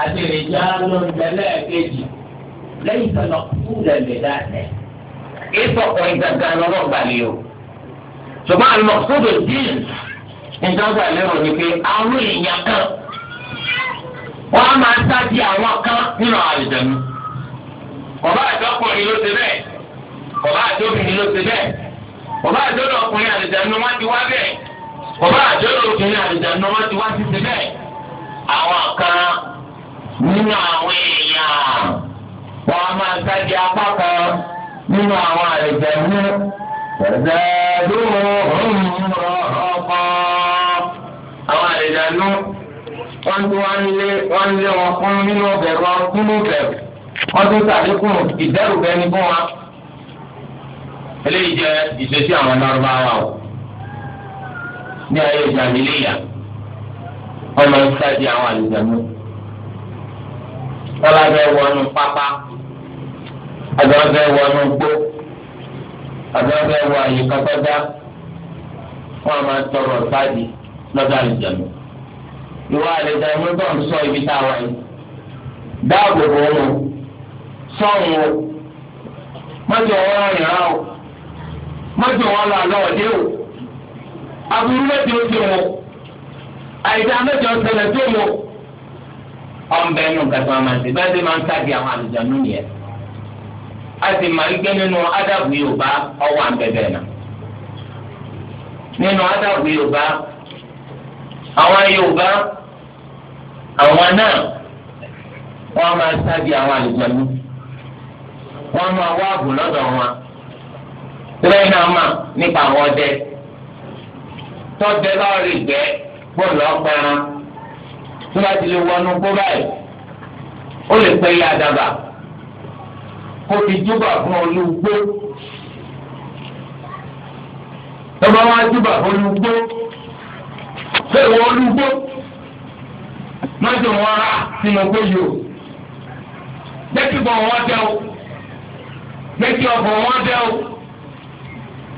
àti èrìjà lọ́nta lẹ́ẹ̀kejì lẹ́yìn tó lọ kú lẹ́lẹ́ dáadáa kìí sọkùnrin gangan lọ́wọ́ gbàlẹ́ o ṣùgbọ́n àlùmọ̀sọ́dọ̀ dín ìjọba lérò ni pé àwọn èèyàn kan wọ́n á máa sáájú àwọn kan nínú àlùjẹ̀nu bàbá àjọkùnrin ló ti bẹ́ẹ̀ bàbá àjọkùnrin ló ti bẹ́ẹ̀ bàbá àjọlọ ọkùnrin àlùjẹ̀nu wọ́n ti wá bẹ́ẹ̀ bàbá àjọlọ obìnrin àlùjẹ̀nu wọ́n ti wá sí ti bẹ́ẹ̀ àwọn kan nínú àwọn èèyàn wọ́n á máa sáájú apá kan nínú àwọn àlejàmú ṣàdádó ọ̀hún ọ̀pọ̀ àwọn àlejàmú wọ́n tún wá nílé wọ́n nílé wọn fún nínú ọbẹ̀rù wọn kún ní bẹ̀rù wọ́n tún sàlékún ìdẹ́rùbẹ́ ní fún wa. eléyìí jẹ́ ìṣesí àwọn lọ́rùbáwá o ní ayé ìjàmílíyà wọ́n máa ń sáàdì àwọn àlejàmú wọ́n lábẹ́ wọnú pápá agbẹ́rẹ́fẹ́ wọnú gbó agbẹ́rẹ́fẹ́ wọ àyíká tọ́já wọn máa tọrọ sáàdì lọ́dọ̀ àlùjẹ̀mú. ìwọ àlùjẹ̀mú tó ń sọ ibi tá a wáyé dáàbò bò ó sọ̀hún o mọ́jọ wọn ràn yàrá o mọ́jọ wọn lọ àlọ́ ọ̀dẹ́ o aburú méje ó ti wọn àyíká méje ó tẹlẹ tó wọn. ọ̀nbẹ́nu gàtọ́ àmàṣe bẹ́ẹ̀ ni máa ń tàgé àwọn àlùjẹ̀mú nìyẹn. a sì máa ń gbé nínú ádàbù yorùbá ọwọ́ àbẹ̀bẹ̀ náà nínú ádàbù yorùbá àwọn yorùbá àwọn náà wọ́n máa sábì àwọn àlùjọ́nú wọ́n máa wá wọn tẹ́lẹ̀ náà mà nípa àwọn ọdẹ tọ́dẹ bá rí gbẹ́ ti lè wọnú kó kó fi júbà fún olùgbó tọ́ba wá júbà fún olùgbó ṣé ìwọ olùgbó mọ́tò wọn rà sínú gbóyò jẹ́kìbọ̀ wọn dẹ́ o jẹ́kì ọ̀bọ̀ wọn dẹ́ o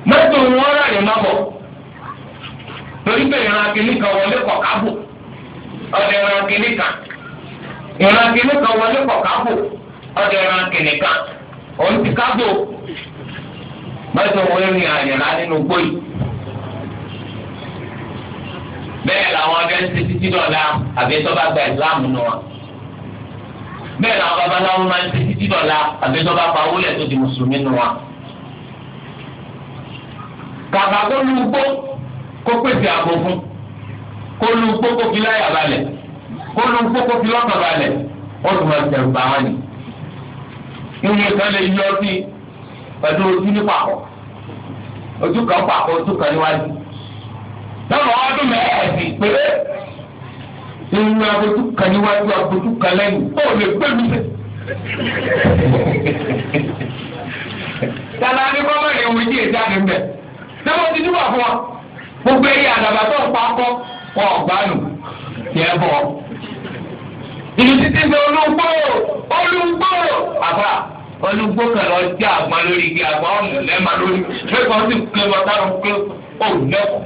mọ́tò wọn rà ní mọ́bọ̀ torí pé ìran kìnnìkan wọlé kọ̀ọ̀ká bò ọ̀dẹ̀ ìran kìnnìkan ìran kìnnìkan wọlé kọ̀ọ̀ká bò ọ̀dẹ̀ ìran kìnnìkan òun ti kágbó mọ́tò wọn rìn àyìnlá nínú gbóyè bẹ́ẹ̀ làwọn abẹ́sẹ̀ títí dọ̀la àbẹ́tọ́ba gba ìsìláàmù nù wọn bẹ́ẹ̀ làwọn babaláwo máa ń ṣe títí dọ̀la àbẹ́tọ́ba pa wúlẹ̀ tó di mùsùlùmí nù wọn. kàkà kó lu gbó kó pèsè ààbò fún kó lu gbó kó fi láyà balẹ̀ kó lu gbó kó fi lọ́kàn balẹ̀ ó dùn ẹ̀ tẹ̀rù bá wọn nìyí iye kan lè yọ sí pẹ̀lú ojú ní pàkọ́ ojú kan pàkọ́ ojú kan níwájú lọ́mọ ọdún mẹ́ẹ̀ẹ́dì pé ìrìn àbójú kan níwájú àbójú kan lẹ́yìn ó lè gbé mi sè. Tala ni bọ́lá yẹn wọ́n yé jáde mbẹ́. Lọ́wọ́ ti dúwà fún wa. Gbogbo eyín àdàbà tó ń pa kọ́ wọ́n ọ̀gbánu yẹn bọ̀. Ìlú títí ń bẹ olùgbò olùgbò àbá olùgbòkè lọ jẹ́ àgbọn lórí igi àgbọn ọ̀nà lẹ́ẹ̀ma lórí lẹ́kọ̀ọ́ sì kúlẹ̀ wọn táwọn kúlẹ̀ òun lẹ́kọ̀ọ́.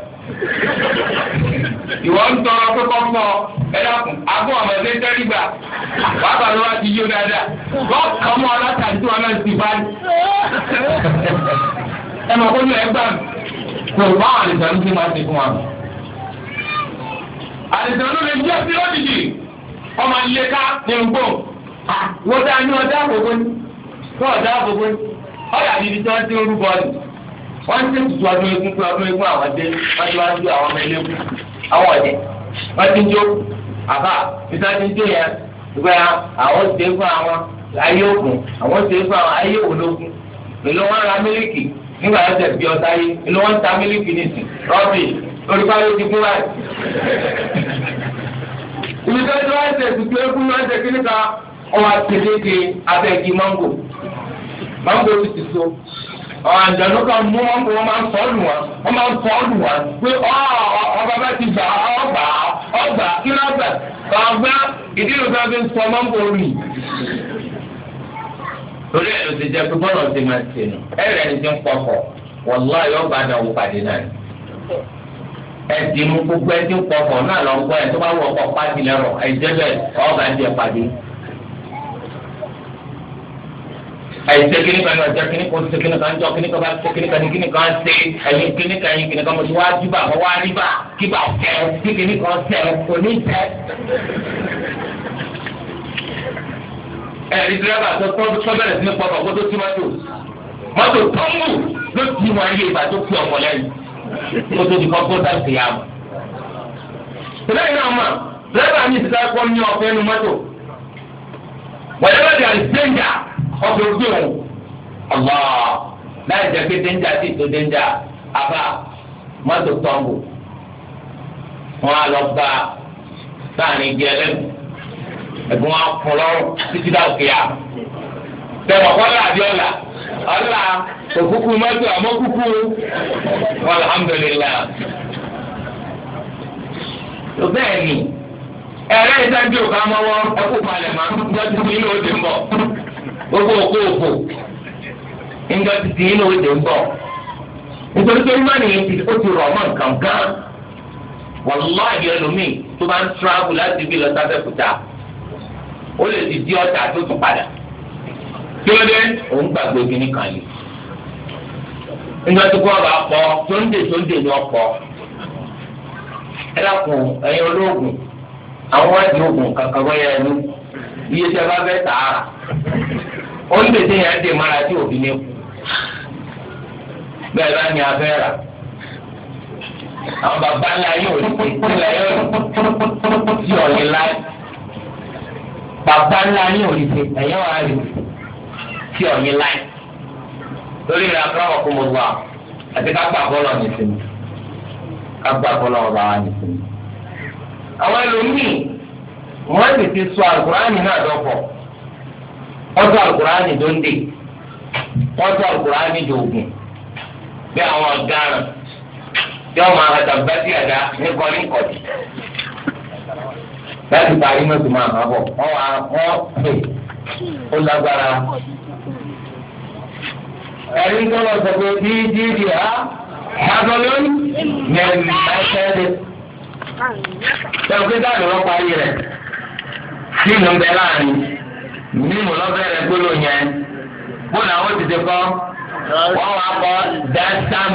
ìwọ ń tọrọ pé kọ́ fọ ẹ dákun abọ́ ọmọ ẹgbẹ́ tẹ́lí gbà bàbá ló wá ti yó dáadáa wọ́n kàn mọ́ ọlọ́tàn tí wọn náà ti bá ní. ẹ mọ̀ kó ló ẹ gbà kò bá àlìsàn tí wọ́n ti fún wa. àlìsàn ló lè jẹ́ sí lójijì ọmọ ilé ní nǹkó wọ́n dá ní ọjà àkókò ní tó ọ̀dà gbogbo ọ̀dà bíbi tí wọ́n ti ń rúbọ ni wọ́n ti tutù ọdún egun pé ọdún egun àwọn dé wọ́n ti wá ju àwọn ọmọ eléwu àwọn ọ̀dẹ wọ́n ti ń jó àbá níta ti ń jó yẹn ìgbà àwọn ti ń fún àwọn ayé ògùn àwọn ti ń fún àwọn ayé òlógún èlò wọn ra mílíkì nígbà tó tẹ̀ bí ọ̀tá yé èlò wọn ta mílíkì nìsín rọ́bì lórí báyìí ó ti kú wáyé ibi tó ń tó wáyé tẹ̀ tutù egun wáyé tẹ̀ kíníkà ọ̀wà tẹ̀lé abẹ́gi mọ́ngò mango ti ti so àjànú kan mú wọn kó wọn máa ń sọ lù wọn wọn máa ń sọ lù wọn pé ọba bá ti gbà ọgbà ọgbà kí ló bẹ bàbá ìdílé bá fi ń sọ mango rì torí ẹ̀ ló ti jẹ́ pé bọ́ọ̀lù ti máa ti nù ẹ̀ rẹ̀ ni ti ń pọ̀pọ̀ wọ́lá yóò bá dàn wò pàdé náà ẹ̀dínmú gbogbo ẹ̀ ti ń pọ̀pọ̀ náà lọ́gbọ́n ẹ̀ tó bá wọ̀ ọ̀pọ̀ pàdé lẹ́rọ̀ ẹ̀ bẹ́ẹ̀ ọ̀gá ẹsẹ kini kan ní ọjà kini kan ṣe kini kan jọ kini kan bá ṣe kini kan ní kini kan ṣe ẹyin kini kan ẹyin kini kan mo ti wá júbà mo wá rí bà kí bà tẹ kí kini kan tẹ kò ní tẹ. ẹ̀rí dírẹ́bà tó sọ́bẹ̀rẹ̀ sí ní pọ̀ ọ̀gbọ́n tó ti mọ́tò mọ́tò tó mú ló ti wọn ayé ìgbà tó fi ọ̀pọ̀ lẹ́yìn kó tó di kọ́ kó dá sí yàrá. ìlẹ́yìn náà mọ̀ dírẹ́bà mi ti dá ọbẹ̀ ojú òun ọ̀gbọ́ láì jẹ́ pé dénjà sí ìtò dénjà àbá mọ́tò tọ́ǹbù wọn á lọ bá sáàrin igi ẹlẹ́nu ẹ̀gbọ́n á kún lọ́rùn títí dá òkè yá tẹ̀wọ̀ kọ́lá àbí ọ̀là ọ̀là òkúkú mọ́tò àmọ́ alhamdulilayi bẹ́ẹ̀ ni ẹ̀rẹ́ ìdájọ́ ká mọ́wọ́ ẹkú palẹ̀ máa ń gbọ́dọ̀ nínú òde ń bọ̀ gbogbo òkú òkú níjọ́ títí inú òde de bọ̀ nítorí pé mímọ́ nìyẹn ti ó ti rọ̀ mọ́ nǹkan gan wàlúwàhí ẹlòmíì tó bá ń tíráàbù láti ibi lọ sábẹ́kúta ó lè ti di ọ̀tá tó tún padà kí ló dé òun gbàgbé kíní kan yìí níjọ́ tó kọ́ ọ̀rọ̀ àpọ̀ tó ń dè tó ń dè ní ọ̀pọ̀ ẹlẹ́kùn ẹ̀yin olóògùn àwọn wájú oògùn kankan wọ́n yẹ ẹnu iye tí a bá fẹ́ tààrà ó ń dèdè yẹn dè mọ́ra tí òbí ní kú bẹ́ẹ̀ bá ní abẹ́ rà àwọn bàbá ńlá yóò rí ìpínlẹ̀ yóò rí tí ọ̀yìn láì bàbá ńlá yóò rí ti ẹ̀yìn wà rí tí ọ̀yìn láì lórí ìlànà àwọn ọkùnrin wa àti ká gbà bọ́lọ̀ nìsinmi ká gbà bọ́lọ̀ ọ̀rọ̀ wa nìsinmi. àwọn ẹlòmíì wọ́n sì ti sọ àgùránì náà dọ̀pọ̀ wọ́n tó alukurani tó ń dè wọ́n tó alukurani tó gùn bí àwọn ọ̀daràn tí wọ́n máa hàtà bẹ́tì ẹ̀dá ní kọ́líkọ́lì láti parí mọ́tò máa hàn bọ̀ wọ́n wà wọ́n pè ó lágbára. ẹ̀rí tó lọ sọ pé dídídì á adọ́lórí mẹ́rin ẹ̀ṣẹ́dẹ̀. ṣé o kí dáàbò wọ́n parí rẹ̀ sí ìlú láàrin. mímu lọ́bẹ̀rẹ̀ gbólóò yẹn bó làwọn ti ti kọ́ wọ́n wá kọ́ dasam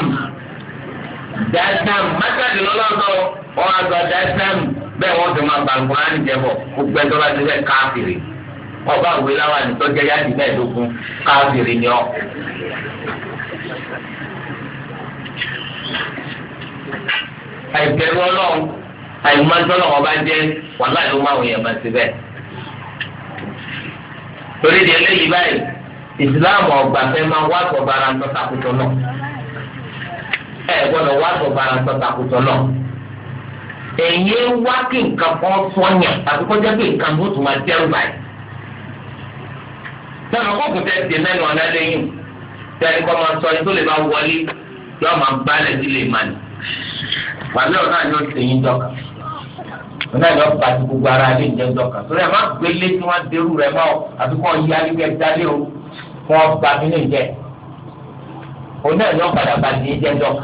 dasam mẹ́tàdì lọ́lọ́dọ̀ wọ́n wá kọ́ dasam bẹ́ẹ̀ wọ́n ti máa gbàgbọ́ bá ti fẹ́ káfìrì ọba òwe láwa yáàdì káfìrì ni ọ. àìbẹ̀rù ọlọ́run jẹ́ wàhálà ló máa bá ti bẹ́ẹ̀. torí di eléyìí báyìí ìsìláàmù ọgbà fẹ́ máa wá sọ̀bà ara ń tọ́ta kùtọ̀ náà ẹ gbọ́dọ̀ wá sọ̀bà ara ń tọ́ta kùtọ̀ náà èyí wá kí nǹkan kan sọ̀yàn àti kọjá pé nǹkan tó tún máa dẹ́rù báyìí sọ̀rọ̀ kókò tẹ́ ti mẹ́nu ọ̀nà lẹ́yìn tẹ́lẹ̀ kọ́ máa sọ ètò lè máa wọlé yọ máa gbálẹ̀ sí lè máa nì pàmí ọ̀nà àjọ náà ni wọn tupu gbogbo ara ilé ìjẹun kan torí ẹ gbélé tí rẹ mọ yí dálé o kò wọn bá mi ní ìjẹ òun náà ni wọn padà bá ti ìjẹun kan.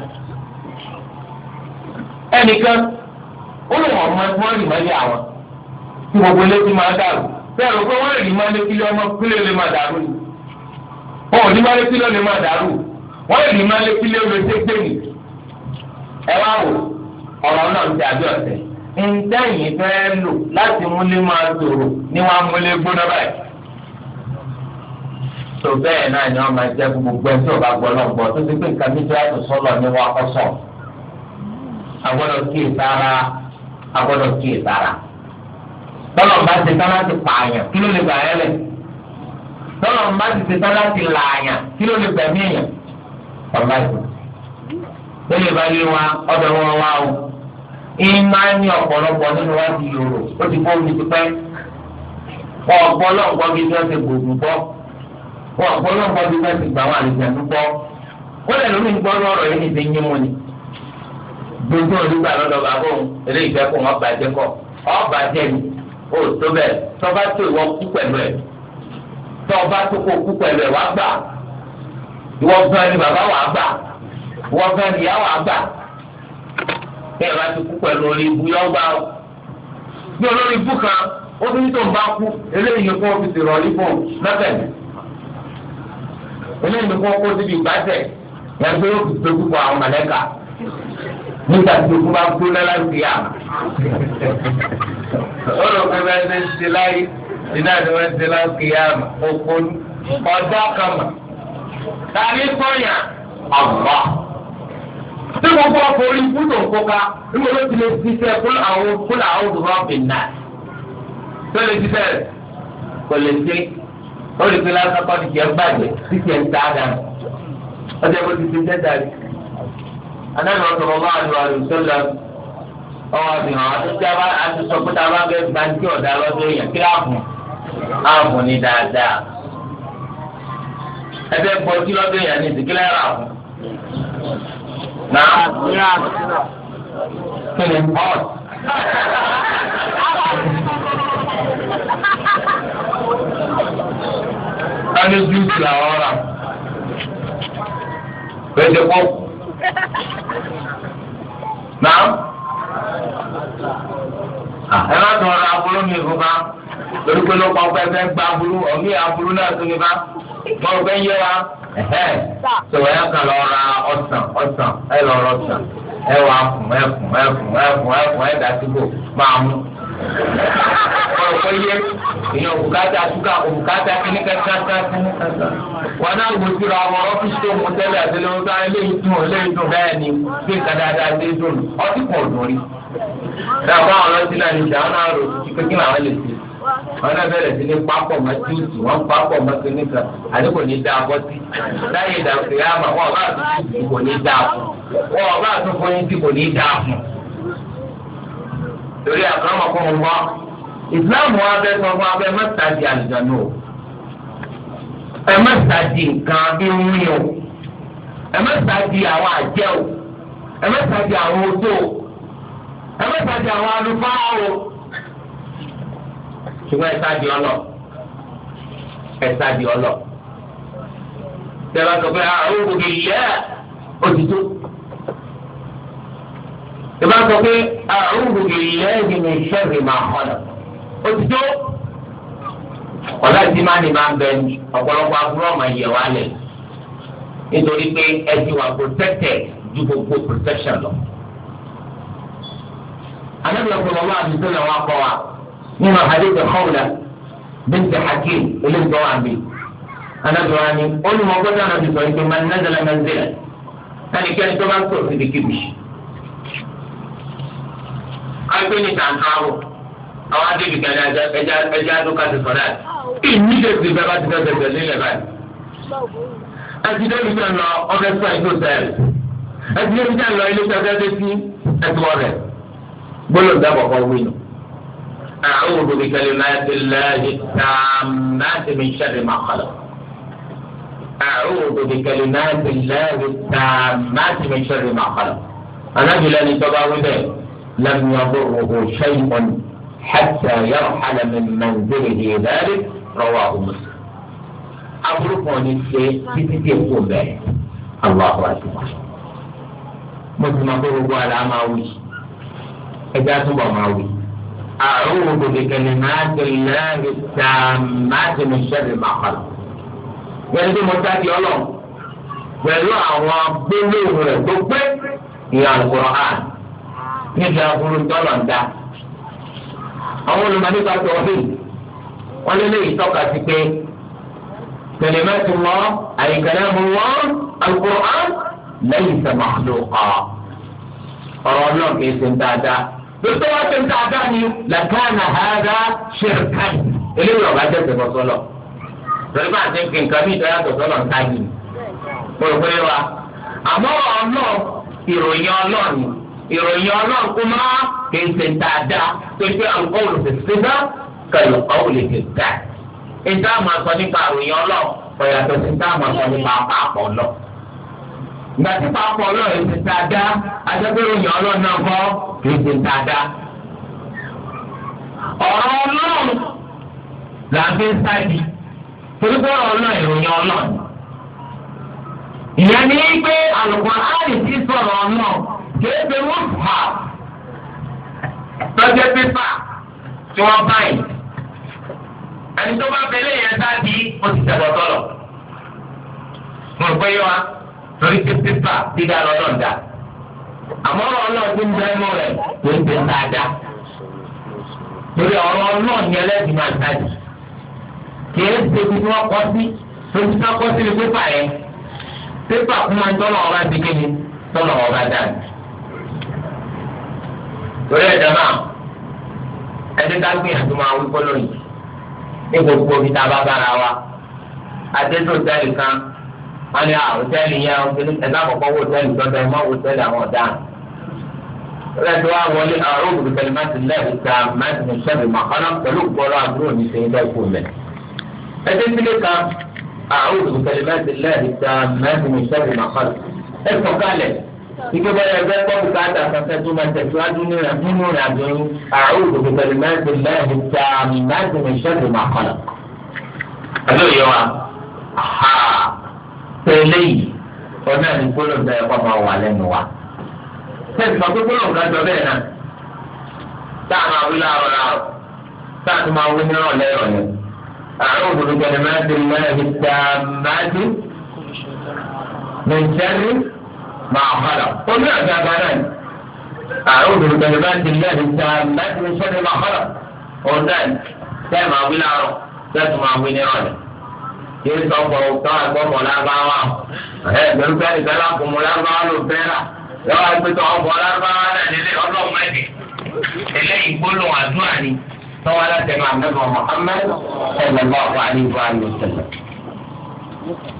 ẹnìkan ó lè wọn wọn rì mọlẹ àwọn tí gbogbo máa dàrú bẹ́ẹ̀ pé rì ọmọ lè máa dàrú ni wọn ò ní lè ntẹ́yìn fẹ́ lò láti múlé máa sòrò ní wọ́n á múlé gbóná báyìí. tó bẹ́ẹ̀ náà ni wọ́n máa jẹ́ gbogbo ẹ̀ tí ò bá gbọ́ náà gbọ́ tó ti pé nǹkan méjì láti sọ́lọ̀ ní wọ́n kọ́ sọ̀. àgbọ̀dọ̀ kíyè sára àgbọ̀dọ̀ kíyè sára. tọ́lọ̀ bá ti tán láti pààyàn kí ló lè gbà ẹ́ lẹ̀. tọ́lọ̀ bá ti ti tán láti lààyàn kí ló lè gbẹ̀mí èèyàn. ọ̀la ìmáàní ọ̀pọ̀lọpọ̀ nínú wa di yòrò ó ti bọ́ omi tipẹ́ ọ̀pọ̀lọpọ̀ bí wọ́n ti gbòògùn gbọ́ ọ̀pọ̀lọpọ̀ bí wọ́n ti gbà wọ́n lè lómi gbọ́ lọ́rọ̀ yìí yín ni gbogbo olùgbà lọ́dọ̀ ọ bàjẹ́ ni ó tó bẹ́ẹ̀ tọ́ba tó ìwọ kú pẹ̀lú ẹ̀ tọ́ba tó kú pẹ̀lú ni bàbá wà gbà ìwọ ni ìyá wà gbà bí ẹ bá ti kú pẹ̀lú orí ibu ya gbà ó bí olórí ibu kan obìnrin tó ń bá kú eléyìí ni kó o fi ti rọ̀ ibo lọ́tẹ̀lẹ̀ eléyìí ni kó o kó síbi ìgbàsẹ̀ yẹn yóò fi gbé púpọ̀ àwọn nígbà tí o bá gbóná láti yà ó lọ pé bá ń ṣe tí gbogbo ọkọ̀ orí kúndùn òkúka níbo ló ti lè ṣiṣẹ́ fún àwọn fún àwọn òdùnmọ́ọ̀fì náà tó lè ṣiṣẹ́ rẹ̀ kò lè ṣe ó lè fi lásán kọ́ ti jẹ́ bàjẹ́ ti jẹ́ ń dáadáa ọjọ́ ìbò ti ṣiṣẹ́ dàrí. anáàlú ọ̀sán ọmọ àlù àlù sọ́lá ọwọ́ àfihàn àtúntí àti sọ pé tá a bá fẹ́ gbanjú ọ̀dà lọ́dún èèyàn kí ààbùn ààbùn ni dáadáa ẹgbẹ́ bọ́jú lọ́dún èèyàn ní ìsìnkú náà kí ni bọ́ọ̀d. Tani juice làwọn ra. Bẹ́ẹ̀ ṣe kọ́. Náà. Ẹ má tọrọ aburú mi fún bá. Lórí pé ló pa ọgbẹ́ fẹ́ gba aburú, ọ̀mí aburú náà tún ní bá. Mọ̀ ọgbẹ́ yẹ tó ẹ kàn lọ ra ọsàn ọsàn ẹ lọ rọ ọsàn ẹ wà fún ẹ fún ẹ fún ẹ fún ẹ fún ẹ dàtúgbò máa mú ọ̀rọ̀ kọ́ yé èèyàn òbúkátà àtúkà òbúkátà kí ní kẹ́kẹ́kẹ́ wọn náà wò síra wọn ọ́fíìsì tó mú tẹ́lẹ̀ àtẹlẹ wọn sáré léyìí dùn léyìí dùn bẹ́ẹ̀ ni bí nǹkan dáadáa lé dùn ọtí pọ̀ dùn rí. dábàá àwọn ọlọ́sìn náà ní ìjà wọn náà rò sí pé kí làwọn lè ṣe wọn náà bẹ̀rẹ̀ sí ní pápọ̀ mọ́ júùsì wọn pápọ̀ mọ́ kìnnìkà àti kò ní dáa bọ́tí láyé ìdàgbé àmà wọn ọba àtúntò kò ní dáa fún wọn ọba àtúntò yín tí kò ní dáa fún. torí àkàràmọ̀ kọ́ wọn wá ìsìláàmù wa bẹ sọ fún abẹ mẹ́ta di àlùjáde o ẹ mẹ́ta di nǹkan irun o ẹ mẹ́ta di àwọn àjẹ́ o ẹ mẹ́ta di àwọn odó o ẹ mẹ́ta di àwọn alùpàá o ṣùgbọ́n ẹ̀sà di ọlọ ẹ̀sà di ọlọ tẹ́lá sọ pé àwọn òbí lẹ́ òtítọ́ tẹ́lá sọ pé àwọn òbí lẹ́ ìdìbò ìṣẹ́rì máa kọ́nà òtítọ́ ọ̀la tí máa ní máa ń bẹ ọ̀pọ̀lọpọ̀ àbúrò ọ̀mà yẹ̀ wá lẹ̀ nítorí pé ẹ wà protected ju gbogbo protection lọ. àlẹ́ bí ọ̀pọ̀lọpọ̀ àbísọ́ làwọn akọ wa nínú àdéhùn Khawla bint Hakim eléńtọ́ wà bí anájọ́ wa ni ó ní mo gbọ́dọ̀ náà ti sọ yìí pé man nazala manzila ẹnikẹ́ni tó bá ń sọ̀rọ̀ síbi kíbi àgbẹ̀ ní tàǹtàwọ̀ àwọn adébí kan ní ẹja adóka ti sọ̀rọ̀ àti ìmídèsì bẹ́ẹ̀ bá ti fẹ́ bẹ̀rẹ̀ nílẹ̀ báyìí ẹtì débi tẹ̀ lọ ọbẹ̀ sọ ètò sẹ́ẹ̀lì ẹtì débi tẹ̀ lọ ilé tẹ̀ fẹ́ dé sí ẹtù ọ̀rẹ́ gbọ́dọ̀ dábọ̀ kọ́ wí nù. أعوذ بكلمات الله التامات من شر ما خلق أعوذ بكلمات الله التامات من شر ما خلق أنا بلاني تضاوده لم يضره شيء حتى يرحل من منزله ذلك رواه مسلم أبرقون الشيء بتتيكم به الله أكبر مسلم أبرقوا على ماوي إذا تبا ماوي أعوذ بكلمات الله التامات من شر ما خلق yẹn tí mo sá di ọlọ pẹ̀lú àwọn gbólóhùn rẹ̀ tó pé ìyá àlùkòrò hàn níbi àbúrò dọ́là ń dá. àwọn olùmọ̀dé bá tọ̀ ọ́bì wọ́n lé léyìí tọ́ka sí pé kẹlẹ́mẹ́tì wọ́n àyíkẹ́lẹ́ mu wọ́n àlùkòrò hàn lẹ́yìn sẹ́mọ̀ọ́dún kọ́ ọ̀rọ̀ ọlọ́ọ̀kẹ́ ṣe ń dáadáa lóṣù wá ṣe ń ta àdá ni làkàna àdá ṣèrìkàn eléyìí ọba jẹ ṣẹfọ sọlọ lórí bá ti ń fi nǹkan bí ìtọ́jà tó sọlọ ń tagi mo rò pé wa àmọ́ ọlọ́ ìròyìn ọlọ́ọ̀ni ìròyìn ọlọ́ọ̀ kó má kì í ṣe ń ta àdá tó ṣe àlùkò olùfẹ̀sẹ̀ bá kẹlùkọ́ olùfẹ̀sẹ̀ ìta máa sọ nípa ìròyìn ọlọ́ọ̀ ọ̀yàtọ̀ sí ìta máa sọ nípa àpapọ̀ ọlọ́ọ̀ gbàtí pàápọ̀ ọlọ́run èsì tá a dá adébẹ́rẹ́ òyìn ọlọ́run náà kọ́ èsì tá a dá. ọ̀rọ̀ ọlọ́run là ń fi ń sáàdì torí pé ọ̀rọ̀ ọlọ́run ìròyìn ọlọ́run. ìyẹn ni pé Al-Qur'ani ti sọ̀rọ̀ ọ̀nà kéde wọ́pà lọ́jọ́ pépà tí wọ́n báyìí. ẹni tó bá fẹ́ lè yẹn sáàdì ó ti tẹ̀wọ́ tọ̀lọ̀. mo rò pé yọ wa torí pé pépà dídá lọ́dọ̀ dá àmọ́ ọ̀rọ̀ náà ti ń bẹ inú rẹ̀ tó ń bẹ dáadáa torí ọ̀rọ̀ náà ní ẹlẹ́sìn máa dájú kì í ṣe ibi tí wọ́n kọ́ sí tóbi tí wọ́n kọ́ sí ní pépà yẹn pépà kún máa ń tọ́lọ̀ ọba ti kéde tọ́lọ̀ ọba dájú. torí ẹ̀dá náà ẹni ká gbìyànjú máa wí gbọ́dọ̀ yìí ní gbogbo ibi bá bára wa adé tó dá ìkan wọn ni ah, hòtẹ́ẹ̀lì yẹn obìnrin ẹ̀dá àkọ́kọ́ wọ hòtẹ́ẹ̀lì tọ́jú ẹ̀ mọ́ hòtẹ́ẹ̀lì àwọn ọ̀dà rẹ̀dọ̀ wa wọlé àwọn olùkọ́ni máa ti lẹ́yìn ta máa ti sẹ́bi màkànnà pẹ̀lú gbọ́dọ̀ àbúrò ní sẹ́yìn bẹ́ẹ̀ kú mẹ́. ẹsẹ̀ ìdílé kan àwọn olùkọ́ni máa ti lẹ́yìn ta máa ti sẹ́bi màkànnà. ẹ sọ kálẹ̀ ike bẹ́ẹ̀ ẹgbẹ́ gbọ́dọ̀ ká ta sọ́sẹ́ tó máa tẹ̀síwájú nínú rẹ̀ àjọ yín àwọn olùkọ́ni máa ti lẹ́yìn ta máa ti sẹ́bi màkànnà. ẹ pẹ̀lẹ́ yìí ọ̀nà ní gbólóhùn tó yẹ kó máa wà lẹ́nu wa. Bẹ́ẹ̀ni sọ pé gbólóhùn kan jọ bẹ́ẹ̀ náà. Táà máa wí láàárọ̀ láàárọ̀. Táà tó máa wí nírọ̀ lẹ́rọ̀ yẹn. Àárọ̀ òbòdò gbẹ̀dẹ̀ máa ti rí náà fi ta máa dé. Mẹ̀ntẹ́rì máa padà. Ó ní àgbà bá ni. Àárọ̀ òbòdò gbẹ̀dẹ̀ máa ti rí náà fi ta máa dé. Mẹ̀ntẹ́rì máa padà. Ọ̀dà tẹ́ẹ̀ máa wí láàárọ̀ kí n sọ̀kọ̀ tán àgbọ̀mọ̀ lábáwá ẹ̀ pẹ̀lú bẹ́ẹ̀ nìkan lákòmọ̀ lábáwá ló fẹ́ rà lọ́wọ́ àgbẹ̀tọ̀ ọkọ̀ lábáwá náà nílé ọlọ́mọ ẹ̀dẹ̀ eléyìí gbólóhùn àdúrà ni tọ́wọ́ alátẹnu àmẹ́bọ̀ Muhammad ọ̀gbọ̀gbọ̀ àwọn àlejò àlejò tẹ̀lẹ̀.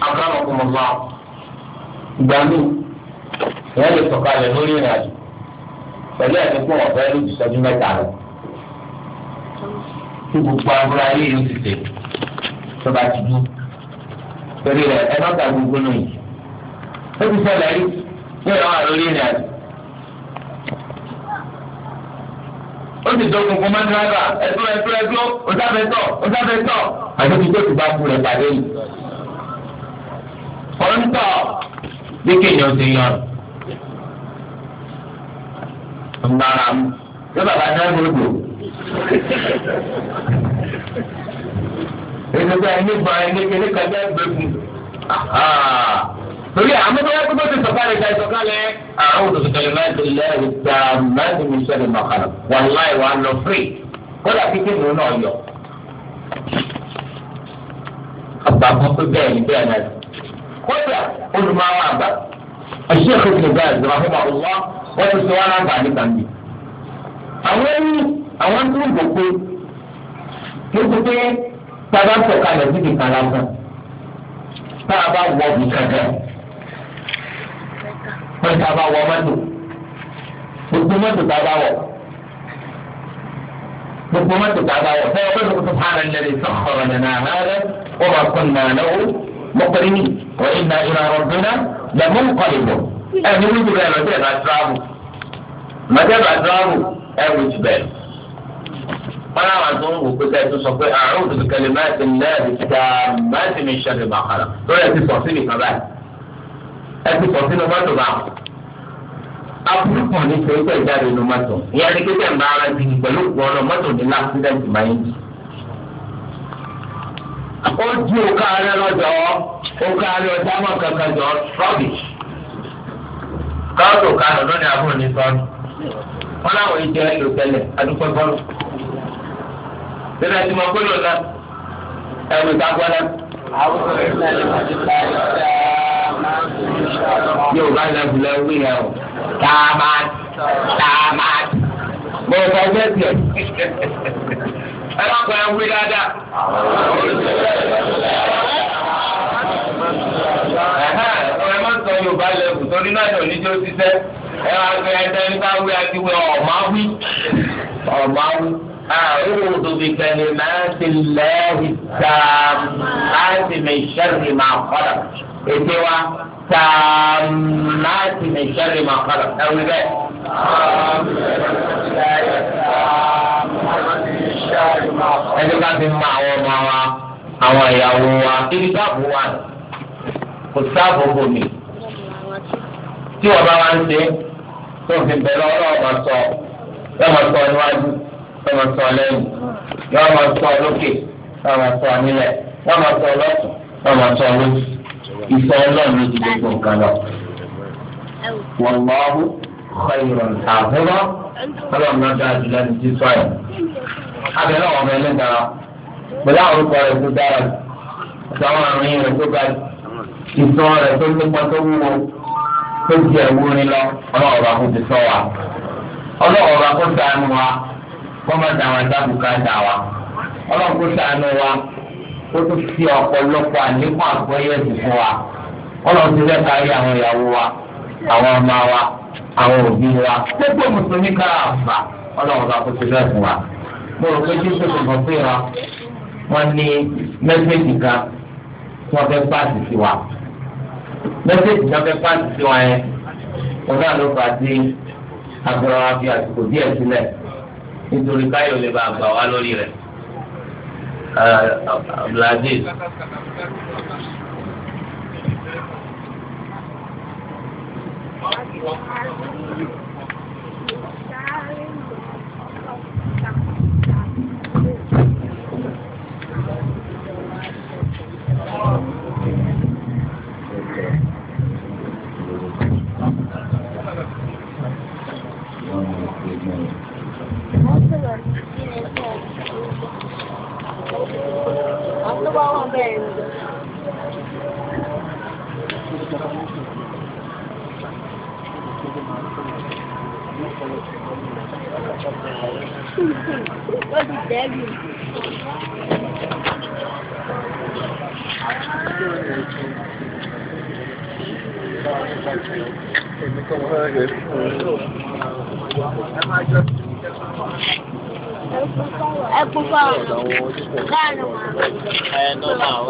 agbára ọkùnrinmọ́ gbàmí ìyá lè sọ̀kalẹ̀ lórí ìrìnàjò pẹ̀lú ẹ̀mí kó wọ́n fẹ́ lójú sọ́jú mẹ́ta rẹ̀. tí gbogbo abúlé ayé yóò ti tẹ̀ tó bá ti dúró torí rẹ̀ ẹ má ta gbogbo náà yìí ó ti ṣẹlẹ̀ rí ní ìwà lórí ìrìn àjò ó ti dọ́gun fún mọ́tíráìbà ẹ̀dúró ẹ̀dúró ẹ̀dúró ọ̀sáfẹ́tọ̀ ọ̀sáfẹ́tọ̀ àti ti gbèsè bá kú rẹ̀ pàdé yìí ó ń tọ̀ bí kéèyàn ti yan ń bára mu ṣé bàbá náà ló dò ènìgbà ẹni gbọ́n ẹni kékeré kájá ẹgbẹ́ fún torí àmọ́tọ́lá tó bó ti sọ̀kalẹ̀ ká ìsọ̀kalẹ̀ àwọn olùsọ̀kalẹ̀ máa ń tẹ̀lé ẹ̀rù gbà máa ń tẹ̀lé ìṣẹ̀lẹ̀ mọ̀kànlá wọn láì wà lọ fírì kódà kíkẹ́ ìlú náà yọ. àgbà kan pé bẹ́ẹ̀ ni bẹ́ẹ̀ náà kódà olùmọ̀wá àgbà ọ̀ṣẹ́ ìkókò àwọn ẹni àwọn tó ń gbòkó bàbá sọ̀kalẹ̀ síbi kan lásán tá a bá wọ bí kankan wọ́n ti a bá wọ mọ́tò gbogbo mọ́tò tá a bá wọ̀ gbogbo mọ́tò tá a bá wọ̀ fẹ́ẹ́ fẹ́ẹ́ fẹ́ẹ́ fẹ́ẹ́ lẹ́lẹ́ sọ̀kọ̀rọ̀ nínú àhárẹ́ wọ́n máa kọ́ nínú àná o mọ́kànlélí wọ́n yìí náà ìlànà ọ̀gbìn náà lẹ́mú nǹkan ìbò ẹ̀ ní wíwú rẹ̀ lọ́dẹ̀ náà tíráàbù lọ́dẹ̀ náà tíráàbù ẹ̀ wíwú bẹ́ẹ̀ wọn làwọn tó ń wò pé káyọ̀ tó sọ pé àrùn òdòdó kẹlẹ́ máa ti ní náà ti ta máa ti mi ṣẹlẹ̀ bá kàrà lórí ẹtì sọ sínú ìkan báyìí ẹtì sọ sínú mọ́tò bá aburú kan ní sọ ìgbà ìjáde nínú mọ́tò ìyá ni kéde ń bá ara ti di pẹ̀lú gbọ́n náà mọ́tò ní láksidẹ̀ntì máa ń jì. ó di òkà rẹ lọ́jọ́ òkà rẹ ọjà mọ́ kankan jọ rọ́bìṣì káwọn tó kà lọ́dọ̀ ní abúlé bẹ́ẹ̀ bá ti mọ gbọ́dọ̀ náà ẹ̀rù ìdágbọ́n náà. yóò bá náà fi lọ wí yẹn o tààmà tààmà mo bá wẹ́ tiẹ̀ ẹlọ́kọ̀ ẹ̀ wí dáadáa. ọ̀rẹ́ máa ń sọ yorùbá lẹ́kùn torí náà ní oníjó ṣiṣẹ́ ẹ wá gbé ẹgbẹ́ nípa wí àti wí ọ̀ọ́ máa wí ọ̀ọ́ máa wí. أعوذ بكلمات الله التامات من شر ما خلق إتوا تامات من شر ما خلق أو لا ẹni ká fi mọ àwọn ọmọ wa àwọn ìyàwó wa ibi táàbù wa kò sáàbù bòmí tí wọn bá wá ń ṣe tó fi bẹ̀rẹ̀ ọlọ́ọ̀bà sọ yọmọ sọ níwájú yóò máa sọ lẹ́yìn yóò máa sọ lókè yóò máa sọ nílẹ̀ yóò máa sọ lọ́tún yóò máa sọ lókè ìfẹ́ ọlọ́run ló ti gbogbo nǹkan lọ. wọ́n máa wú xeyìrò àbúrò ọlọ́run náà dáa jùlọ ní sísọ yẹn. abẹ́rẹ́ ọ̀rọ̀ ọ̀rọ̀ ẹlẹ́dàá pẹ̀lú àwọn orúkọ rẹ̀ tó dára àti àwọn àrùn rẹ̀ tó ga ìtọ́ rẹ̀ tó nípa tó wúwo tó di ẹ̀wúrin lọ ọlọ́run bá kó ti sọ wa ọlọ́run bá kó sànù wa kọ́mọ dàwọn àtàkùn ká dà sànù wa kó tó fi ọ̀pọ̀lọpọ̀ àlékún àgbọ́yé fún wa ọlọ́run ti fẹ́ àwọn ìyàwó wa àwọn ọmọ wa àwọn òbí wa gbogbo mùsùlùmí kára àfà ọlọ́run bá ti fẹ́ fún wa mo rò pé jésù kò mọ̀ pé wa wọ́n ní mẹ́sẹ̀gì kan tí wọ́n fẹ́ pàṣẹ sí wa mẹ́sẹ̀gì kan fẹ́ pàṣẹ sí wa yẹn wọn ló fà á sí agbára wa fi àsìkò díẹ̀ sílẹ̀ nítorí káyọ̀ lè bá gbà wá lórí rẹ̀ eh, Abdulaziz. Thank you. É mais é por favor. É normal, é normal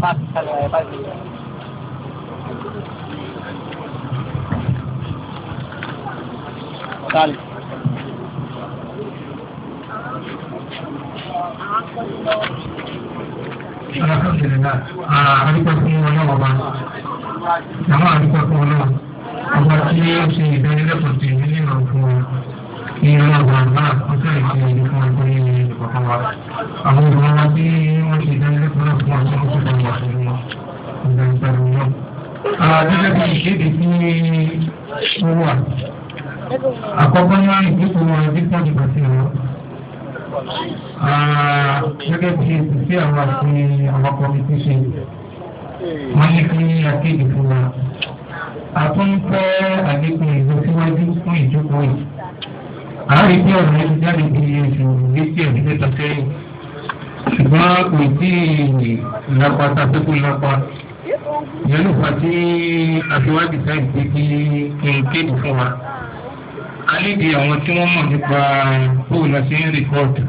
Passa, é vazio. Dale. Alhamdulillah, àdúgbò fún ọlọ́run ọba, àwọn àdúgbò fún ọlọ́run, ọba tí ó ṣe ìdánilẹ́kọ̀ọ́ ti ní nínú fún ọ, ní ọlọ́run ọba ọjọ́ ìṣe ìlú fún ọjọ́ ìlú ìkọ̀kọ̀ wa. Àwọn ọmọ wa tí wọ́n ṣe ìdánilẹ́kọ̀ọ́ fún ọjọ́ ìṣe ìlú wa fún wọn, ìdánilẹ́kọ̀ọ́ wọn. Gẹ́gẹ́ bí ìkéde tí ó wà àkọ́kọ́ ní ìdíkù wọn ìdíkù ìdìbò sí wọn. gẹ́gẹ́ bí èsì sí àwọn àti àwọn kọ́mítì ṣe wọ́n ní kí akéde fún wa. a tún fẹ́ àdínkù ìlọsíwájú fún ìjókòó yìí. àárín bí ọ̀rọ̀ yẹn jáde bí oṣù méjì ẹ̀mí mẹ́ta sẹ́yìn ṣùgbọ́n kò tí ì lápá tàbíkù lápá yẹn ló fà sí àfiwájú sáyẹ̀nsì kí kéde fún wa a nídìí àwọn tí wọ́n mọ̀ nípa bóòlù àti rìkọ́ọ̀tù.